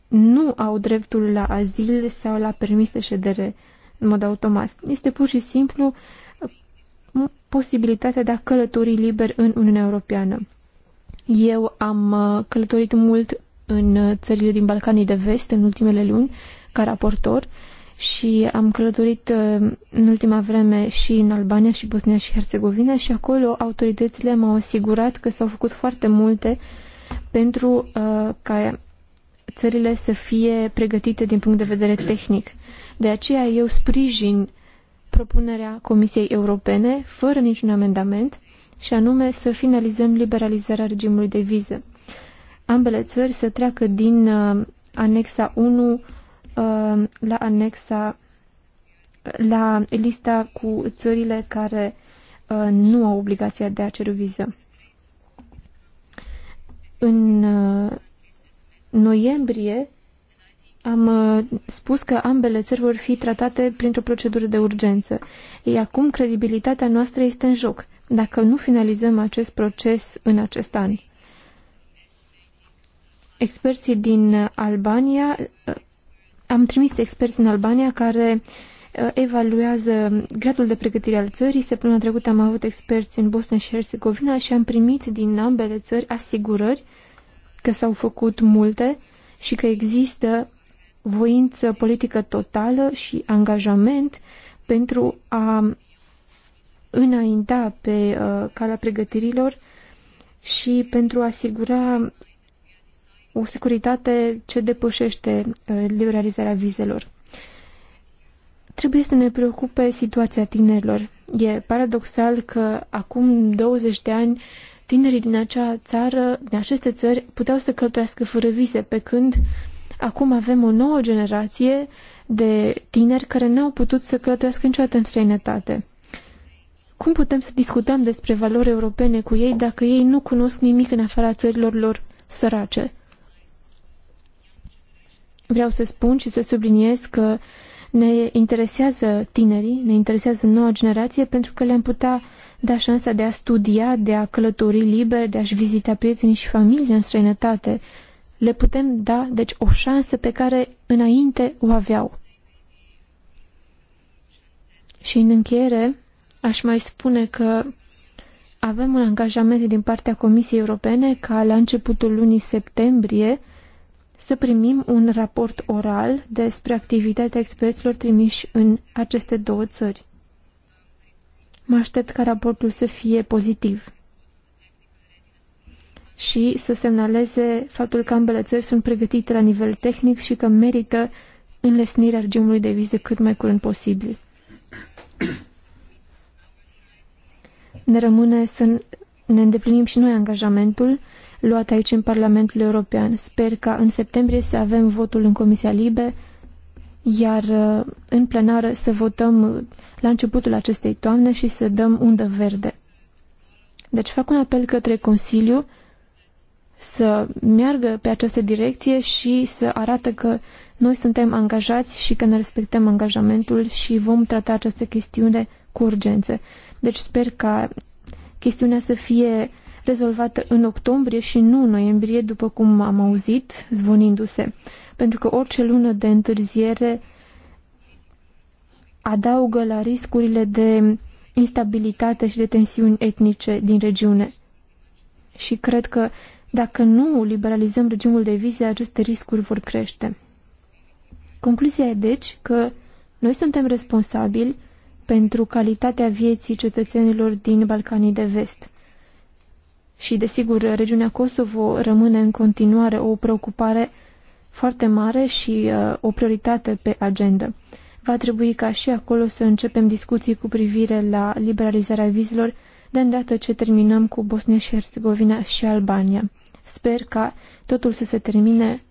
nu au dreptul la azil sau la permis de ședere în mod automat. Este pur și simplu posibilitatea de a călători liber în Uniunea Europeană. Eu am uh, călătorit mult în uh, țările din Balcanii de Vest în ultimele luni ca raportor și am călătorit uh, în ultima vreme și în Albania și Bosnia și Herțegovina și acolo autoritățile m-au asigurat că s-au făcut foarte multe pentru uh, ca țările să fie pregătite din punct de vedere tehnic. De aceea eu sprijin propunerea Comisiei Europene, fără niciun amendament, și anume să finalizăm liberalizarea regimului de viză. Ambele țări să treacă din uh, anexa 1 Uh, la anexa, la lista cu țările care uh, nu au obligația de a cere viză. În uh, noiembrie am spus că ambele țări vor fi tratate printr-o procedură de urgență. Ei, acum credibilitatea noastră este în joc, dacă nu finalizăm acest proces în acest an. Experții din Albania am trimis experți în Albania care uh, evaluează gradul de pregătire al țării. Săptămâna trecută am avut experți în Bosnia și Herzegovina și am primit din ambele țări asigurări că s-au făcut multe și că există voință politică totală și angajament pentru a înainta pe uh, calea pregătirilor și pentru a asigura o securitate ce depășește uh, liberalizarea vizelor. Trebuie să ne preocupe situația tinerilor. E paradoxal că acum 20 de ani tinerii din acea țară, din aceste țări, puteau să călătorească fără vize, pe când acum avem o nouă generație de tineri care n-au putut să călătorească niciodată în străinătate. Cum putem să discutăm despre valori europene cu ei dacă ei nu cunosc nimic în afara țărilor lor sărace? Vreau să spun și să subliniez că ne interesează tinerii, ne interesează noua generație pentru că le-am putea da șansa de a studia, de a călători liber, de a-și vizita prietenii și familia în străinătate. Le putem da, deci, o șansă pe care înainte o aveau. Și în încheiere, aș mai spune că avem un angajament din partea Comisiei Europene ca la începutul lunii septembrie să primim un raport oral despre activitatea experților trimiși în aceste două țări. Mă aștept ca raportul să fie pozitiv și să semnaleze faptul că ambele țări sunt pregătite la nivel tehnic și că merită înlesnirea regimului de vize cât mai curând posibil. Ne rămâne să ne îndeplinim și noi angajamentul luat aici în Parlamentul European. Sper ca în septembrie să avem votul în Comisia Libe, iar uh, în plenară să votăm uh, la începutul acestei toamne și să dăm undă verde. Deci fac un apel către Consiliu să meargă pe această direcție și să arată că noi suntem angajați și că ne respectăm angajamentul și vom trata această chestiune cu urgență. Deci sper ca chestiunea să fie rezolvată în octombrie și nu în noiembrie, după cum am auzit, zvonindu-se. Pentru că orice lună de întârziere adaugă la riscurile de instabilitate și de tensiuni etnice din regiune. Și cred că dacă nu liberalizăm regimul de vize, aceste riscuri vor crește. Concluzia e deci că noi suntem responsabili pentru calitatea vieții cetățenilor din Balcanii de Vest și, desigur, regiunea Kosovo rămâne în continuare o preocupare foarte mare și uh, o prioritate pe agenda. Va trebui ca și acolo să începem discuții cu privire la liberalizarea vizelor de îndată ce terminăm cu Bosnia și Herzegovina și Albania. Sper ca totul să se termine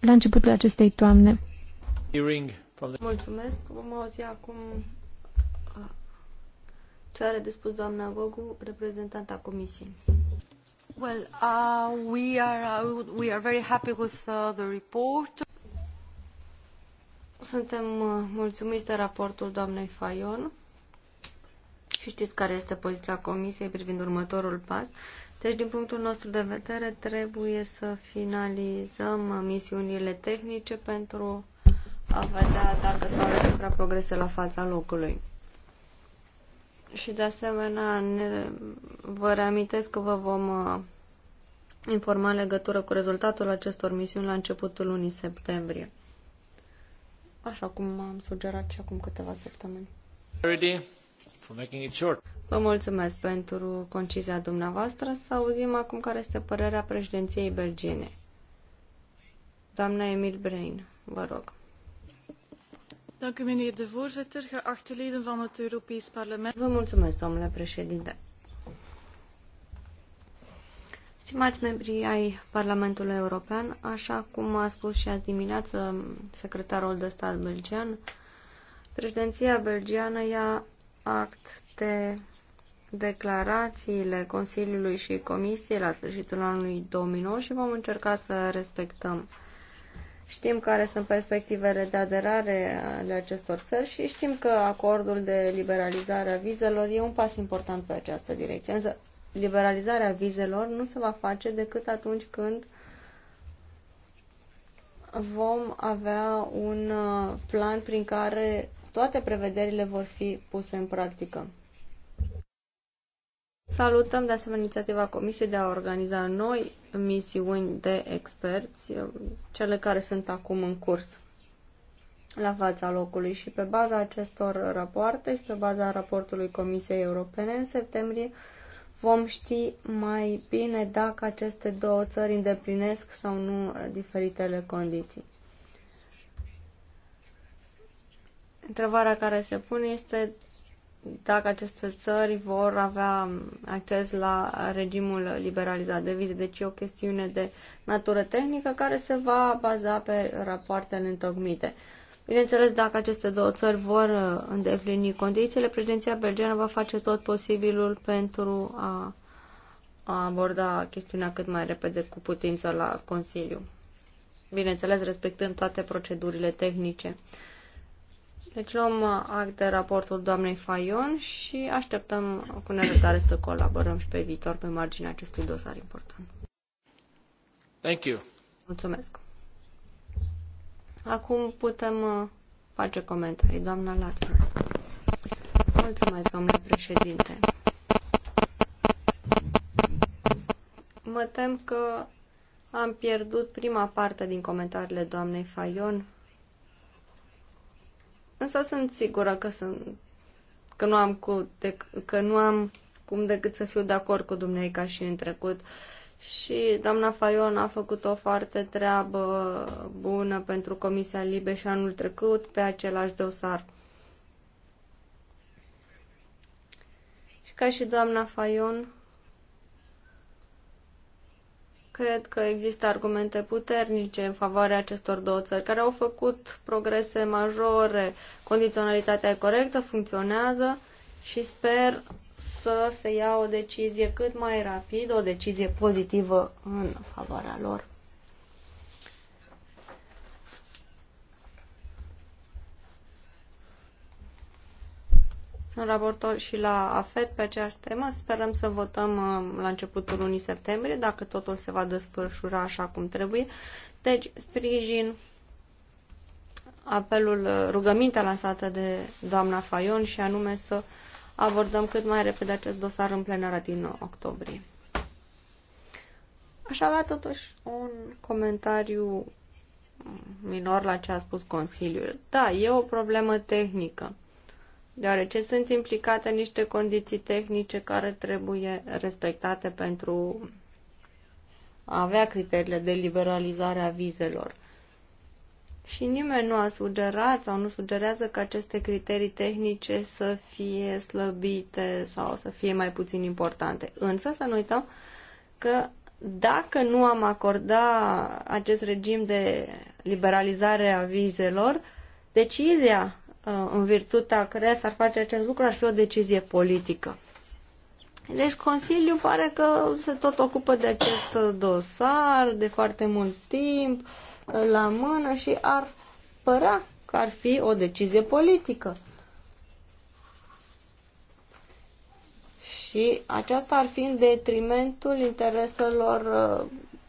la începutul acestei toamne. Mulțumesc. Vom auzi acum uh, ce are de spus doamna Gogu, reprezentanta Comisiei. Well, uh, we are uh, we are very happy with uh, the report. Suntem uh, mulțumiți de raportul doamnei Fayon și știți care este poziția Comisiei privind următorul pas. Deci, din punctul nostru de vedere, trebuie să finalizăm misiunile tehnice pentru a vedea dacă s-au prea progrese la fața locului. Și, de asemenea, ne, vă reamintesc că vă vom informa în legătură cu rezultatul acestor misiuni la începutul lunii septembrie. Așa cum am sugerat și acum câteva săptămâni. Vă mulțumesc pentru concizia dumneavoastră. Să auzim acum care este părerea președinției belgiene. Doamna Emil Brain, vă rog. Vă mulțumesc, domnule președinte. Stimați membrii ai Parlamentului European, așa cum a spus și azi dimineață secretarul de stat belgian, președinția belgiană ia act de declarațiile Consiliului și Comisiei la sfârșitul anului 2009 și vom încerca să respectăm. Știm care sunt perspectivele de aderare ale acestor țări și știm că acordul de liberalizare a vizelor e un pas important pe această direcție. Însă liberalizarea vizelor nu se va face decât atunci când vom avea un uh, plan prin care toate prevederile vor fi puse în practică. Salutăm de asemenea inițiativa Comisiei de a organiza noi misiuni de experți, uh, cele care sunt acum în curs la fața locului și pe baza acestor rapoarte și pe baza raportului Comisiei Europene în septembrie vom ști mai bine dacă aceste două țări îndeplinesc sau nu uh, diferitele condiții. Întrebarea care se pune este dacă aceste țări vor avea acces la regimul liberalizat de vize. Deci e o chestiune de natură tehnică care se va baza pe rapoartele întocmite. Bineînțeles, dacă aceste două țări vor uh, îndeplini condițiile, președinția belgeană va face tot posibilul pentru a, a aborda chestiunea cât mai repede cu putință la Consiliu. Bineînțeles, respectând toate procedurile tehnice. Deci luăm uh, act de raportul doamnei Fayon și așteptăm cu nerăbdare să colaborăm și pe viitor pe marginea acestui dosar important. Thank you. Mulțumesc. Acum putem uh, face comentarii. Doamna Latvă. Mulțumesc, domnule președinte. Mă tem că am pierdut prima parte din comentariile doamnei Fayon, însă sunt sigură că sunt că nu am, cu, de, că nu am cum decât să fiu de acord cu dumneavoastră ca și în trecut. Uh, și doamna Faion a făcut o foarte treabă bună pentru Comisia Libe și anul trecut pe același dosar. Și ca și doamna Faion, cred că există argumente puternice în favoarea acestor două țări, care au făcut progrese majore, condiționalitatea e corectă, funcționează și sper să se ia o decizie cât mai rapid, o decizie pozitivă în favoarea lor. Sunt raportor și la AFET pe aceeași temă. Sperăm să votăm uh, la începutul lunii septembrie, dacă totul se va desfășura așa cum trebuie. Deci, sprijin apelul, uh, rugămintea lansată de doamna Fayon și anume să uh, abordăm cât mai repede acest dosar în plenară din octombrie. Aș avea totuși un comentariu minor la ce a spus Consiliul. Da, e o problemă tehnică, deoarece sunt implicate niște condiții tehnice care trebuie respectate pentru a avea criteriile de liberalizare a vizelor. Și nimeni nu a sugerat sau nu sugerează că aceste criterii tehnice să fie slăbite sau să fie mai puțin importante. Însă să nu uităm că dacă nu am acorda acest regim de liberalizare a vizelor, decizia uh, în virtutea care s-ar face acest lucru ar fi o decizie politică. Deci Consiliul pare că se tot ocupă de acest dosar de foarte mult timp, uh, la mână și ar părea că ar fi o decizie politică. Și aceasta ar fi în detrimentul intereselor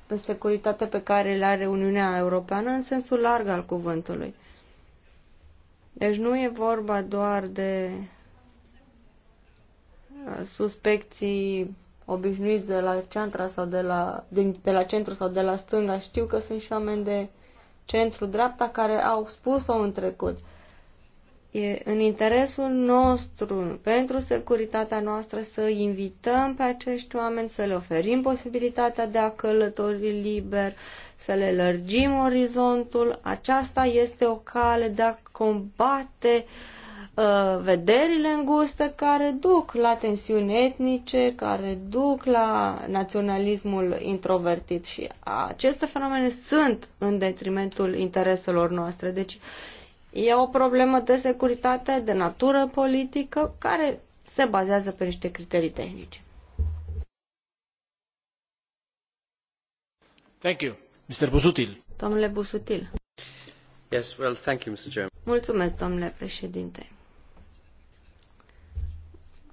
de uh, securitate pe care le are Uniunea Europeană în sensul larg al cuvântului. Deci nu e vorba doar de uh, suspecții obișnuiți de la, centra sau de, la, de, de la centru sau de la stânga. Știu că sunt și oameni de centru-dreapta care au spus-o în trecut. E în interesul nostru, pentru securitatea noastră, să invităm pe acești oameni, să le oferim posibilitatea de a călători liber, să le lărgim orizontul. Aceasta este o cale de a combate uh, Uh, vederile înguste care duc la tensiuni etnice, care duc la naționalismul introvertit și aceste fenomene sunt în detrimentul intereselor noastre. Deci e o problemă de securitate, de natură politică, care se bazează pe niște criterii tehnice. Thank you. Mr. Busutil. Domnule Busutil. Yes, well, thank you, Mr. Mulțumesc, domnule președinte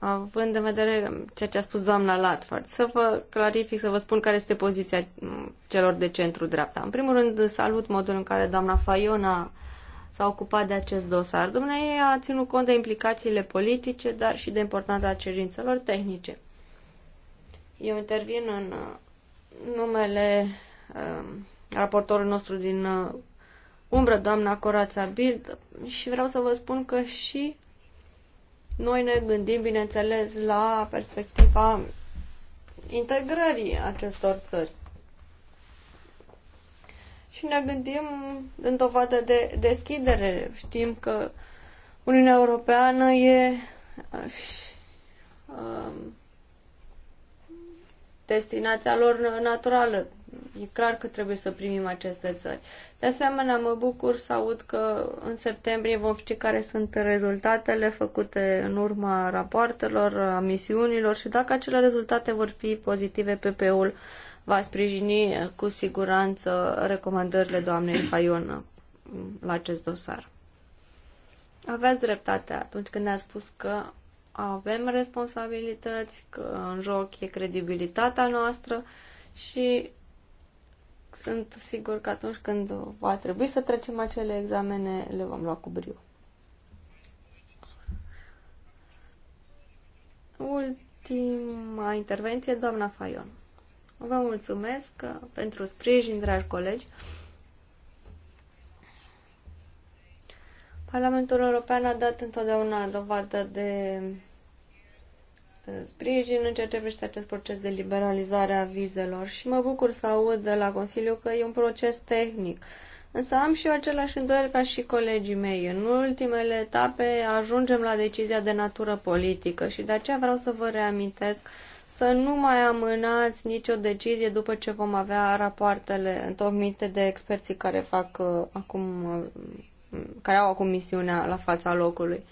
având în vedere ceea ce a spus doamna Latford, să vă clarific, să vă spun care este poziția mm, celor de centru-dreapta. În primul rând, salut modul în care doamna Faiona s-a ocupat de acest dosar. Dumnezeu a ținut cont de implicațiile politice, dar și de importanța cerințelor tehnice. Eu intervin în uh, numele um, raportorul nostru din uh, umbră, doamna Corața Bild, și vreau să vă spun că și noi ne gândim, bineînțeles, la perspectiva integrării acestor țări. Și ne gândim în dovadă de deschidere. Știm că Uniunea Europeană e uh, destinația lor naturală. E clar că trebuie să primim aceste țări. De asemenea, mă bucur să aud că în septembrie vom ști care sunt rezultatele făcute în urma rapoartelor, a misiunilor și dacă acele rezultate vor fi pozitive, PP-ul va sprijini cu siguranță recomandările doamnei Faion la acest dosar. Aveți dreptate atunci când ne-a spus că avem responsabilități, că în joc e credibilitatea noastră și sunt sigur că atunci când va trebui să trecem acele examene, le vom lua cu brio. Ultima intervenție, doamna Faion. Vă mulțumesc pentru sprijin, dragi colegi. Parlamentul European a dat întotdeauna dovadă de Uh, sprijin în ceea ce privește acest proces de liberalizare a vizelor și mă bucur să aud de la Consiliu că e un proces tehnic. Însă am și eu același îndoiel ca și colegii mei. În ultimele etape ajungem la decizia de natură politică și de aceea vreau să vă reamintesc să nu mai amânați nicio decizie după ce vom avea rapoartele întocmite de experții care fac uh, acum uh, care au acum misiunea la fața locului.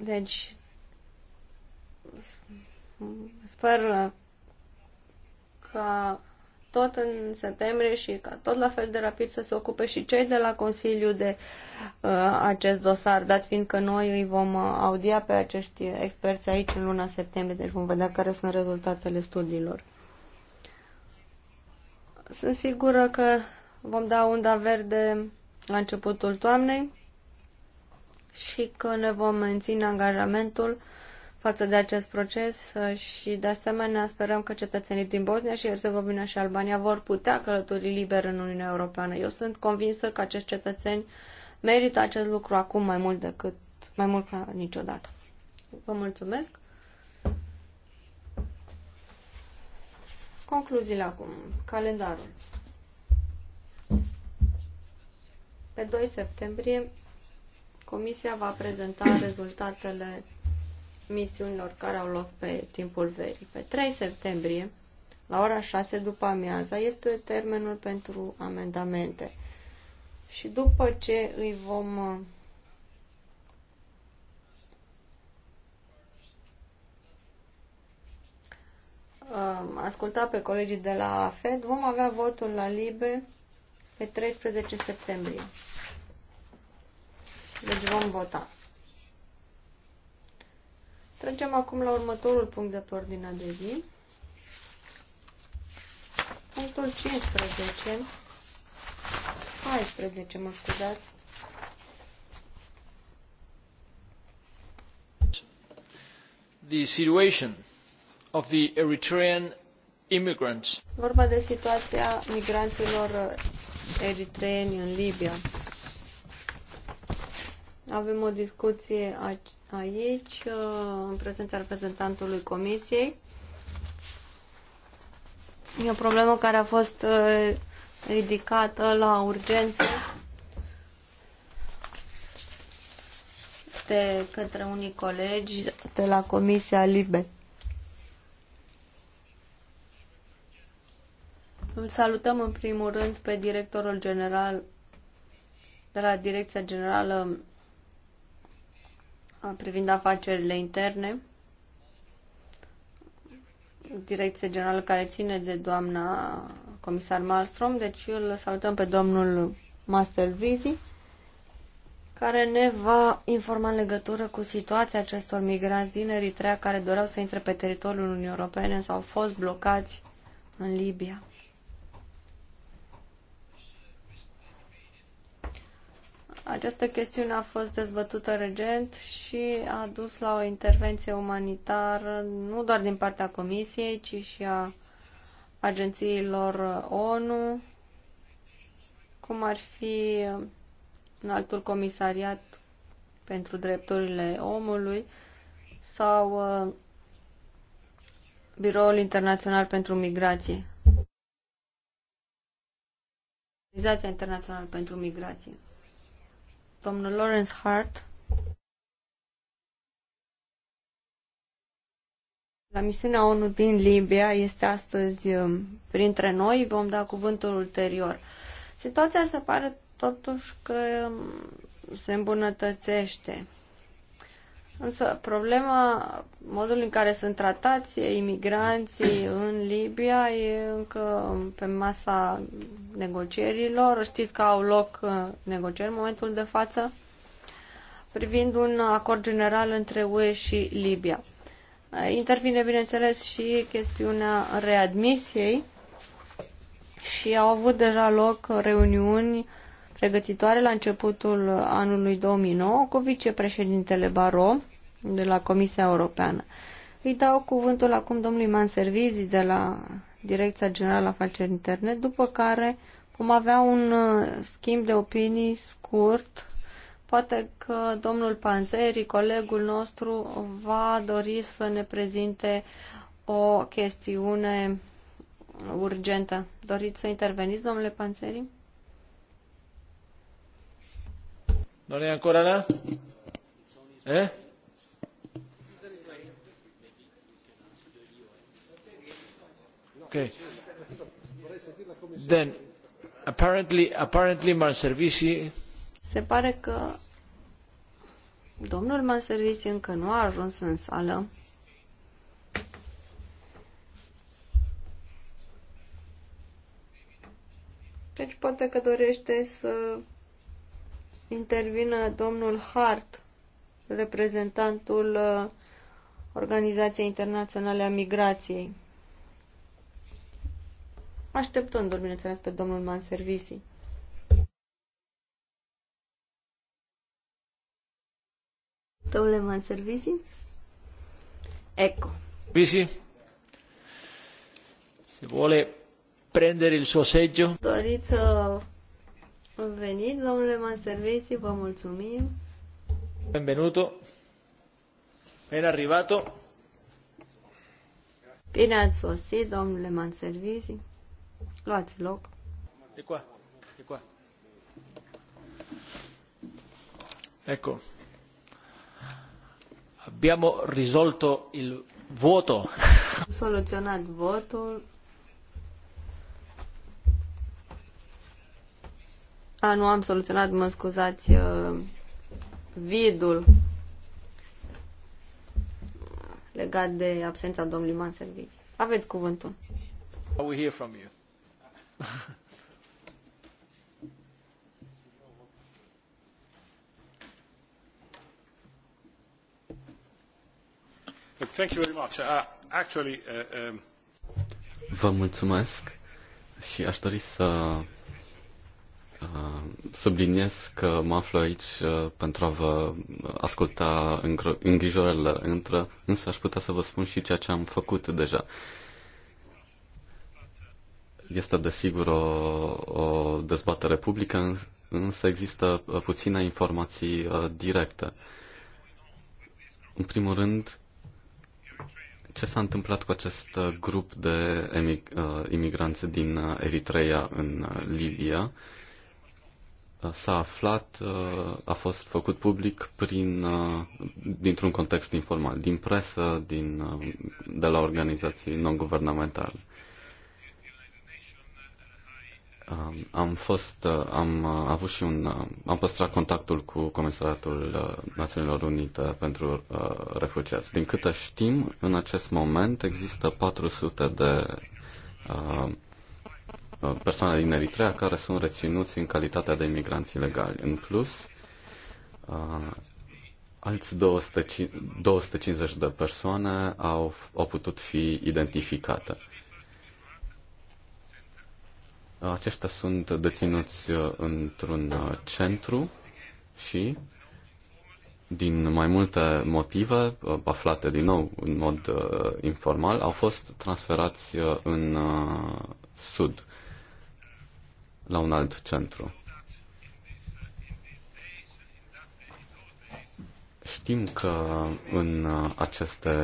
Deci Sper uh, ca tot în septembrie și ca tot la fel de rapid să se ocupe și cei de la Consiliu de uh, acest dosar, dat fiind că noi îi vom uh, audia pe acești experți aici în luna septembrie, deci vom vedea care sunt rezultatele studiilor. Sunt sigură că vom da unda verde la începutul toamnei și că ne vom menține angajamentul uh, față de acest proces uh, și de asemenea sperăm că cetățenii din Bosnia și Herzegovina și Albania vor putea călători liber în Uniunea Europeană. Eu sunt convinsă că acești cetățeni merită acest lucru acum mai mult decât mai mult ca niciodată. Vă mulțumesc. Concluziile acum. Calendarul. Pe 2 septembrie Comisia va prezenta rezultatele misiunilor care au loc pe timpul verii. Pe 3 septembrie, la ora 6 după amiaza, este termenul pentru amendamente. Și după ce îi vom uh, asculta pe colegii de la AFED, vom avea votul la LIBE pe 13 septembrie. Deci vom vota. Trecem acum la următorul punct de pe ordinea de zi. Punctul 15. 14, mă scuzați. The situation of the Eritrean immigrants. Vorba de situația migranților eritreeni în Libia. Avem o discuție aici, uh, în prezența reprezentantului Comisiei. E o problemă care a fost uh, ridicată la urgență de către unii colegi de la Comisia Libe. Îl salutăm în primul rând pe directorul general de la Direcția Generală privind afacerile interne, direcție generală care ține de doamna comisar Malmström, deci îl salutăm pe domnul Master Vizi, care ne va informa în legătură cu situația acestor migranți din Eritrea care doreau să intre pe teritoriul Uniunii Europene sau au fost blocați în Libia. Această chestiune a fost dezbătută regent și a dus la o intervenție umanitară nu doar din partea Comisiei, ci și a agențiilor ONU, cum ar fi în altul comisariat pentru drepturile omului sau uh, Biroul Internațional pentru Migrație. Organizația Internațională pentru Migrație domnul Lawrence Hart La misiunea ONU din Libia este astăzi um, printre noi, vom da cuvântul ulterior. Situația se pare totuși că um, se îmbunătățește. Însă problema, modul în care sunt tratați imigranții în Libia e încă pe masa negocierilor. Știți că au loc uh, negocieri în momentul de față privind un acord general între UE și Libia. Intervine, bineînțeles, și chestiunea readmisiei și au avut deja loc reuniuni pregătitoare la începutul anului 2009 cu vicepreședintele Baro de la Comisia Europeană. Îi dau cuvântul acum domnului Manservizi de la Direcția Generală Afaceri Interne, după care vom avea un uh, schimb de opinii scurt. Poate că domnul Panzeri, colegul nostru, va dori să ne prezinte o chestiune urgentă. Doriți să interveniți, domnule Panzeri? Non è ancora là? Eh? Okay. Then, apparently, apparently Manservisi... Se pare că domnul Manservisi încă nu a ajuns în sală. Deci poate că dorește să intervină domnul Hart, reprezentantul uh, Organizației Internaționale a Migrației. Așteptându-l, bineînțeles, pe domnul Manservisi. Domnule Manservisi? Ecco. Visi? Se vuole prendere il suo seggio? Doriți să Bienvenido, domnule Manservisi, vă mulțumim. Bienvenuto. Ben arrivato. Bine ați sosit, domnule Manservisi. Luați loc. De qua, de qua. Ecco. Abbiamo risolto il voto. Soluționat votul. A, nu am soluționat, mă scuzați, uh, vidul legat de absența domnului Servici. Aveți cuvântul. We hear from you. Thank you very much. Uh, actually, uh, um... Vă mulțumesc și aș dori să Uh, subliniez că mă aflu aici uh, pentru a vă asculta îngrijorările între, însă aș putea să vă spun și ceea ce am făcut deja. Este desigur o, o dezbatere publică, însă există uh, puține informații directe. În primul rând, ce s-a întâmplat cu acest grup de emig- imigranți din Eritrea în Libia? Uh, s-a aflat, uh, a fost făcut public prin, uh, dintr-un context informal, din presă, din, de la organizații non-guvernamentale. Am fost, am avut și un, am păstrat contactul cu Comisariatul Națiunilor Unite pentru Refugiați. Din câte știm, în acest moment există 400 de persoane din Eritrea care sunt reținuți în calitatea de imigranți ilegali. În plus, uh, alți 200, 250 de persoane au, au putut fi identificate. Aceștia sunt deținuți uh, într-un uh, centru și din mai multe motive, aflate din nou în mod informal, au fost transferați în sud la un alt centru. Știm că în aceste,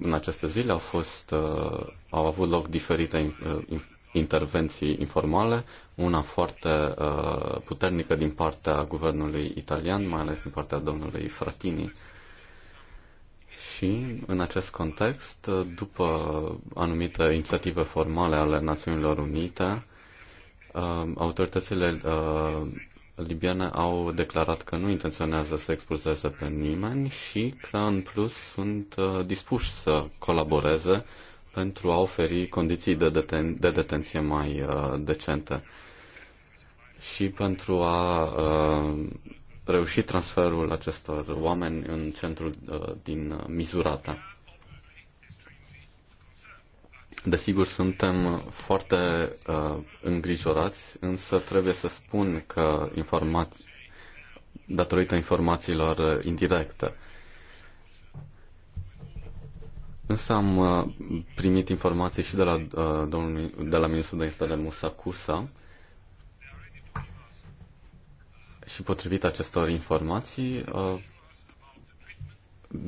în aceste zile au, fost, uh, au avut loc diferite uh, intervenții informale, una foarte uh, puternică din partea guvernului italian, mai ales din partea domnului Fratini. Și, în acest context, după anumite inițiative formale ale Națiunilor Unite, Um, autoritățile uh, libiene au declarat că nu intenționează să expulzeze pe nimeni și că, în plus, sunt uh, dispuși să colaboreze pentru a oferi condiții de, deten- de detenție mai uh, decente și pentru a reuși transferul acestor oameni în centrul din Mizurata. Desigur, suntem foarte uh, îngrijorați, însă trebuie să spun că informa- datorită informațiilor indirecte. Însă am uh, primit informații și de la, uh, domnul, de la ministrul de externe Musa Cusa și potrivit acestor informații, uh,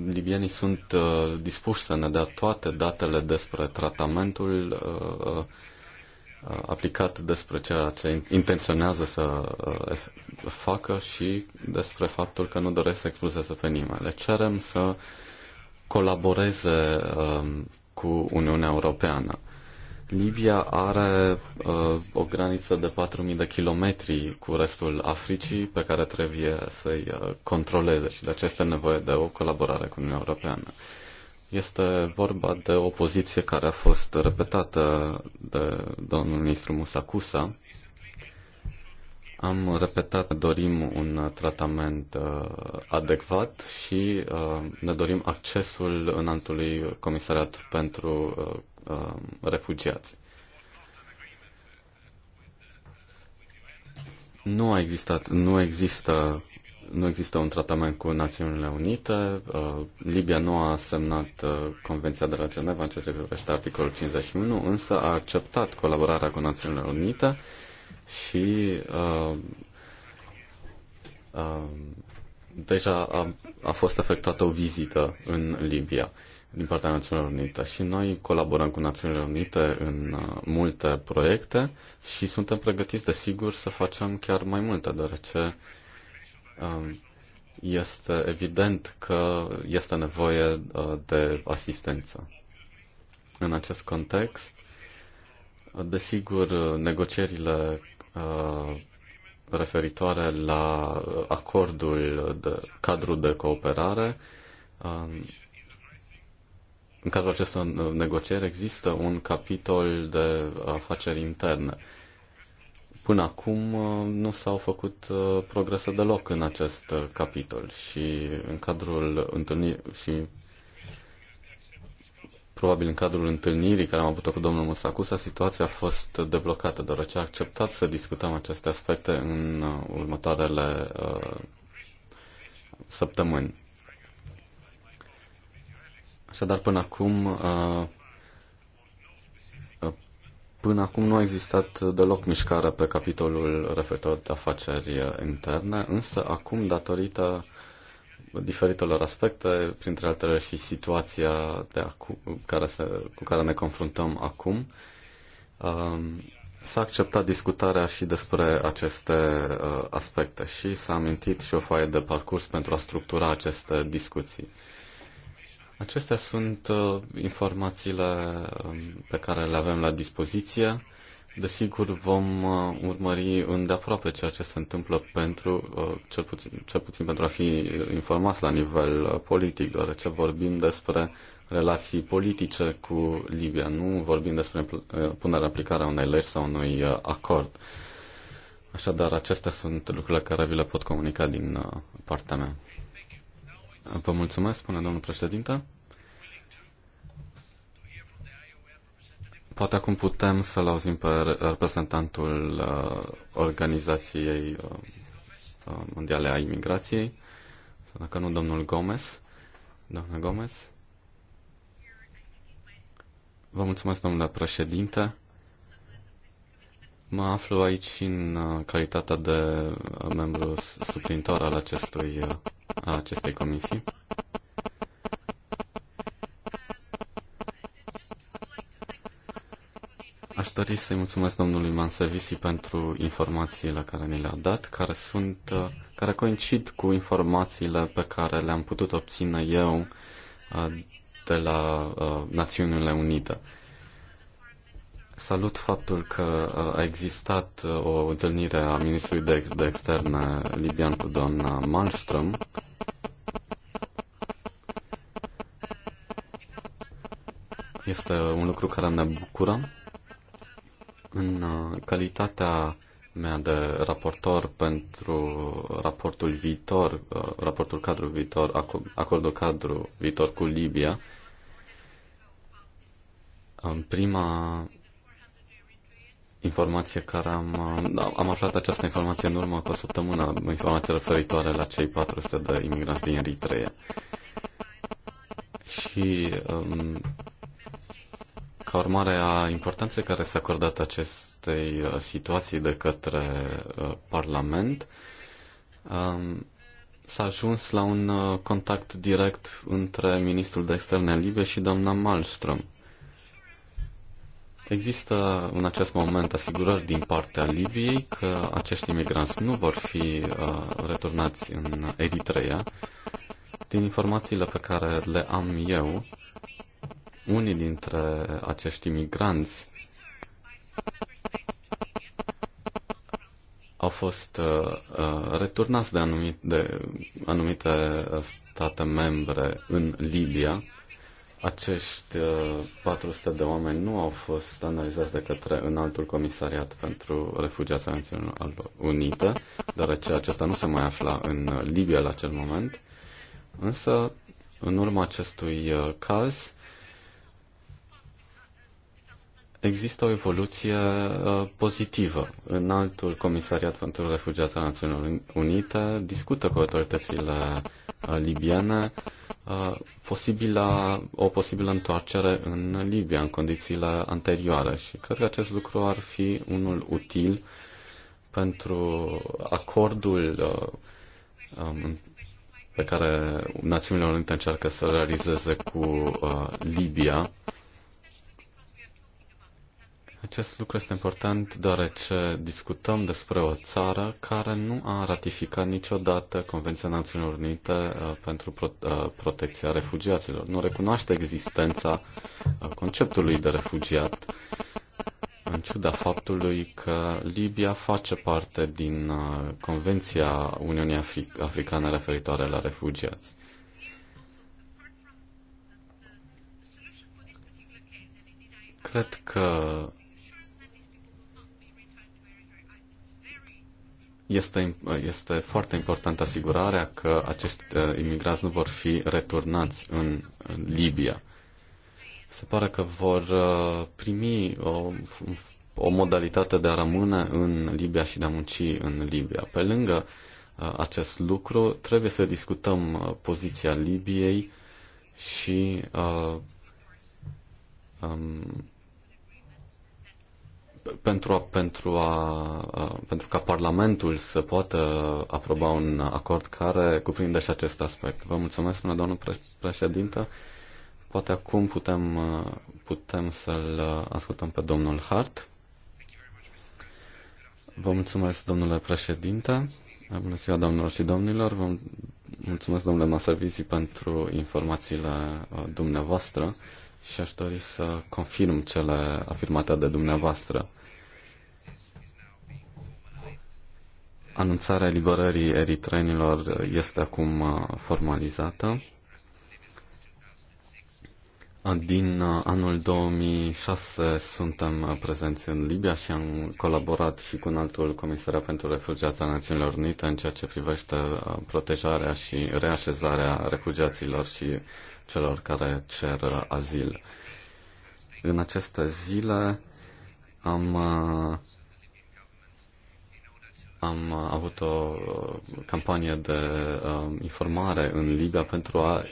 libienii sunt uh, dispuși să ne dea toate datele despre tratamentul uh, uh aplicat despre ceea ce intenționează să uh, facă și despre faptul că nu doresc să expulzeze pe nimeni. Le cerem să colaboreze um, cu Uniunea Europeană. Libia are uh, o graniță de 4.000 de kilometri cu restul Africii pe care trebuie să-i uh, controleze și de aceea este nevoie de o colaborare cu Uniunea Europeană. Este vorba de o poziție care a fost repetată de domnul ministru Musacusa. Am repetat că dorim un tratament uh, adecvat și uh, ne dorim accesul înaltului comisariat pentru uh, Uh, refugiați. Nu a existat, nu există nu există un tratament cu Națiunile Unite. Uh, Libia nu a semnat uh, Convenția de la Geneva în ceea ce privește articolul 51, însă a acceptat colaborarea cu Națiunile Unite și uh, uh, deja a, a fost efectuată o vizită în Libia din partea Națiunilor Unite și noi colaborăm cu Națiunile Unite în uh, multe proiecte și suntem pregătiți, desigur, să facem chiar mai multe, deoarece um, este evident că este nevoie uh, de asistență. În acest context, desigur, negocierile uh, referitoare la acordul de cadru de cooperare um, în cazul acestor uh, negocieri există un capitol de afaceri interne. Până acum uh, nu s-au făcut uh, progrese deloc în acest capitol și în cadrul întâlnirii și probabil în cadrul întâlnirii care am avut-o cu domnul Musacusa, situația a fost deblocată, deoarece a acceptat să discutăm aceste aspecte în următoarele uh, săptămâni dar până acum, uh, uh, până acum nu a existat deloc mișcare pe capitolul referitor de afaceri interne, însă acum, datorită diferitelor aspecte, printre altele și situația de acum, care se, cu care ne confruntăm acum, um, S-a acceptat discutarea și despre aceste uh, aspecte și s-a amintit și o foaie de parcurs pentru a structura aceste discuții. Acestea sunt uh, informațiile um, pe care le avem la dispoziție. Desigur, vom uh, urmări îndeaproape ceea ce se întâmplă pentru, uh, cel puțin, cel puțin pentru a fi informați la nivel politic, deoarece vorbim despre relații politice cu Libia, nu vorbim despre punerea aplicarea unei legi sau unui acord. Așadar, acestea sunt lucrurile care vi le pot comunica din partea mea. Vă mulțumesc, spune domnul președinte. Poate acum putem să-l auzim pe reprezentantul uh, Organizației uh, uh, Mondiale a Imigrației, sau dacă nu, domnul Gomez. Doamna Gomez. Vă mulțumesc, domnule președinte. Mă aflu aici în calitatea de membru suplintor al acestui, a acestei comisii. dori să-i mulțumesc domnului Mansevisi pentru informațiile care ni le-a dat, care, sunt, uh, care coincid cu informațiile pe care le-am putut obține eu uh, de la uh, Națiunile Unite. Salut faptul că a existat o întâlnire a ministrului de, ex- de externe libian cu doamna Malmström. Este un lucru care ne bucură în uh, calitatea mea de raportor pentru raportul viitor, uh, raportul cadru viitor, acordul cadru viitor cu Libia, în prima informație care am... Uh, am aflat această informație în urmă cu o săptămână, o informație referitoare la cei 400 de imigranți din Eritrea. Și um, ca urmare a importanței care s-a acordat acestei uh, situații de către uh, Parlament, um, s-a ajuns la un uh, contact direct între ministrul de externe libe și doamna Malmström. Există în acest moment asigurări din partea Libiei că acești imigranți nu vor fi uh, returnați în Eritrea. Din informațiile pe care le am eu, unii dintre acești imigranți au fost uh, uh returnați de, anumit, de anumite uh, state membre în Libia. Acești uh, 400 de oameni nu au fost analizați de către înaltul comisariat pentru refugiați al Națiunilor Unite, deoarece acesta nu se mai afla în Libia la acel moment. Însă, în urma acestui uh, caz, există o evoluție uh, pozitivă. În altul Comisariat pentru Refugiați al Națiunilor Unite discută cu autoritățile uh, libiene uh, posibilă, o posibilă întoarcere în Libia, în condițiile anterioare. Și cred că acest lucru ar fi unul util pentru acordul um, pe care Națiunile Unite încearcă să realizeze cu Libia acest lucru este important deoarece discutăm despre o țară care nu a ratificat niciodată Convenția Națiunilor Unite uh, pentru uh, protecția refugiaților. Nu recunoaște existența uh, conceptului de refugiat, în ciuda faptului că Libia face parte din Convenția Uniunii Africane referitoare la refugiați. Cred că Este, este foarte important asigurarea că acești uh, imigranți nu vor fi returnați în Libia. Se pare că vor uh, primi o, o modalitate de a rămâne în Libia și de a munci în Libia. Pe lângă uh, acest lucru, trebuie să discutăm poziția Libiei și uh, um, pentru, a, pentru, a, pentru ca Parlamentul să poată aproba un acord care cuprinde și acest aspect. Vă mulțumesc, până domnul președinte. Poate acum putem, putem să-l ascultăm pe domnul Hart. Vă mulțumesc, domnule președinte. Bună ziua, domnilor și domnilor. Vă mulțumesc, domnule Masavizi, pentru informațiile dumneavoastră și aș dori să confirm cele afirmate de dumneavoastră. Anunțarea eliberării eritrenilor este acum uh, formalizată. Din uh, anul 2006 suntem uh, prezenți în Libia și am colaborat și cu un altul comisar pentru refugiați al Națiunilor Unite în ceea ce privește protejarea și reașezarea refugiaților și celor care cer uh, azil. În aceste zile am, uh, am avut o uh, campanie de informare în Libia pentru a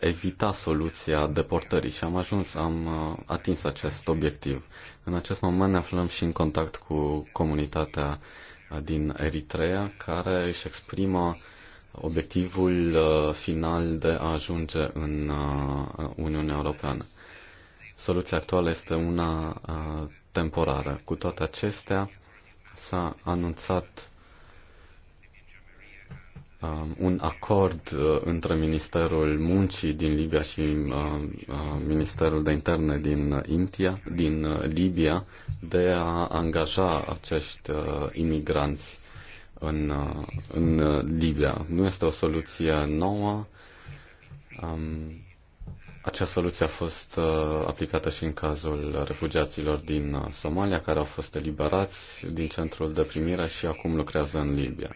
evita soluția deportării și am ajuns, am atins acest obiectiv. În acest moment ne aflăm și în contact cu comunitatea din Eritrea, care își exprimă obiectivul uh, final de a ajunge în uh, Uniunea Europeană. Soluția actuală este una uh, temporară. Cu toate acestea, s-a anunțat um, un acord între Ministerul Muncii din Libia și Ministerul de Interne din, India, din Libia de a angaja acești imigranți în, în Libia. Nu este o soluție nouă. Um, acea soluție a fost uh, aplicată și în cazul refugiaților din uh, Somalia, care au fost eliberați din centrul de primire și acum lucrează în Libia.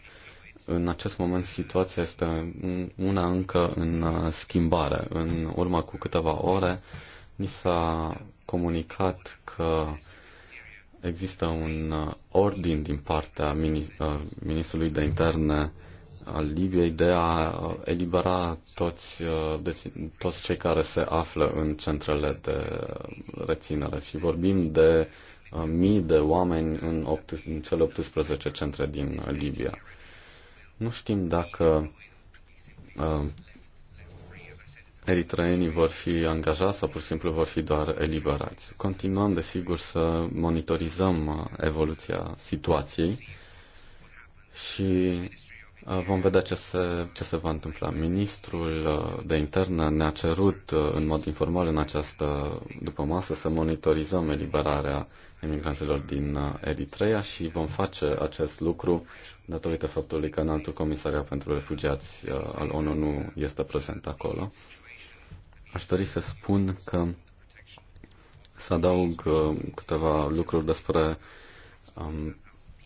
În acest moment situația este una încă în uh, schimbare. În urmă cu câteva ore ni s-a comunicat că există un uh, ordin din partea uh, ministrului de interne al Libiei de a uh, elibera toți, deci, toți cei care se află în centrele de reținere și vorbim de mii de oameni în, 18, în cele 18 centre din Libia. Nu știm dacă eritreenii vor fi angajați sau pur și simplu vor fi doar eliberați. Continuăm, desigur, să monitorizăm uh, evoluția situației și uh, vom vedea ce se, ce se va întâmpla. Ministrul uh, de interne ne-a cerut în mod informal în această după masă să monitorizăm eliberarea emigranților din Eritrea și vom face acest lucru datorită faptului că înaltul comisariat pentru refugiați al ONU nu este prezent acolo. Aș dori să spun că să adaug uh, câteva lucruri despre um,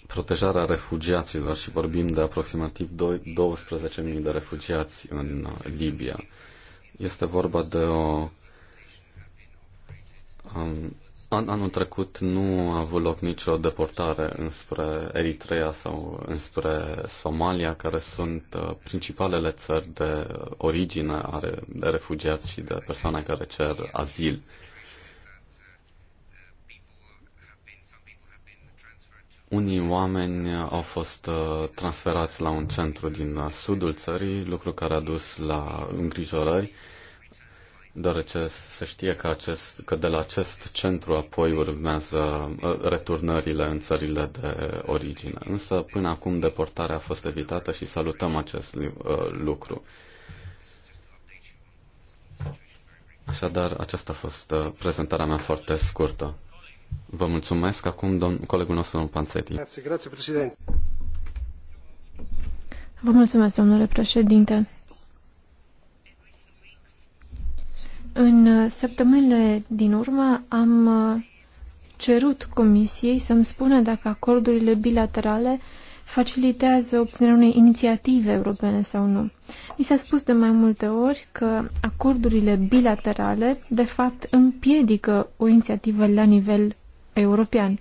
protejarea refugiaților și vorbim de aproximativ 12.000 de refugiați în uh, Libia. Este vorba de o um, An, anul trecut nu a avut loc nicio deportare înspre Eritrea sau înspre Somalia, care sunt uh, principalele țări de origine are de refugiați și de persoane care cer azil. Unii oameni au fost uh, transferați la un centru din uh, sudul țării, lucru care a dus la îngrijorări deoarece se știe că, acest, că de la acest centru apoi urmează ă, returnările în țările de origine. Însă până acum deportarea a fost evitată și salutăm acest ă, lucru. Așadar, aceasta a fost ă, prezentarea mea foarte scurtă. Vă mulțumesc. Acum, domn, colegul nostru, domnul Panțeti. Grazie, grazie, președinte. Vă mulțumesc, domnule președinte. În săptămânile din urmă am uh, cerut Comisiei să-mi spună dacă acordurile bilaterale facilitează obținerea unei inițiative europene sau nu. Mi s-a spus de mai multe ori că acordurile bilaterale, de fapt, împiedică o inițiativă la nivel european.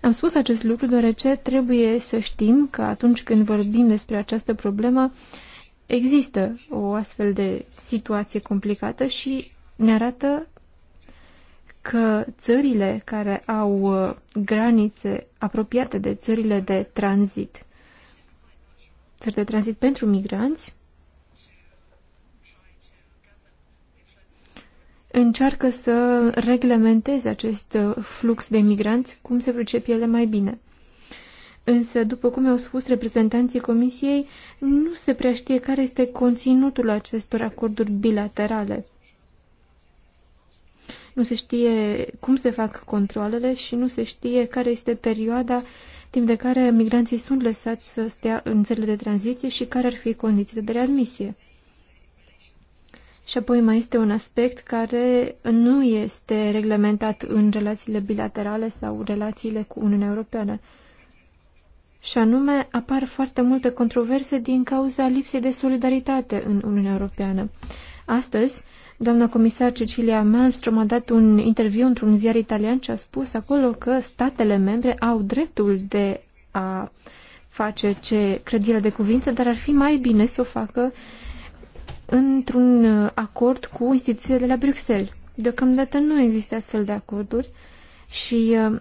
Am spus acest lucru deoarece trebuie să știm că atunci când vorbim despre această problemă, există o astfel de situație complicată și ne arată că țările care au uh, granițe apropiate de țările de tranzit, țări de tranzit pentru migranți, încearcă să reglementeze acest uh, flux de migranți cum se pricep ele mai bine. Însă, după cum au spus reprezentanții Comisiei, nu se prea știe care este conținutul acestor acorduri bilaterale. Nu se știe cum se fac controlele și nu se știe care este perioada timp de care migranții sunt lăsați să stea în țările de tranziție și care ar fi condițiile de readmisie. Și apoi mai este un aspect care nu este reglementat în relațiile bilaterale sau relațiile cu Uniunea Europeană și anume apar foarte multe controverse din cauza lipsei de solidaritate în Uniunea Europeană. Astăzi, doamna comisar Cecilia Malmström a dat un interviu într-un ziar italian și a spus acolo că statele membre au dreptul de a face ce cred ele de cuvință, dar ar fi mai bine să o facă într-un acord cu instituțiile de la Bruxelles. Deocamdată nu există astfel de acorduri și uh,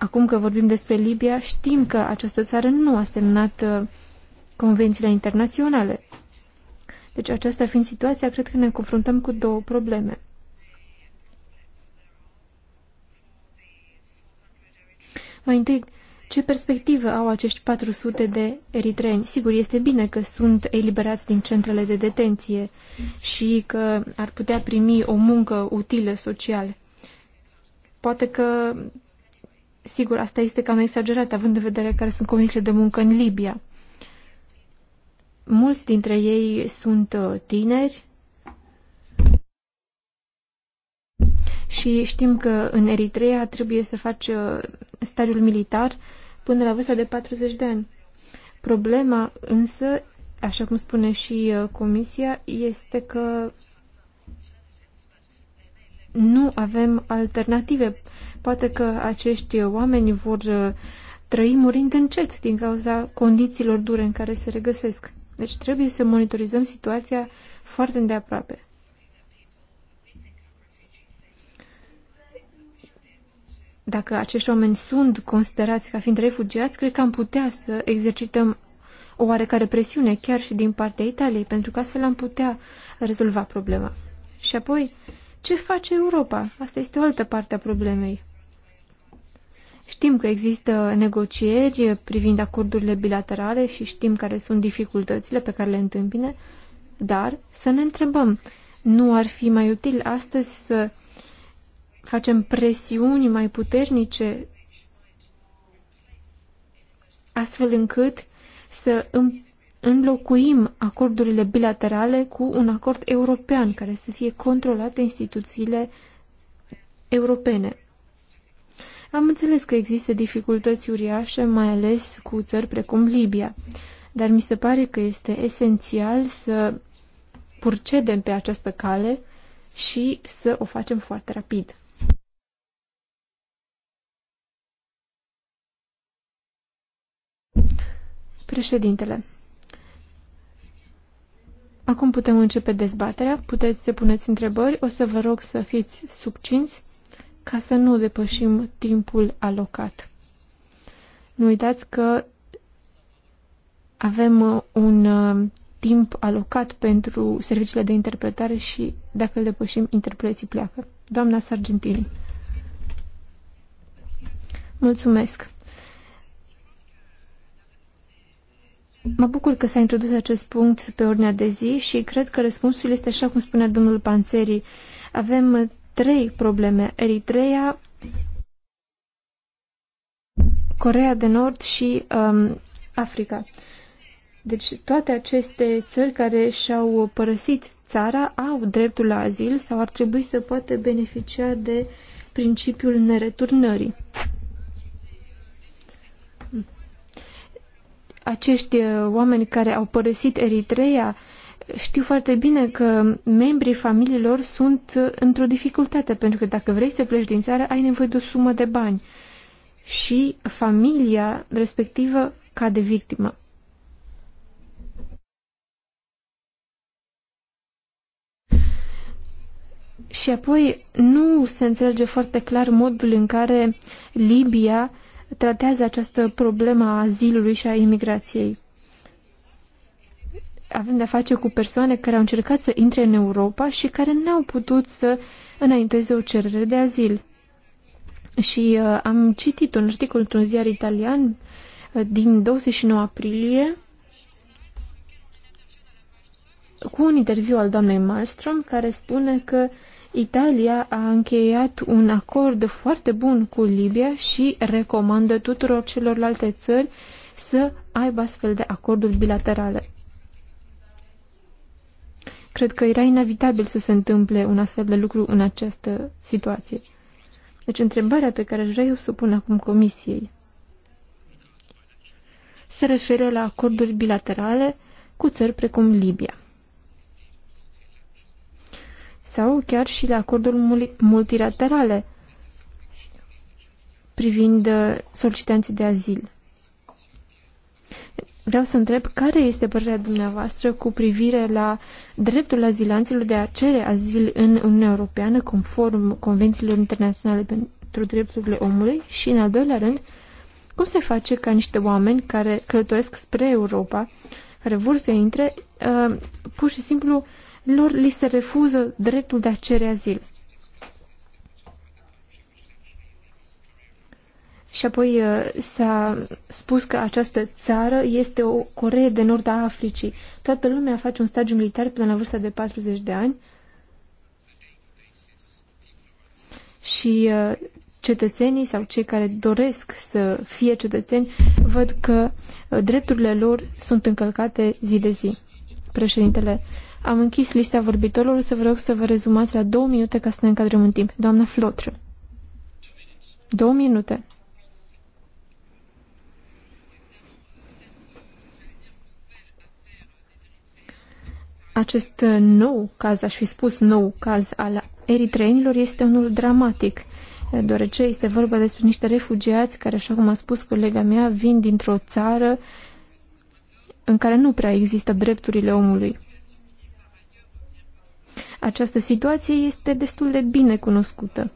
Acum că vorbim despre Libia, știm că această țară nu a semnat uh, convențiile internaționale. Deci aceasta fiind situația, cred că ne confruntăm cu două probleme. Mai întâi, ce perspectivă au acești 400 de eritreni? Sigur, este bine că sunt eliberați din centrele de detenție și că ar putea primi o muncă utilă social. Poate că Sigur, asta este cam exagerat, având în vedere care sunt condițiile de muncă în Libia. Mulți dintre ei sunt uh, tineri și știm că în Eritrea trebuie să faci uh, stagiul militar până la vârsta de 40 de ani. Problema însă, așa cum spune și uh, Comisia, este că nu avem alternative Poate că acești oameni vor uh, trăi murind încet din cauza condițiilor dure în care se regăsesc. Deci trebuie să monitorizăm situația foarte îndeaproape. Dacă acești oameni sunt considerați ca fiind refugiați, cred că am putea să exercităm o oarecare presiune chiar și din partea Italiei, pentru că astfel am putea rezolva problema. Și apoi, ce face Europa? Asta este o altă parte a problemei. Știm că există negocieri privind acordurile bilaterale și știm care sunt dificultățile pe care le întâmpine, dar să ne întrebăm, nu ar fi mai util astăzi să facem presiuni mai puternice astfel încât să înlocuim acordurile bilaterale cu un acord european care să fie controlat de instituțiile europene. Am înțeles că există dificultăți uriașe, mai ales cu țări precum Libia, dar mi se pare că este esențial să purcedem pe această cale și să o facem foarte rapid. Președintele, acum putem începe dezbaterea, puteți să puneți întrebări, o să vă rog să fiți succinți ca să nu depășim timpul alocat. Nu uitați că avem uh, un uh, timp alocat pentru serviciile de interpretare și dacă îl depășim, interpreții pleacă. Doamna Sargentini. Mulțumesc. Mă bucur că s-a introdus acest punct pe ordinea de zi și cred că răspunsul este așa cum spunea domnul Panțeri. Avem uh, trei probleme. Eritrea, Corea de Nord și um, Africa. Deci toate aceste țări care și-au părăsit țara au dreptul la azil sau ar trebui să poată beneficia de principiul nereturnării. Acești uh, oameni care au părăsit Eritrea știu foarte bine că membrii familiilor sunt într-o dificultate, pentru că dacă vrei să pleci din țară, ai nevoie de o sumă de bani. Și familia respectivă cade victimă. Și apoi nu se înțelege foarte clar modul în care Libia tratează această problemă a azilului și a imigrației avem de-a face cu persoane care au încercat să intre în Europa și care n-au putut să înainteze o cerere de azil. Și uh, am citit un articol într-un ziar italian uh, din 29 aprilie cu un interviu al doamnei Malmström care spune că Italia a încheiat un acord foarte bun cu Libia și recomandă tuturor celorlalte țări să aibă astfel de acorduri bilaterale. Cred că era inevitabil să se întâmple un astfel de lucru în această situație. Deci întrebarea pe care aș vrea eu să o pun acum comisiei se referă la acorduri bilaterale cu țări precum Libia sau chiar și la acorduri multilaterale privind uh, solicitanții de azil. Vreau să întreb care este părerea dumneavoastră cu privire la dreptul azilanților de a cere azil în Uniunea Europeană conform convențiilor internaționale pentru drepturile omului și, în al doilea rând, cum se face ca niște oameni care călătoresc spre Europa, care vor să intre, uh, pur și simplu lor li se refuză dreptul de a cere azil. Și apoi uh, s-a spus că această țară este o Coree de Nord a Africii. Toată lumea face un stagiu militar până la vârsta de 40 de ani și uh, cetățenii sau cei care doresc să fie cetățeni văd că uh, drepturile lor sunt încălcate zi de zi. Președintele, am închis lista vorbitorilor, să vă rog să vă rezumați la două minute ca să ne încadrăm în timp. Doamna Flotră. Două minute. acest uh, nou caz, aș fi spus nou caz al eritreenilor, este unul dramatic, uh, deoarece este vorba despre niște refugiați care, așa cum a spus colega mea, vin dintr-o țară în care nu prea există drepturile omului. Această situație este destul de bine cunoscută.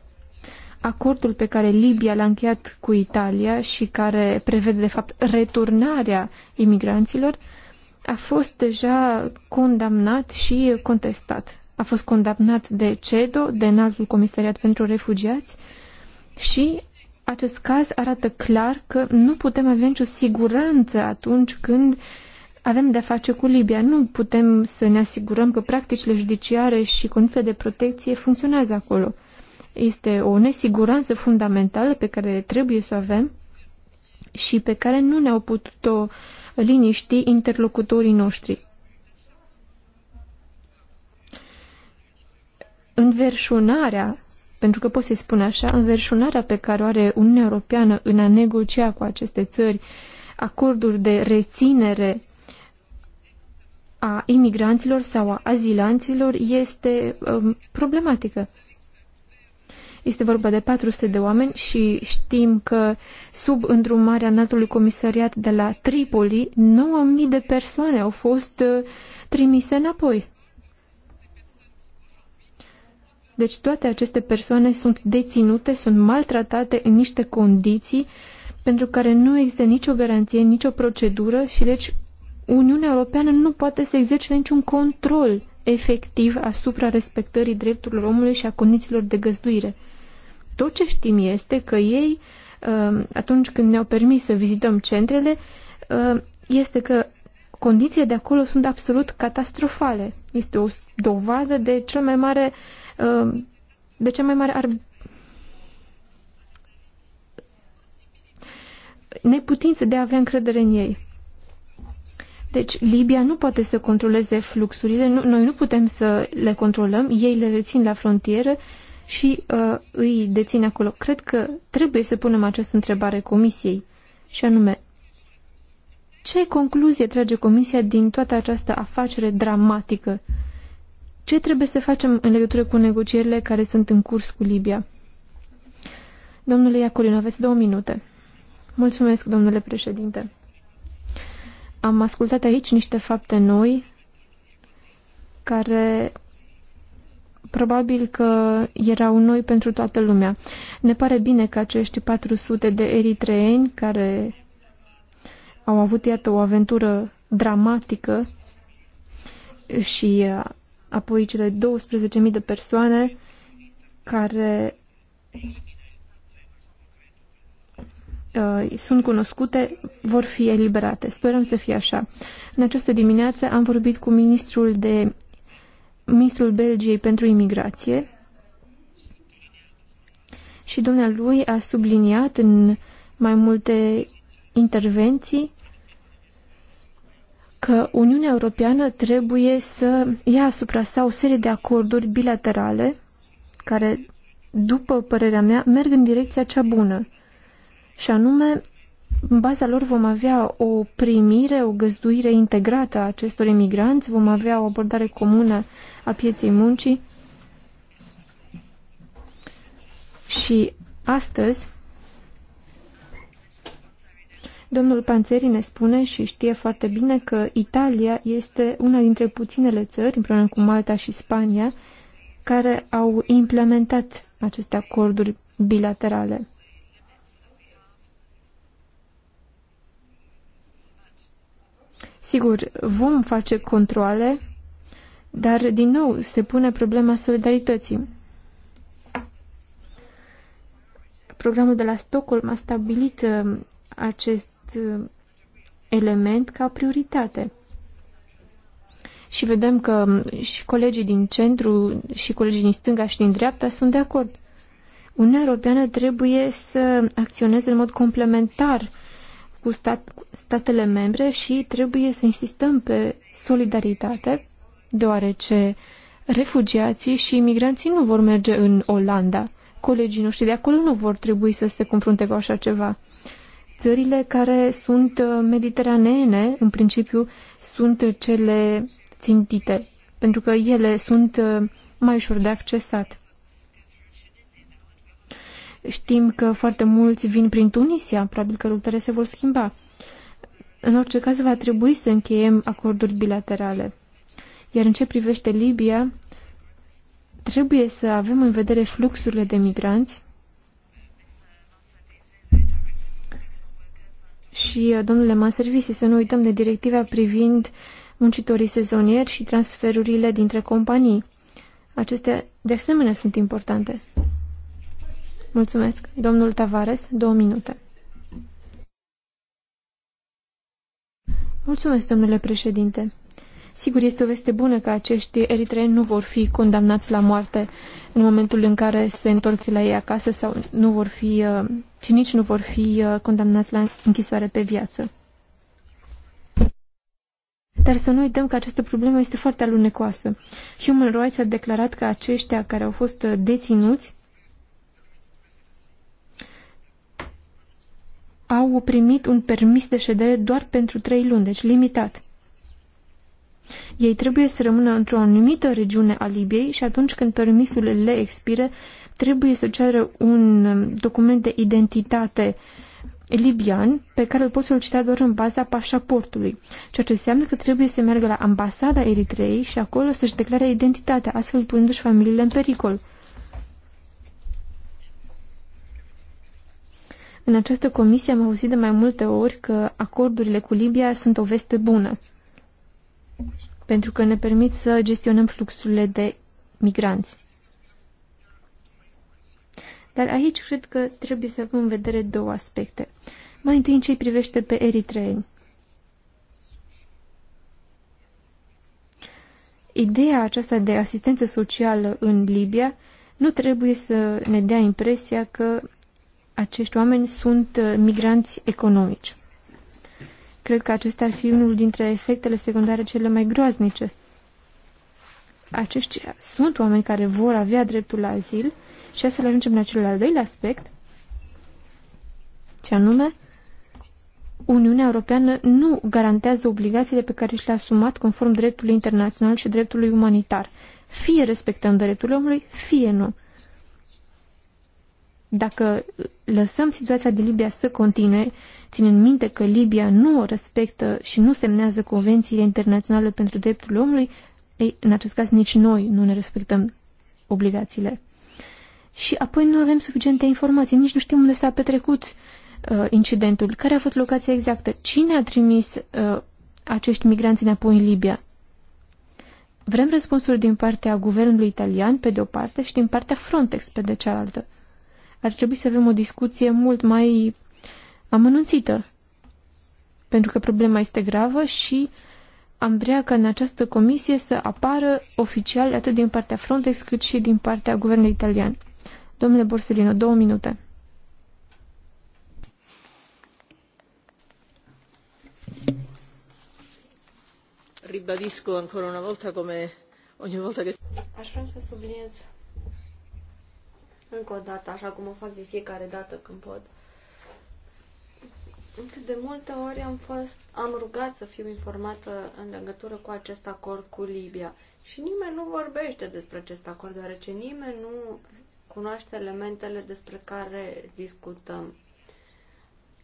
Acordul pe care Libia l-a încheiat cu Italia și care prevede, de fapt, returnarea imigranților, a fost deja condamnat și contestat. A fost condamnat de CEDO, de Înaltul Comisariat pentru Refugiați și acest caz arată clar că nu putem avea nicio siguranță atunci când avem de-a face cu Libia. Nu putem să ne asigurăm că practicile judiciare și condițiile de protecție funcționează acolo. Este o nesiguranță fundamentală pe care trebuie să o avem și pe care nu ne-au putut-o uh, liniști interlocutorii noștri. Înverșunarea, pentru că pot să-i spun așa, înverșunarea pe care o are Uniunea Europeană în a negocia cu aceste țări acorduri de reținere a imigranților sau a azilanților este um, problematică. Este vorba de 400 de oameni și știm că sub îndrumarea înaltului comisariat de la Tripoli, 9000 de persoane au fost uh, trimise înapoi. Deci toate aceste persoane sunt deținute, sunt maltratate în niște condiții pentru care nu există nicio garanție, nicio procedură și deci Uniunea Europeană nu poate să exercite niciun control efectiv asupra respectării drepturilor omului și a condițiilor de găzduire. Tot ce știm este că ei, um, atunci când ne-au permis să vizităm centrele, um, este că condițiile de acolo sunt absolut catastrofale. Este o dovadă de cel mai mare um, de cea mai mare ar... neputință de a avea încredere în ei. Deci Libia nu poate să controleze fluxurile, nu, noi nu putem să le controlăm, ei le rețin la frontieră și uh, îi deține acolo. Cred că trebuie să punem această întrebare comisiei și anume, ce concluzie trage comisia din toată această afacere dramatică? Ce trebuie să facem în legătură cu negocierile care sunt în curs cu Libia? Domnule Iacolino, aveți două minute. Mulțumesc, domnule președinte. Am ascultat aici niște fapte noi care Probabil că erau noi pentru toată lumea. Ne pare bine că acești 400 de eritreeni care au avut, iată, o aventură dramatică și uh, apoi cele 12.000 de persoane care uh, sunt cunoscute vor fi eliberate. Sperăm să fie așa. În această dimineață am vorbit cu ministrul de ministrul Belgiei pentru imigrație și dumnealui a subliniat în mai multe intervenții că Uniunea Europeană trebuie să ia asupra sa o serie de acorduri bilaterale care, după părerea mea, merg în direcția cea bună. Și anume, în baza lor vom avea o primire, o găzduire integrată a acestor emigranți, vom avea o abordare comună a pieței muncii. Și astăzi, domnul Panțeri ne spune și știe foarte bine că Italia este una dintre puținele țări, împreună cu Malta și Spania, care au implementat aceste acorduri bilaterale. Sigur, vom face controle dar, din nou, se pune problema solidarității. Programul de la Stockholm a stabilit uh, acest uh, element ca prioritate. Și vedem că um, și colegii din centru, și colegii din stânga și din dreapta sunt de acord. Uniunea Europeană trebuie să acționeze în mod complementar cu stat, statele membre și trebuie să insistăm pe solidaritate deoarece refugiații și imigranții nu vor merge în Olanda. Colegii noștri de acolo nu vor trebui să se confrunte cu așa ceva. Țările care sunt uh, mediteraneene, în principiu, sunt cele țintite, pentru că ele sunt uh, mai ușor de accesat. Știm că foarte mulți vin prin Tunisia, probabil că luptele se vor schimba. În orice caz, va trebui să încheiem acorduri bilaterale. Iar în ce privește Libia, trebuie să avem în vedere fluxurile de migranți și, uh, domnule Manservisi, să nu uităm de directiva privind muncitorii sezonieri și transferurile dintre companii. Acestea, de asemenea, sunt importante. Mulțumesc. Domnul Tavares, două minute. Mulțumesc, domnule președinte. Sigur, este o veste bună că acești eritreeni nu vor fi condamnați la moarte în momentul în care se întorc la ei acasă sau nu vor fi, uh, și nici nu vor fi uh, condamnați la închisoare pe viață. Dar să nu uităm că această problemă este foarte alunecoasă. Human Rights a declarat că aceștia care au fost uh, deținuți au primit un permis de ședere doar pentru trei luni, deci limitat. Ei trebuie să rămână într-o anumită regiune a Libiei și atunci când permisul le expire, trebuie să ceară un um, document de identitate libian pe care îl pot solicita doar în baza pașaportului, ceea ce înseamnă că trebuie să meargă la ambasada Eritreei și acolo să-și declare identitatea, astfel punându-și familiile în pericol. În această comisie am auzit de mai multe ori că acordurile cu Libia sunt o veste bună pentru că ne permit să gestionăm fluxurile de migranți. Dar aici cred că trebuie să avem în vedere două aspecte. Mai întâi în ce privește pe eritreeni. Ideea aceasta de asistență socială în Libia nu trebuie să ne dea impresia că acești oameni sunt uh, migranți economici. Cred că acesta ar fi unul dintre efectele secundare cele mai groaznice. Aceștia sunt oameni care vor avea dreptul la azil și să ajungem la cel al doilea aspect, ce anume, Uniunea Europeană nu garantează obligațiile pe care și le-a asumat conform dreptului internațional și dreptului umanitar. Fie respectăm dreptul omului, fie nu. Dacă lăsăm situația din Libia să continue, ținând minte că Libia nu respectă și nu semnează convențiile internaționale pentru dreptul omului, ei, în acest caz nici noi nu ne respectăm obligațiile. Și apoi nu avem suficiente informații, nici nu știm unde s-a petrecut uh, incidentul, care a fost locația exactă, cine a trimis uh, acești migranți înapoi în Libia. Vrem răspunsuri din partea guvernului italian, pe de o parte, și din partea Frontex, pe de cealaltă ar trebui să avem o discuție mult mai amănunțită, pentru că problema este gravă și am vrea ca în această comisie să apară oficial atât din partea Frontex cât și din partea guvernului italian. Domnule Borsellino, două minute. Ribadisco ancora una volta come ogni volta che... Aș vrea să subliniez încă o dată, așa cum o fac de fiecare dată când pot. Cât de multe ori am fost, am rugat să fiu informată în legătură cu acest acord cu Libia și nimeni nu vorbește despre acest acord, deoarece nimeni nu cunoaște elementele despre care discutăm.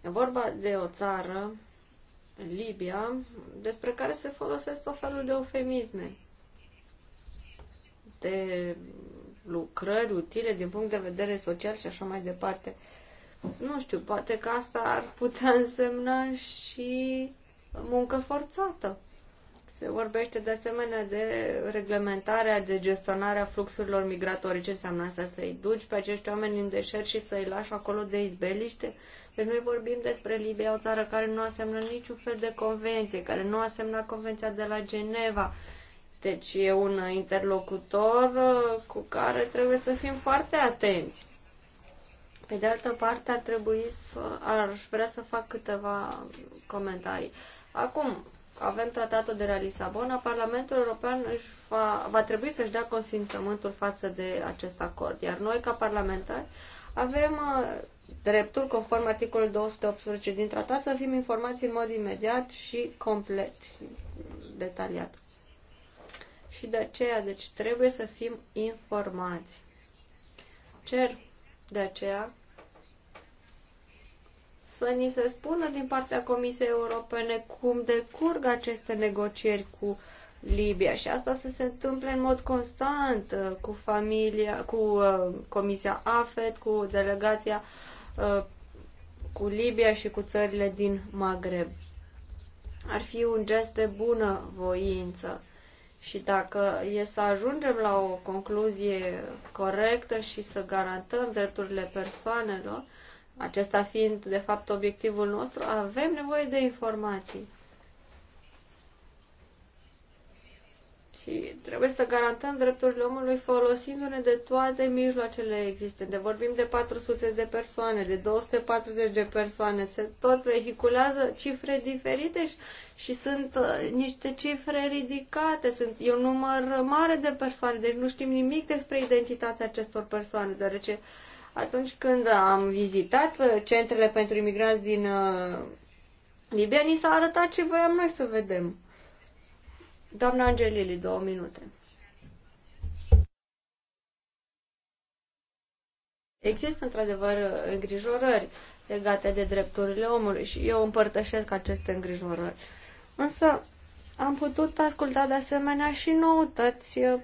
E vorba de o țară, Libia, despre care se folosesc tot felul de eufemisme, de lucrări utile din punct de vedere social și așa mai departe. Nu știu, poate că asta ar putea însemna și muncă forțată. Se vorbește de asemenea de reglementarea, de gestionarea fluxurilor migratorii. Ce înseamnă asta? Să-i duci pe acești oameni în deșert și să-i lași acolo de izbeliște? Deci noi vorbim despre Libia, o țară care nu asemnă niciun fel de convenție, care nu asemnă convenția de la Geneva, deci e un interlocutor uh, cu care trebuie să fim foarte atenți. Pe de altă parte, ar trebui să, aș vrea să fac câteva comentarii. Acum, avem tratatul de la Lisabona, Parlamentul European își va, va trebui să-și dea consimțământul față de acest acord. Iar noi, ca parlamentari, avem uh, dreptul, conform articolul 218 din tratat, să fim informați în mod imediat și complet detaliat și de aceea, deci, trebuie să fim informați. Cer de aceea să ni se spună din partea Comisiei Europene cum decurg aceste negocieri cu Libia și asta să se întâmple în mod constant uh, cu familia, cu uh, Comisia AFET, cu delegația uh, cu Libia și cu țările din Maghreb. Ar fi un gest de bună voință și dacă e să ajungem la o concluzie corectă și să garantăm drepturile persoanelor, acesta fiind de fapt obiectivul nostru, avem nevoie de informații. Și trebuie să garantăm drepturile omului folosindu-ne de toate mijloacele existente. Vorbim de 400 de persoane, de 240 de persoane. Se tot vehiculează cifre diferite și, și sunt uh, niște cifre ridicate. Sunt e un număr mare de persoane, deci nu știm nimic despre identitatea acestor persoane, deoarece atunci când am vizitat uh, centrele pentru imigranți din uh, Libia, ni s-a arătat ce voiam noi să vedem. Doamna Angelili, două minute. Există într-adevăr îngrijorări legate de drepturile omului și eu împărtășesc aceste îngrijorări. Însă am putut asculta de asemenea și noutăți uh,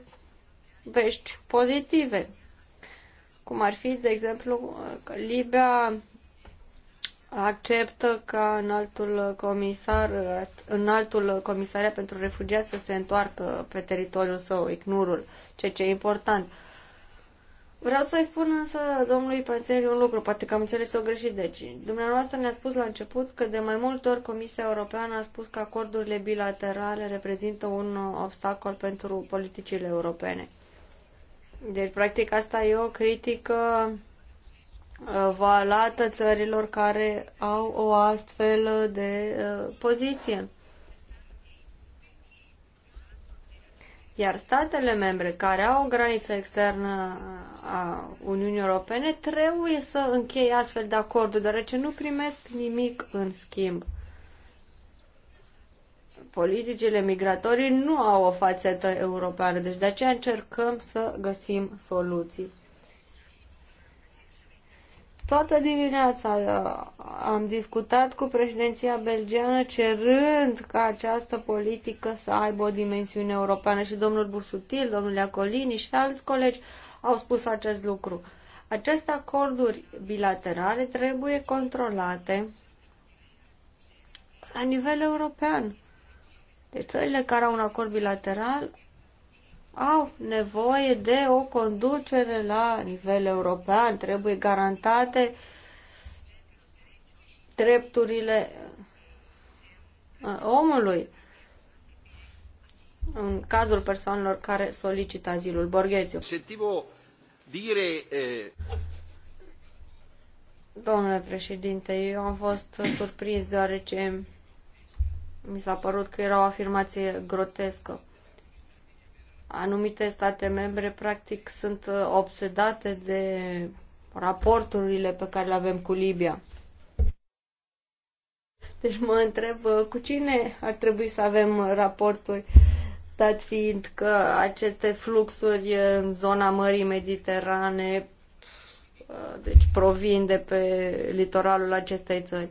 vești pozitive, cum ar fi, de exemplu, că Libia acceptă ca înaltul comisar, înaltul comisariat pentru refugiați să se întoarcă pe teritoriul său, ICNUR-ul, ceea ce e important. Vreau să-i spun însă domnului Panțeri un lucru, poate că am înțeles-o greșit. Deci, dumneavoastră ne-a spus la început că de mai multe ori Comisia Europeană a spus că acordurile bilaterale reprezintă un obstacol pentru politicile europene. Deci, practic, asta e o critică valată țărilor care au o astfel de uh, poziție. Iar statele membre care au o graniță externă a Uniunii Europene trebuie să încheie astfel de acorduri, deoarece nu primesc nimic în schimb. Politicile migratorii nu au o fațetă europeană, deci de aceea încercăm să găsim soluții. Toată dimineața uh, am discutat cu președinția belgeană cerând ca această politică să aibă o dimensiune europeană și domnul Busutil, domnul Iacolini și alți colegi au spus acest lucru. Aceste acorduri bilaterale trebuie controlate la nivel european. Deci țările care au un acord bilateral au nevoie de o conducere la nivel european, trebuie garantate drepturile uh, omului în cazul persoanelor care solicită azilul. Borghețiu. dire... Eh... Domnule președinte, eu am fost surprins deoarece mi s-a părut că era o afirmație grotescă anumite state membre practic sunt uh, obsedate de raporturile pe care le avem cu Libia. Deci mă întreb uh, cu cine ar trebui să avem raporturi, dat fiind că aceste fluxuri în zona Mării Mediterane uh, deci provin de pe litoralul acestei țări.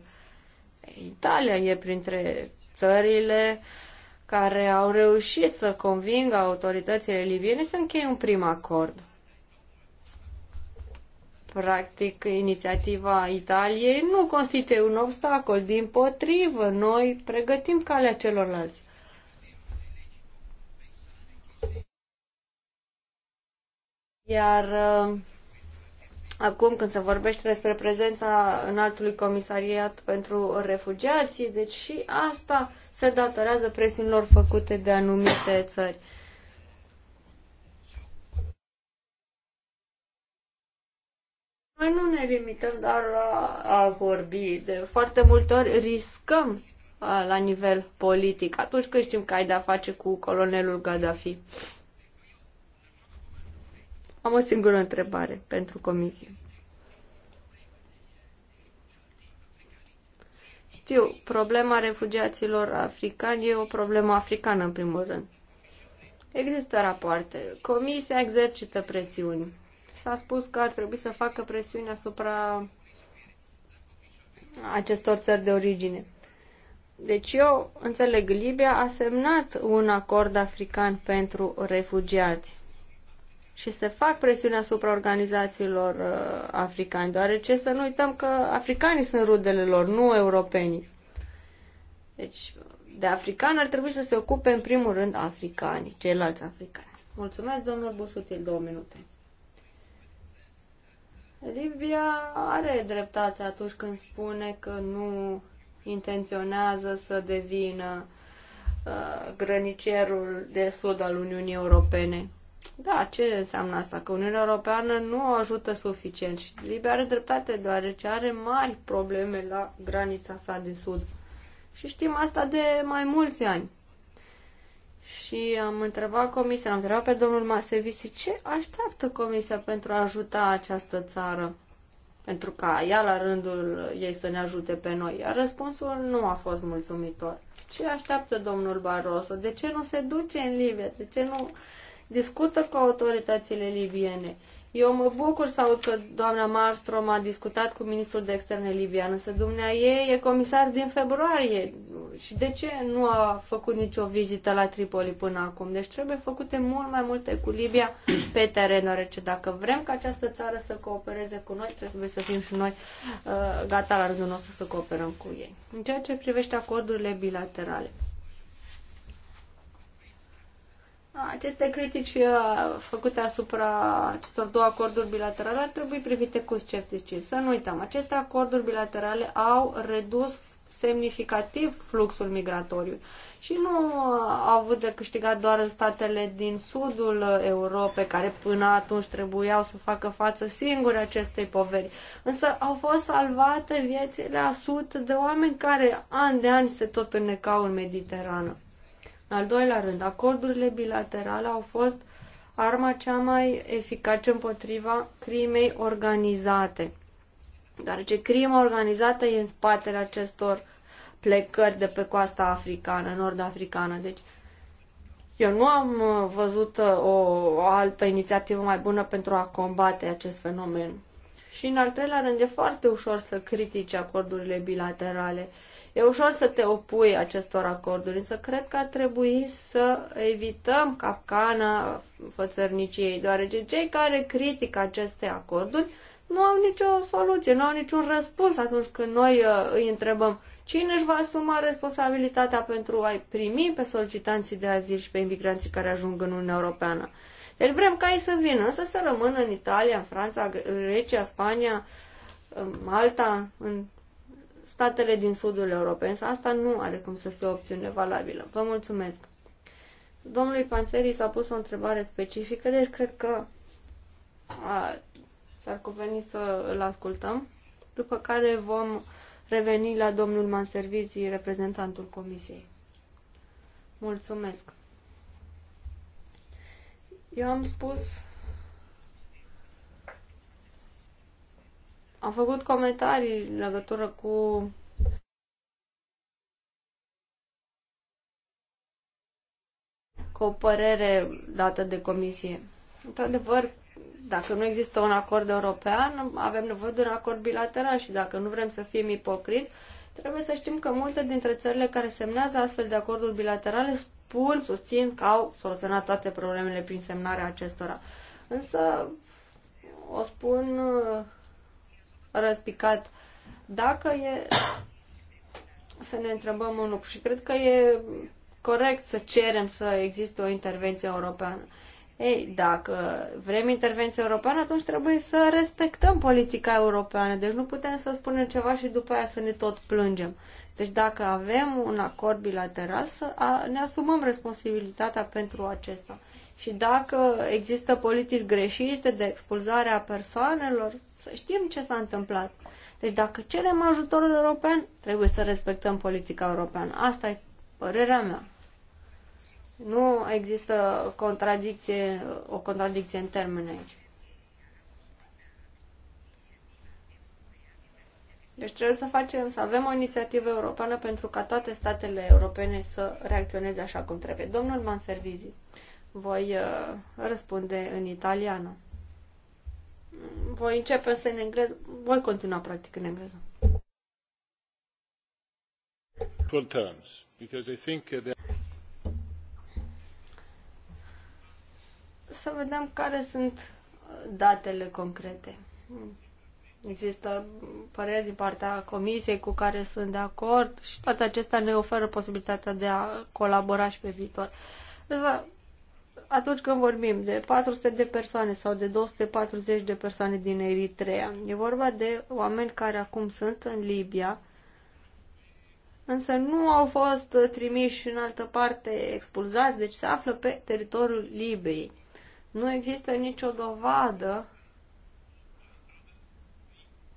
Italia e printre țările uh, care au reușit să convingă autoritățile libiene să încheie un prim acord. Practic, inițiativa Italiei nu constituie un obstacol, din potrivă, noi pregătim calea celorlalți. Iar uh, acum când se vorbește despre prezența înaltului comisariat pentru refugiații, deci și asta se datorează presiunilor făcute de anumite țări. Noi nu ne limităm doar la a vorbi, de foarte multe ori riscăm la nivel politic atunci când știm că ai de-a face cu colonelul Gaddafi. Am o singură întrebare pentru comisie. Știu, problema refugiaților africani e o problemă africană, în primul rând. Există rapoarte. Comisia exercită presiuni. S-a spus că ar trebui să facă presiuni asupra acestor țări de origine. Deci eu înțeleg, Libia a semnat un acord african pentru refugiați și se fac presiuni asupra organizațiilor uh, africane, deoarece să nu uităm că africanii sunt rudele lor, nu europenii. Deci, de africani ar trebui să se ocupe în primul rând africanii, ceilalți africani. Mulțumesc, domnul Busutil, două minute. Libia are dreptate atunci când spune că nu intenționează să devină uh, grănicierul de sud al Uniunii Europene. Da, ce înseamnă asta? Că Uniunea Europeană nu o ajută suficient și Libia are dreptate, deoarece are mari probleme la granița sa de sud. Și știm asta de mai mulți ani. Și am întrebat comisia, am întrebat pe domnul Masevisi ce așteaptă comisia pentru a ajuta această țară, pentru ca ea la rândul ei să ne ajute pe noi. Iar răspunsul nu a fost mulțumitor. Ce așteaptă domnul Barroso? De ce nu se duce în Libia? De ce nu discută cu autoritățile libiene. Eu mă bucur să aud că doamna Marstrom a discutat cu ministrul de externe libian, însă dumnea ei e comisar din februarie și de ce nu a făcut nicio vizită la Tripoli până acum? Deci trebuie făcute mult mai multe cu Libia pe teren, deoarece dacă vrem ca această țară să coopereze cu noi, trebuie să fim și noi uh, gata la rândul nostru să cooperăm cu ei. În ceea ce privește acordurile bilaterale, aceste critici uh, făcute asupra acestor două acorduri bilaterale ar trebui privite cu scepticism. Să nu uităm, aceste acorduri bilaterale au redus semnificativ fluxul migratoriu și nu uh, au avut de câștigat doar statele din sudul Europei, care până atunci trebuiau să facă față singure acestei poveri, însă au fost salvate viețile a sute de oameni care an de ani se tot înnecau în Mediterană. În al doilea rând, acordurile bilaterale au fost arma cea mai eficace împotriva crimei organizate, Dar ce crimă organizată e în spatele acestor plecări de pe coasta africană, nord-africană. Deci, eu nu am uh, văzut uh, o, o altă inițiativă mai bună pentru a combate acest fenomen. Și în al treilea rând, e foarte ușor să critici acordurile bilaterale. Uh, E ușor să te opui acestor acorduri, însă cred că ar trebui să evităm capcana fățărniciei, deoarece cei care critică aceste acorduri nu au nicio soluție, nu au niciun răspuns atunci când noi uh, îi întrebăm cine își va asuma responsabilitatea pentru a-i primi pe solicitanții de azil și pe imigranții care ajung în Uniunea Europeană. Deci vrem ca ei să vină, să se rămână în Italia, în Franța, Grecia, Spania, um, Malta, în statele din sudul Europei, însă asta nu are cum să fie o opțiune valabilă. Vă mulțumesc! Domnului Panseri s-a pus o întrebare specifică, deci cred că s-ar cuveni să îl ascultăm, după care vom reveni la domnul Manservizi, reprezentantul Comisiei. Mulțumesc! Eu am spus Am făcut comentarii în legătură cu cu o părere dată de comisie. Într-adevăr, dacă nu există un acord european, avem nevoie de un acord bilateral și dacă nu vrem să fim ipocriți, trebuie să știm că multe dintre țările care semnează astfel de acorduri bilaterale spun, susțin că au soluționat toate problemele prin semnarea acestora. Însă, o spun răspicat. Dacă e să ne întrebăm un lucru și cred că e corect să cerem să existe o intervenție europeană. Ei, dacă vrem intervenție europeană, atunci trebuie să respectăm politica europeană. Deci nu putem să spunem ceva și după aia să ne tot plângem. Deci dacă avem un acord bilateral, să ne asumăm responsabilitatea pentru acesta. Și dacă există politici greșite de expulzare a persoanelor, să știm ce s-a întâmplat. Deci dacă cerem ajutorul european, trebuie să respectăm politica europeană. Asta e părerea mea. Nu există contradicție, o contradicție în termeni aici. Deci trebuie să facem, să avem o inițiativă europeană pentru ca toate statele europene să reacționeze așa cum trebuie. Domnul Manservizi voi uh, răspunde în italiană. Voi începe să în engleză, voi continua practic în engleză. Terms, because I think that... Să vedem care sunt datele concrete. Există păreri din partea comisiei cu care sunt de acord și toate acestea ne oferă posibilitatea de a colabora și pe viitor. Însă, atunci când vorbim de 400 de persoane sau de 240 de persoane din Eritrea, e vorba de oameni care acum sunt în Libia, însă nu au fost trimiși în altă parte expulzați, deci se află pe teritoriul Libiei. Nu există nicio dovadă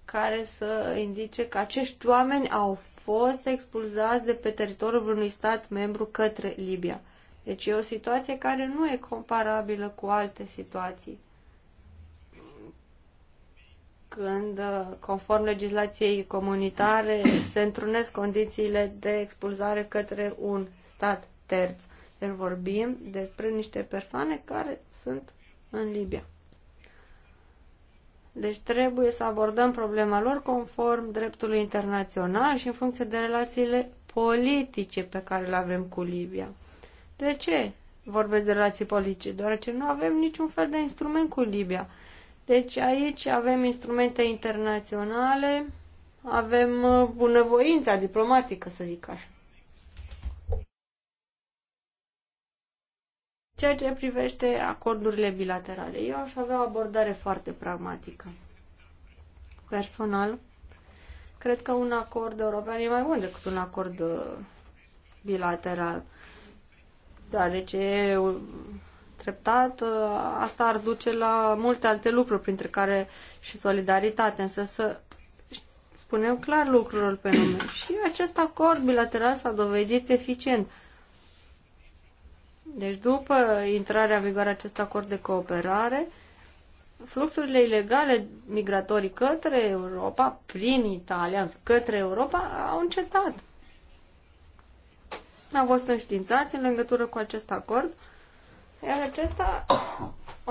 care să indice că acești oameni au fost expulzați de pe teritoriul unui stat membru către Libia. Deci e o situație care nu e comparabilă cu alte situații. Când, uh, conform legislației comunitare, se întrunesc condițiile de expulzare către un stat terț. Deci vorbim despre niște persoane care sunt în Libia. Deci trebuie să abordăm problema lor conform dreptului internațional și în funcție de relațiile politice pe care le avem cu Libia. De ce vorbesc de relații politice? Deoarece nu avem niciun fel de instrument cu Libia. Deci aici avem instrumente internaționale, avem uh, bunăvoința diplomatică, să zic așa. Ceea ce privește acordurile bilaterale, eu aș avea o abordare foarte pragmatică. Personal, cred că un acord european e mai bun decât un acord uh, bilateral deoarece treptat ă, asta ar duce la multe alte lucruri, printre care și solidaritate, însă să spunem clar lucrurilor pe nume. și acest acord bilateral s-a dovedit eficient. Deci după intrarea în vigoare acest acord de cooperare, fluxurile ilegale migratorii către Europa, prin Italia, către Europa, au încetat ne-au fost înștiințați în legătură cu acest acord, iar acesta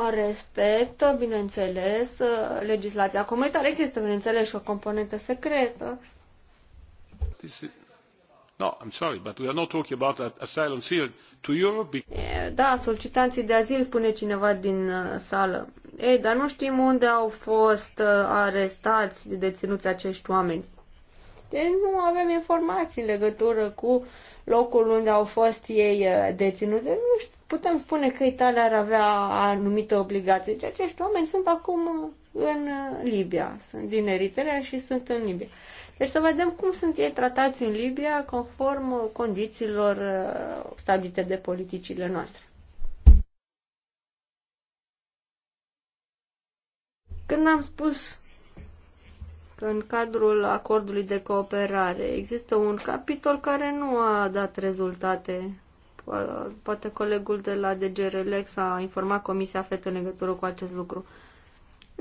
respectă, bineînțeles, legislația comunitară. Există, bineînțeles, și o componentă secretă. This is... No, I'm sorry, but we are not talking about asylum here to Europe. Da, solicitanții de azil, spune cineva din uh, sală. Ei, dar nu știm unde au fost uh, arestați, deținuți acești oameni. Deci nu avem informații în legătură cu locul unde au fost ei uh, deținuți. Deci, nu știu, putem spune că Italia ar avea anumite obligații. Deci acești oameni sunt acum uh, în uh, Libia, sunt din Eritrea și sunt în Libia. Deci să vedem cum sunt ei tratați în Libia conform condițiilor stabilite de politicile noastre. Când am spus în cadrul acordului de cooperare. Există un capitol care nu a dat rezultate. Poate colegul de la DGRLX a informat Comisia FET în legătură cu acest lucru.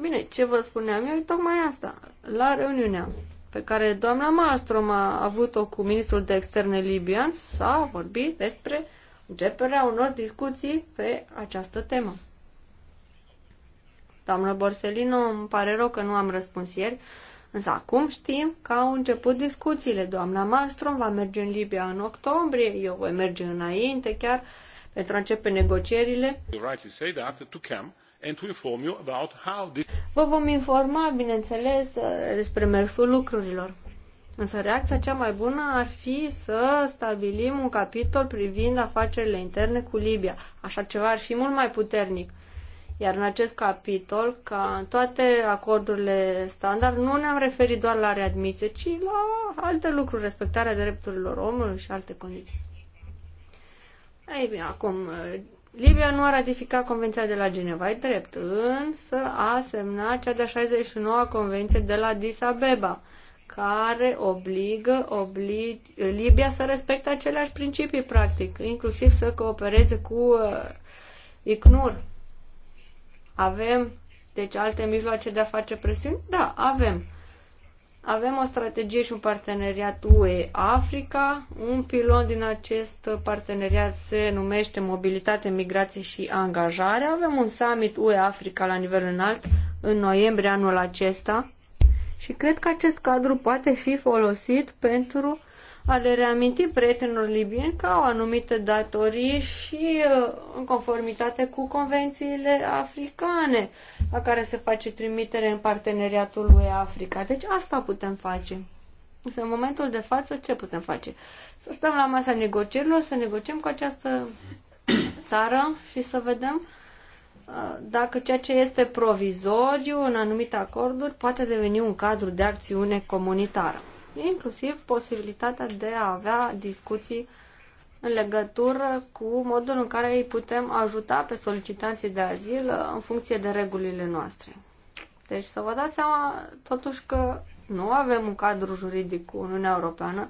Bine, ce vă spuneam eu e tocmai asta. La reuniunea pe care doamna Malmström a avut-o cu ministrul de externe libian, s-a vorbit despre începerea unor discuții pe această temă. Doamnă Borsellino, îmi pare rău că nu am răspuns ieri, Însă acum știm că au început discuțiile. Doamna Malmström va merge în Libia în octombrie, eu voi merge înainte chiar pentru a începe negocierile. Vă vom informa, bineînțeles, eh, despre mersul lucrurilor. Însă reacția cea mai bună ar fi să stabilim un capitol privind afacerile interne cu Libia. Așa ceva ar fi mult mai puternic iar în acest capitol, ca în toate acordurile standard, nu ne-am referit doar la readmisie, ci la alte lucruri, respectarea drepturilor omului și alte condiții. Ei bine, acum, eh, Libia nu a ratificat Convenția de la Geneva, e drept, însă a semnat cea de-a 69-a Convenție de la Disabeba, care obligă oblig, Libia să respecte aceleași principii, practic, inclusiv să coopereze cu uh, ICNUR, avem, deci, alte mijloace de a face presiuni? Da, avem. Avem o strategie și un parteneriat UE-Africa. Un pilon din acest parteneriat se numește Mobilitate, Migrație și Angajare. Avem un summit UE-Africa la nivel înalt în noiembrie anul acesta și cred că acest cadru poate fi folosit pentru a le reaminti prietenilor libieni că au anumite datorii și uh, în conformitate cu convențiile africane la care se face trimitere în parteneriatul lui Africa. Deci asta putem face. Însă în momentul de față ce putem face? Să stăm la masa negocierilor, să negociem cu această țară și să vedem uh, dacă ceea ce este provizoriu în anumite acorduri poate deveni un cadru de acțiune comunitară inclusiv posibilitatea de a avea discuții în legătură cu modul în care îi putem ajuta pe solicitanții de azil uh, în funcție de regulile noastre. Deci să vă dați seama totuși că nu avem un cadru juridic cu Uniunea Europeană,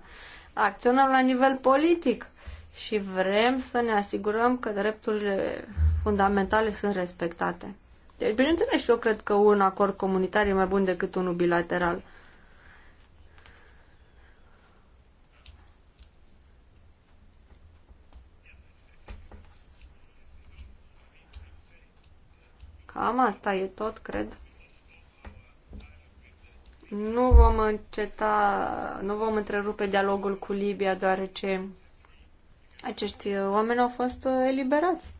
acționăm la nivel politic și vrem să ne asigurăm că drepturile fundamentale sunt respectate. Deci, bineînțeles, și eu cred că un acord comunitar e mai bun decât unul bilateral. Cam asta e tot, cred. Nu vom înceta, nu vom întrerupe dialogul cu Libia, deoarece acești oameni au fost uh, eliberați.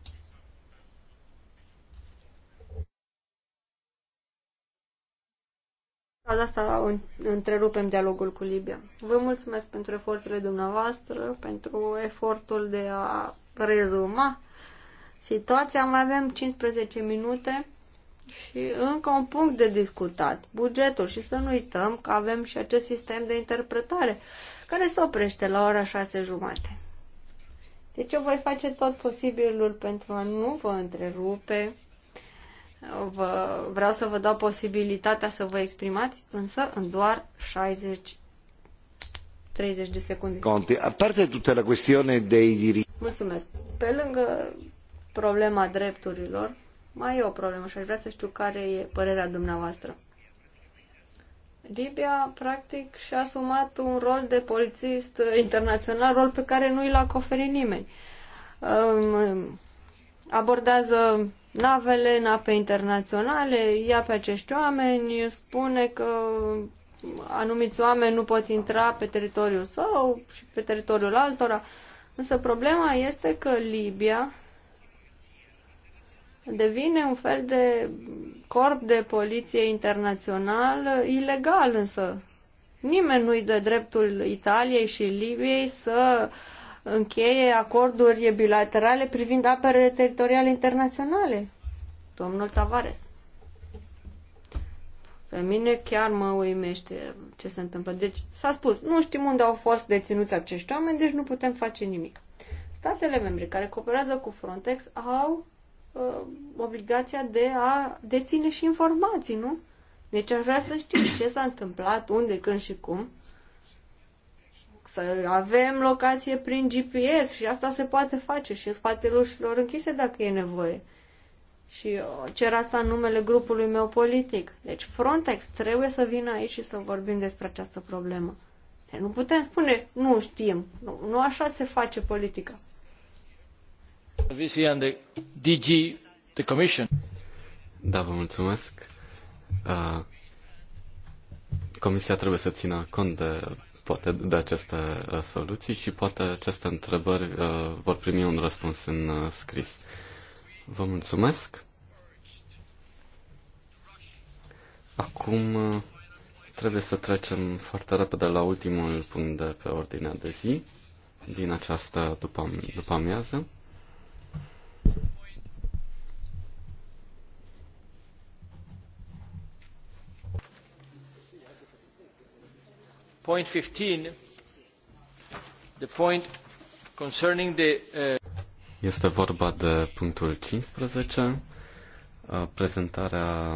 Caz asta întrerupem dialogul cu Libia. Vă mulțumesc pentru eforturile dumneavoastră, pentru efortul de a rezuma situația. Mai avem 15 minute și încă un punct de discutat, bugetul. Și să nu uităm că avem și acest sistem de interpretare care se oprește la ora 6 jumate. Deci eu voi face tot posibilul pentru a nu vă întrerupe. Vă, vreau să vă dau posibilitatea să vă exprimați, însă în doar 60 30 de secunde. Conte, aparte tutta la questione dei diritti. Mulțumesc. Pe lângă problema drepturilor, mai e o problemă și aș vrea să știu care e părerea dumneavoastră. Libia, practic, și-a asumat un rol de polițist internațional, rol pe care nu i l-a conferit nimeni. Um, abordează navele în ape internaționale, ia pe acești oameni, spune că anumiți oameni nu pot intra pe teritoriul său și pe teritoriul altora. Însă problema este că Libia devine un fel de corp de poliție internațional ilegal însă. Nimeni nu-i dă dreptul Italiei și Libiei să încheie acorduri bilaterale privind apele teritoriale internaționale. Domnul Tavares. Pe mine chiar mă uimește ce se întâmplă. Deci s-a spus, nu știm unde au fost deținuți acești oameni, deci nu putem face nimic. Statele membre care cooperează cu Frontex au uh, obligația de a deține și informații, nu? Deci aș vrea să știu ce s-a întâmplat, unde, când și cum. Să avem locație prin GPS și asta se poate face și în spatele ușilor închise dacă e nevoie. Și eu uh, cer asta în numele grupului meu politic. Deci Frontex trebuie să vină aici și să vorbim despre această problemă. Deci nu putem spune, nu știm, nu, nu așa se face politica. DG, Da, vă mulțumesc. Uh, comisia trebuie să țină cont de poate de aceste uh, soluții și poate aceste întrebări uh, vor primi un răspuns în uh, scris. Vă mulțumesc. Acum trebuie să trecem foarte repede la ultimul punct de pe ordinea de zi din această după, după amiază. Point 15, the point concerning the, uh... Este vorba de punctul 15, uh, prezentarea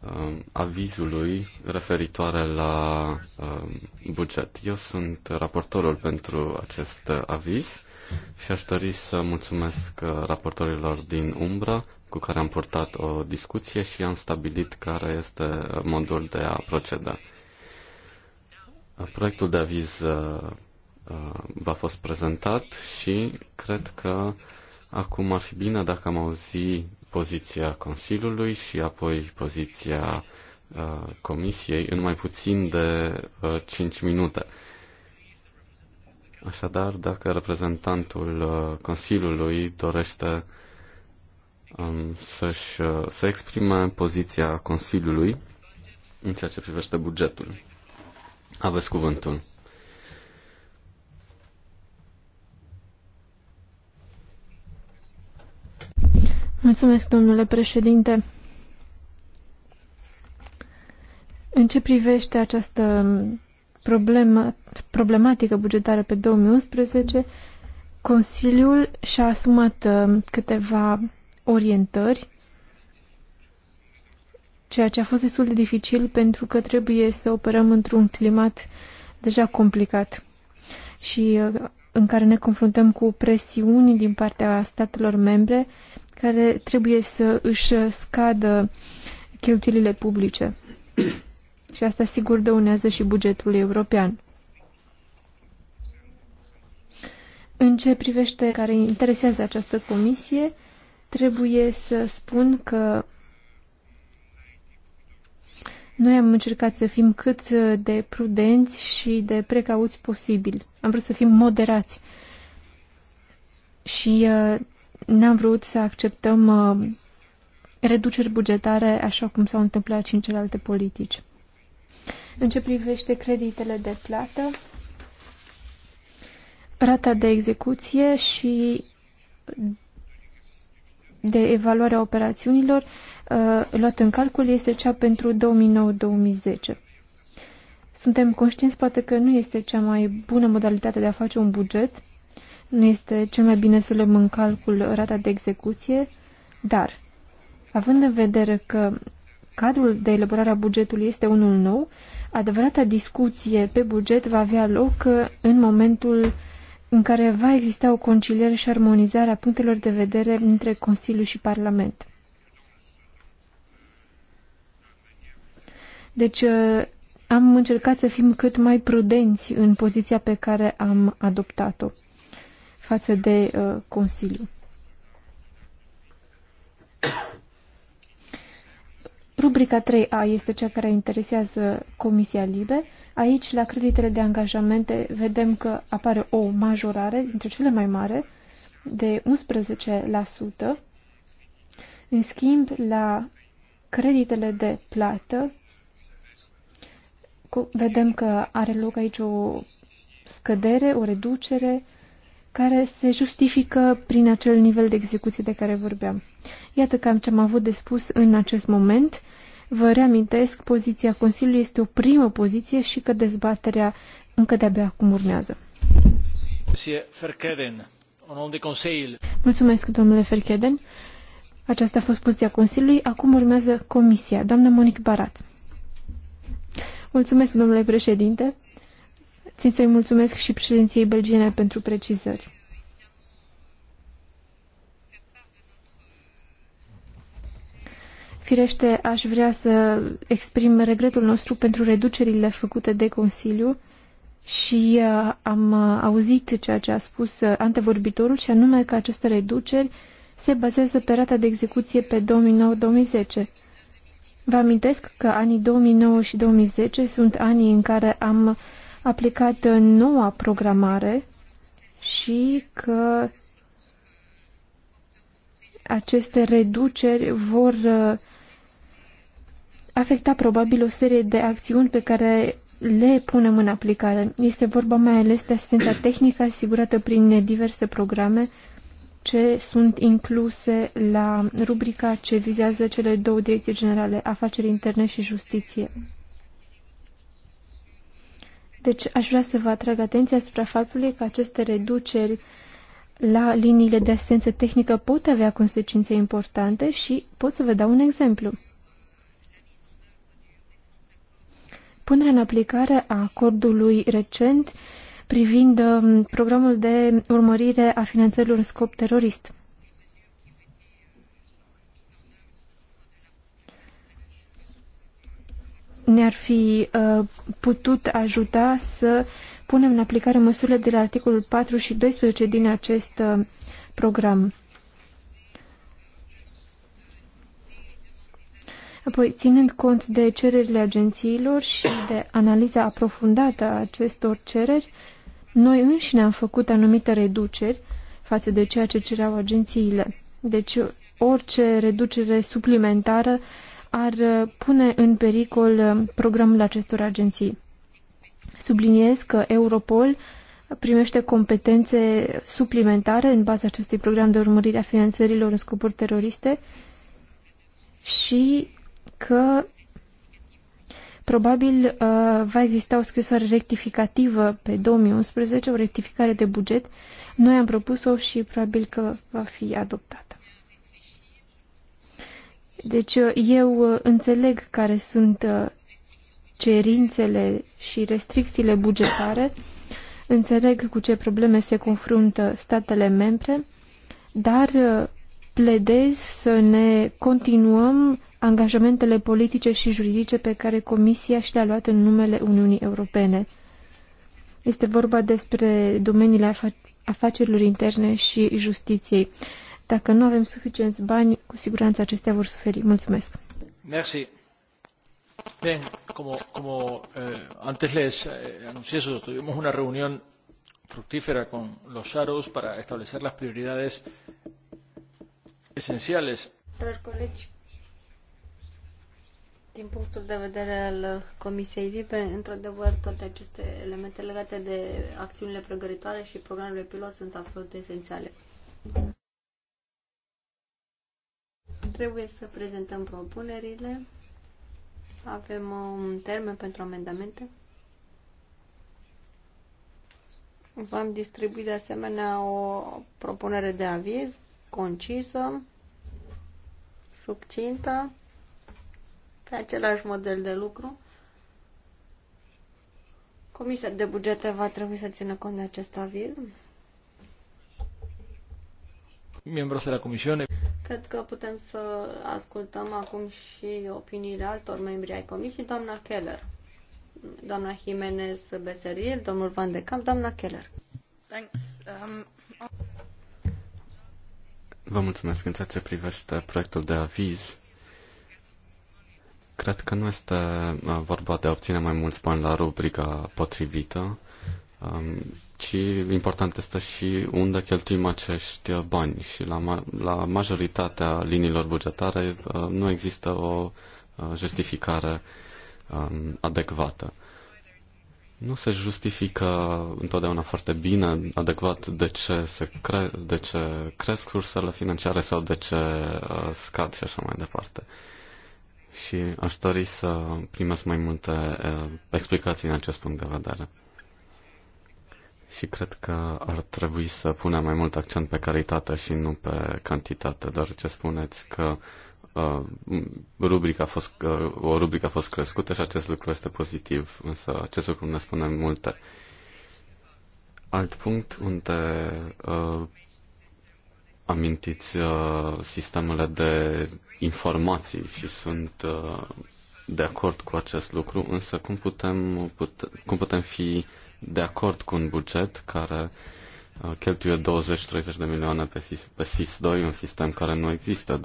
um, avizului referitoare la um, buget. Eu sunt raportorul pentru acest aviz și aș dori să mulțumesc uh, raportorilor din Umbra cu care am purtat o discuție și am stabilit care este modul de a proceda. Proiectul de aviz uh, uh, v-a fost prezentat și cred că acum ar fi bine dacă am auzi poziția Consiliului și apoi poziția uh, Comisiei în mai puțin de 5 minute. Așadar, dacă reprezentantul Consiliului dorește um, să-și, să exprime poziția Consiliului în ceea ce privește bugetul. Aveți cuvântul. Mulțumesc, domnule președinte. În ce privește această problemă, problematică bugetară pe 2011, Consiliul și-a asumat uh, câteva orientări ceea ce a fost destul de dificil pentru că trebuie să operăm într-un climat deja complicat și uh, în care ne confruntăm cu presiuni din partea statelor membre care trebuie să își scadă cheltuielile publice. și asta sigur dăunează și bugetul european. În ce privește care interesează această comisie, trebuie să spun că noi am încercat să fim cât de prudenți și de precauți posibil. Am vrut să fim moderați. Și uh, n-am vrut să acceptăm uh, reduceri bugetare așa cum s-au întâmplat și în celelalte politici. În ce privește creditele de plată, rata de execuție și de evaluarea operațiunilor, uh, Uh, luat în calcul este cea pentru 2009-2010. Suntem conștienți poate că nu este cea mai bună modalitate de a face un buget, nu este cel mai bine să luăm în calcul rata de execuție, dar având în vedere că cadrul de elaborare a bugetului este unul nou, adevărata discuție pe buget va avea loc în momentul în care va exista o conciliere și armonizare a punctelor de vedere între Consiliu și Parlament. Deci uh, am încercat să fim cât mai prudenți în poziția pe care am adoptat-o față de uh, Consiliu. Rubrica 3A este cea care interesează Comisia Libe. Aici, la creditele de angajamente, vedem că apare o majorare dintre cele mai mare, de 11%. În schimb, la creditele de plată vedem că are loc aici o scădere, o reducere care se justifică prin acel nivel de execuție de care vorbeam. Iată cam ce am avut de spus în acest moment. Vă reamintesc, poziția Consiliului este o primă poziție și că dezbaterea încă de-abia acum urmează. Mulțumesc, domnule Ferkeden. Aceasta a fost poziția Consiliului. Acum urmează Comisia. Doamna Monique Barat. Mulțumesc, domnule președinte. Țin să-i mulțumesc și președinției belgiene pentru precizări. Firește, aș vrea să exprim regretul nostru pentru reducerile făcute de Consiliu și uh, am uh, auzit ceea ce a spus uh, antevorbitorul și anume că aceste reduceri se bazează pe rata de execuție pe 2009-2010. Vă amintesc că anii 2009 și 2010 sunt anii în care am aplicat noua programare și că aceste reduceri vor uh, afecta probabil o serie de acțiuni pe care le punem în aplicare. Este vorba mai ales de asistența tehnică asigurată prin diverse programe, ce sunt incluse la rubrica ce vizează cele două direcții generale, afaceri interne și justiție. Deci aș vrea să vă atrag atenția asupra faptului că aceste reduceri la liniile de asistență tehnică pot avea consecințe importante și pot să vă dau un exemplu. Punerea în aplicare a acordului recent uh, privind um, programul de urmărire a finanțărilor în scop terorist. Ne-ar fi uh, putut ajuta să punem în aplicare măsurile de la articolul 4 și 12 din acest uh, program. Apoi, ținând cont de cererile agențiilor și de analiza aprofundată a acestor cereri, noi înșine am făcut anumite reduceri față de ceea ce cereau agențiile. Deci orice reducere suplimentară ar pune în pericol programul acestor agenții. Subliniez că Europol primește competențe suplimentare în baza acestui program de urmărire a finanțărilor în scopuri teroriste și că Probabil uh, va exista o scrisoare rectificativă pe 2011, o rectificare de buget. Noi am propus-o și probabil că va fi adoptată. Deci uh, eu uh, înțeleg care sunt cerințele și restricțiile bugetare, înțeleg cu ce probleme se confruntă statele membre, dar pledez să ne continuăm angajamentele politice și juridice pe care Comisia și le-a luat în numele Uniunii Europene. Este vorba despre domeniile afacerilor interne și justiției. Dacă nu avem suficienți bani, cu siguranță acestea vor suferi. Mulțumesc! Merci. Bien, como, como eh, antes les eh, anuncié, eso, tuvimos una reunión fructífera con los SHAROS para establecer las prioridades esenciales. el colegio... Din punctul de vedere al Comisiei Libe, într-adevăr, toate aceste elemente legate de acțiunile pregătitoare și programele pilot sunt absolut esențiale. Trebuie să prezentăm propunerile. Avem uh, un termen pentru amendamente. V-am distribuit de asemenea o propunere de aviz concisă, succintă, pe același model de lucru. Comisia de bugete va trebui să țină cont de acest aviz. Membru la Comisiune. Cred că putem să ascultăm acum și opiniile altor membri ai Comisiei, doamna Keller, doamna Jimenez Beseril, domnul Van de Camp, doamna Keller. Thanks. Um... Vă mulțumesc. În ceea ce privește proiectul de aviz, Cred că nu este uh, vorba de a obține mai mulți bani la rubrica potrivită, um, ci important este și unde cheltuim acești bani. Și la, la majoritatea liniilor bugetare uh, nu există o uh, justificare um, adecvată. Nu se justifică întotdeauna foarte bine, adecvat, de ce, se cre- de ce cresc sursele financiare sau de ce scad și așa mai departe și aș dori să primesc mai multe uh, explicații în acest punct de vedere. Și cred că ar trebui să punem mai mult accent pe calitate și nu pe cantitate, dar ce spuneți că uh, rubrica a fost, uh, o rubrică a fost crescută și acest lucru este pozitiv, însă acest lucru ne spune multe. Alt punct unde uh, amintiți uh, sistemele de informații și sunt uh, de acord cu acest lucru, însă cum putem, pute, cum putem fi de acord cu un buget care uh, cheltuie 20-30 de milioane pe SIS, pe SIS 2, un sistem care nu există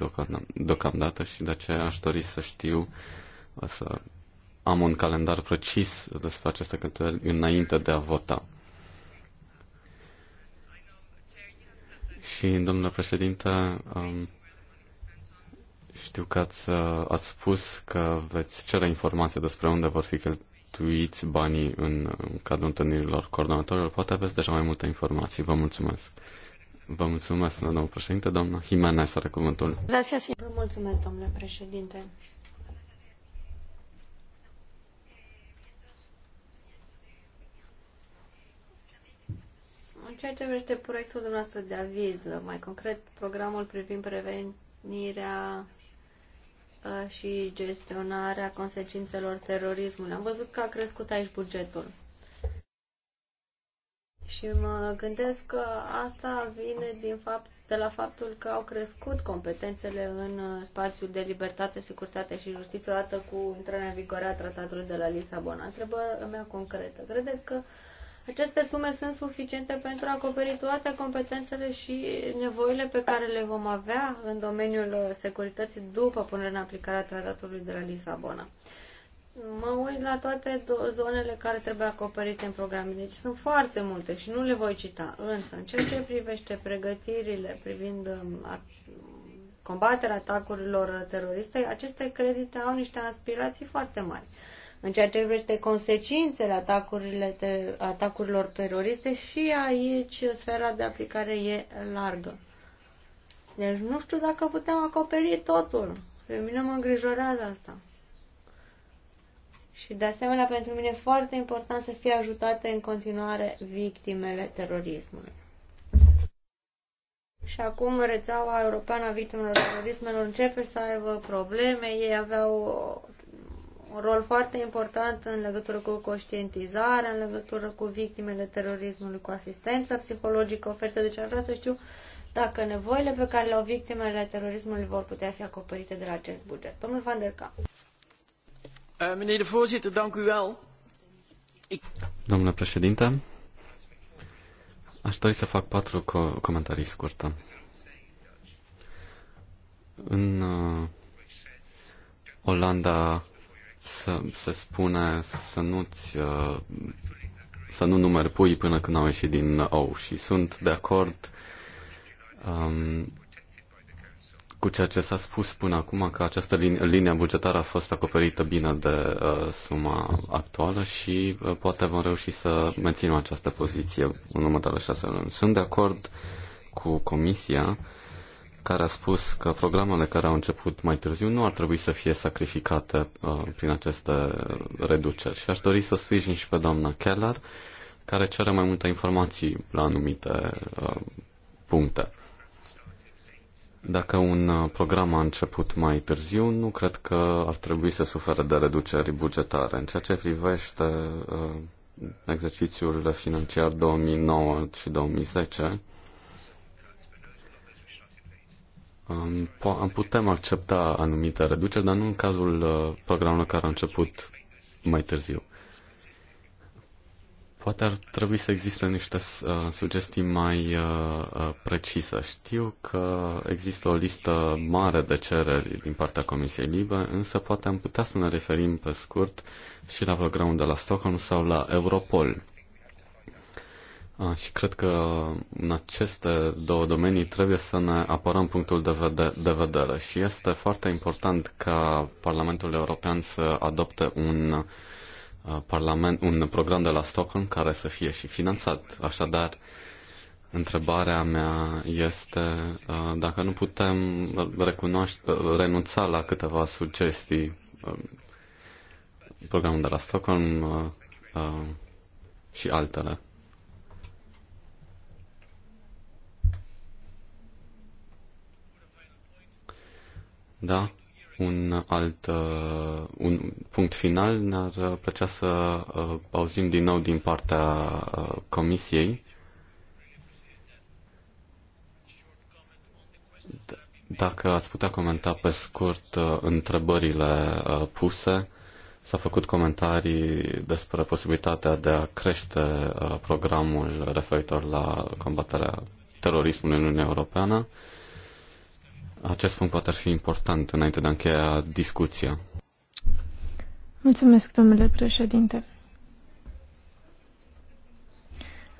deocamdată și de aceea aș dori să știu, uh, să am un calendar precis despre aceste cheltuieli înainte de a vota. Și, domnule președinte, um, știu că ați, uh, ați spus că veți cere informații despre unde vor fi cheltuiți banii în, în cadrul întâlnirilor coordonatorilor. Poate aveți deja mai multe informații. Vă mulțumesc. Vă mulțumesc, domnul președinte. Doamna Jimenez are cuvântul. Vă mulțumesc, domnule președinte. În ceea ce privește proiectul dumneavoastră de aviz, mai concret programul privind prevenirea și gestionarea consecințelor terorismului. Am văzut că a crescut aici bugetul. Și mă gândesc că asta vine din fapt, de la faptul că au crescut competențele în spațiul de libertate, securitate și justiție odată cu intrarea în vigoare a tratatului de la Lisabona. Întrebarea mea concretă. Credeți că aceste sume sunt suficiente pentru a acoperi toate competențele și nevoile pe care le vom avea în domeniul uh, securității după punerea în aplicare a tratatului de la Lisabona. Mă uit la toate zonele care trebuie acoperite în programe, deci sunt foarte multe și nu le voi cita. Însă, în ceea ce privește pregătirile privind um, combaterea atacurilor uh, teroriste, aceste credite au niște aspirații foarte mari. În ceea ce privește consecințele atacurile te- atacurilor teroriste, și aici sfera de aplicare e largă. Deci nu știu dacă putem acoperi totul. Pe mine mă îngrijorează asta. Și de asemenea, pentru mine e foarte important să fie ajutate în continuare victimele terorismului. Și acum rețeaua europeană a victimelor terorismelor începe să aibă probleme. Ei aveau un rol foarte important în legătură cu conștientizarea, în legătură cu victimele terorismului, cu asistența psihologică oferită. Deci ar vrea să știu dacă nevoile pe care le au victimele terorismului vor putea fi acoperite de la acest buget. Domnul Van der Kamp. Eh, Domnule președinte, aș dori să fac patru co- comentarii scurte. În uh, Olanda să, se spune să nu-ți uh, să nu numeri pui până când au ieșit din ou și sunt de acord um, cu ceea ce s-a spus până acum că această linie, linie bugetară a fost acoperită bine de uh, suma actuală și uh, poate vom reuși să menținem această poziție în următoarele șase luni. Sunt de acord cu Comisia uh, care a spus că programele care au început mai târziu nu ar trebui să fie sacrificate uh, prin aceste reduceri. Și aș dori să sprijin și pe doamna Keller, care cere mai multe informații la anumite uh, puncte. Dacă un uh, program a început mai târziu, nu cred că ar trebui să sufere de reduceri bugetare. În ceea ce privește uh, exercițiul financiar 2009 și 2010, Am putem accepta anumite reduceri, dar nu în cazul uh, programului care a început mai târziu. Poate ar trebui să existe niște uh, sugestii mai uh, precise. Știu că există o listă mare de cereri din partea Comisiei Libe, însă poate am putea să ne referim pe scurt și la programul de la Stockholm sau la Europol. Și cred că în aceste două domenii trebuie să ne apărăm punctul de, vede- de vedere și este foarte important ca Parlamentul European să adopte un, uh, parlament, un program de la Stockholm care să fie și finanțat. Așadar, întrebarea mea este uh, dacă nu putem recunoaște, uh, renunța la câteva sugestii. Programul de la Stockholm și altele. da un alt uh, un punct final. Ne-ar plăcea să uh, auzim din nou din partea uh, Comisiei. D- dacă ați putea comenta pe scurt uh, întrebările uh, puse, s-a făcut comentarii despre posibilitatea de a crește uh, programul referitor la combaterea terorismului în Uniunea Europeană. Acest punct poate ar fi important înainte de a încheia discuția. Mulțumesc, domnule președinte.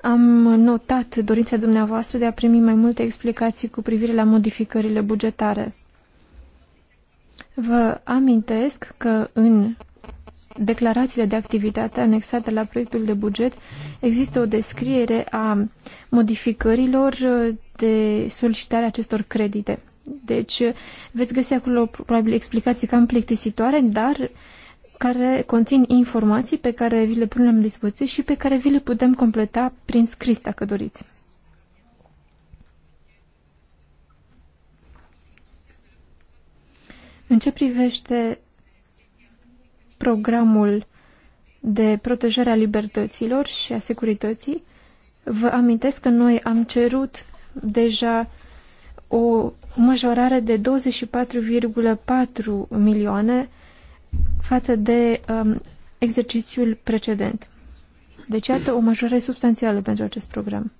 Am notat dorința dumneavoastră de a primi mai multe explicații cu privire la modificările bugetare. Vă amintesc că în declarațiile de activitate anexate la proiectul de buget există o descriere a modificărilor de solicitare acestor credite. Deci veți găsi acolo probabil explicații cam plictisitoare, dar care conțin informații pe care vi le punem la dispoziție și pe care vi le putem completa prin scris, dacă doriți. În ce privește programul de protejare a libertăților și a securității, vă amintesc că noi am cerut deja o o majorare de 24,4 milioane față de um, exercițiul precedent. Deci, iată o majorare substanțială pentru acest program.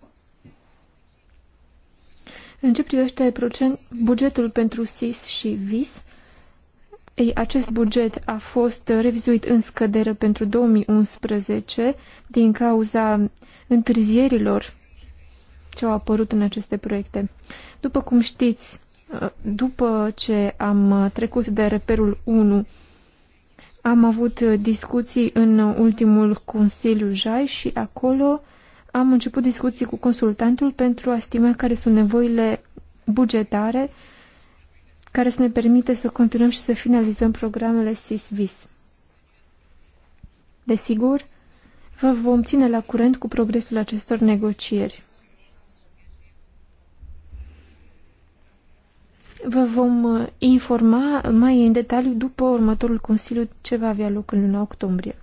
În ce privește procent, bugetul pentru SIS și VIS, ei, acest buget a fost revizuit în scădere pentru 2011 din cauza întârzierilor ce au apărut în aceste proiecte. După cum știți, după ce am trecut de reperul 1, am avut discuții în ultimul Consiliu Jai și acolo am început discuții cu consultantul pentru a stima care sunt nevoile bugetare care să ne permite să continuăm și să finalizăm programele SISVIS. Desigur, vă vom ține la curent cu progresul acestor negocieri. Vă vom uh, informa mai în detaliu după următorul Consiliu ce va avea loc în luna octombrie.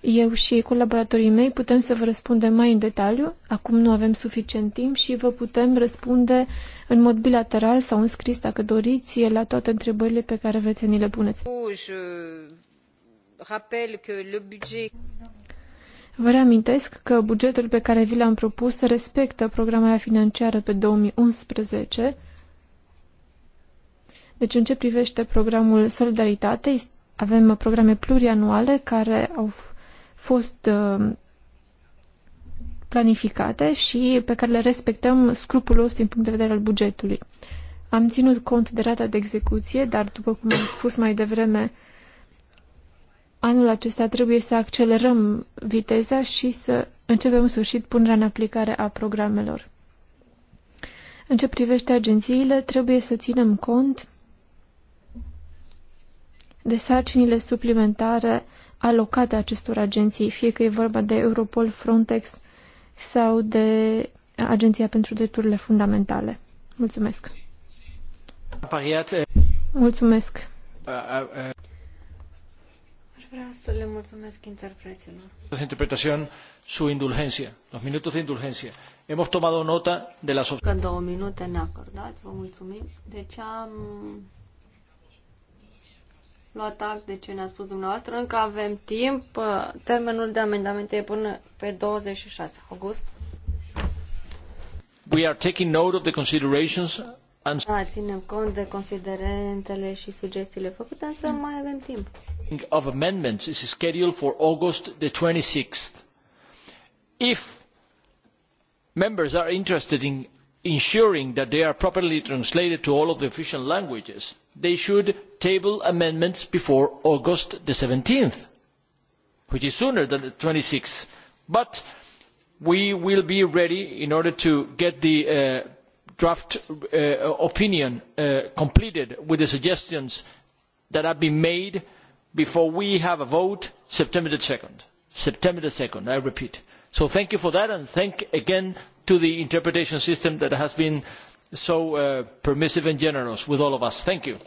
Eu și colaboratorii mei putem să vă răspundem mai în detaliu. Acum nu avem suficient timp și vă putem răspunde în mod bilateral sau în scris, dacă doriți, la toate întrebările pe care veți ni le puneți. Vă reamintesc că bugetul pe care vi l-am propus respectă programarea financiară pe 2011. Deci în ce privește programul Solidaritate, avem programe plurianuale care au fost uh, planificate și pe care le respectăm scrupulos din punct de vedere al bugetului. Am ținut cont de rata de execuție, dar după cum am spus mai devreme, anul acesta trebuie să accelerăm viteza și să începem în sfârșit punerea în aplicare a programelor. În ce privește agențiile, trebuie să ținem cont de sarcinile suplimentare alocate acestor agenții, fie că e vorba de Europol, Frontex sau de Agenția pentru Drepturile Fundamentale. Mulțumesc! Eh. Mulțumesc! Uh, uh, uh. Vreau să le mulțumesc interpreților. Interpretación, su indulgencia, los minutos de indulgencia. Hemos tomado nota de las... Că două minute ne acordați, vă mulțumim. ce deci am luat act de ce ne-a spus dumneavoastră. Încă avem timp. Termenul de amendamente e până pe 26 august. We are taking note of the considerations and... Da, ținem cont de considerentele și sugestiile făcute, însă mai avem timp of amendments is scheduled for August the 26th. If members are interested in ensuring that they are properly translated to all of the official languages, they should table amendments before August the 17th, which is sooner than the 26th. But we will be ready in order to get the uh, draft uh, opinion uh, completed with the suggestions that have been made uh, before we have a vote september two september two i repeat. so thank you for that and thank again to the interpretation system that has been so uh, permissive and generous with all of us. thank you.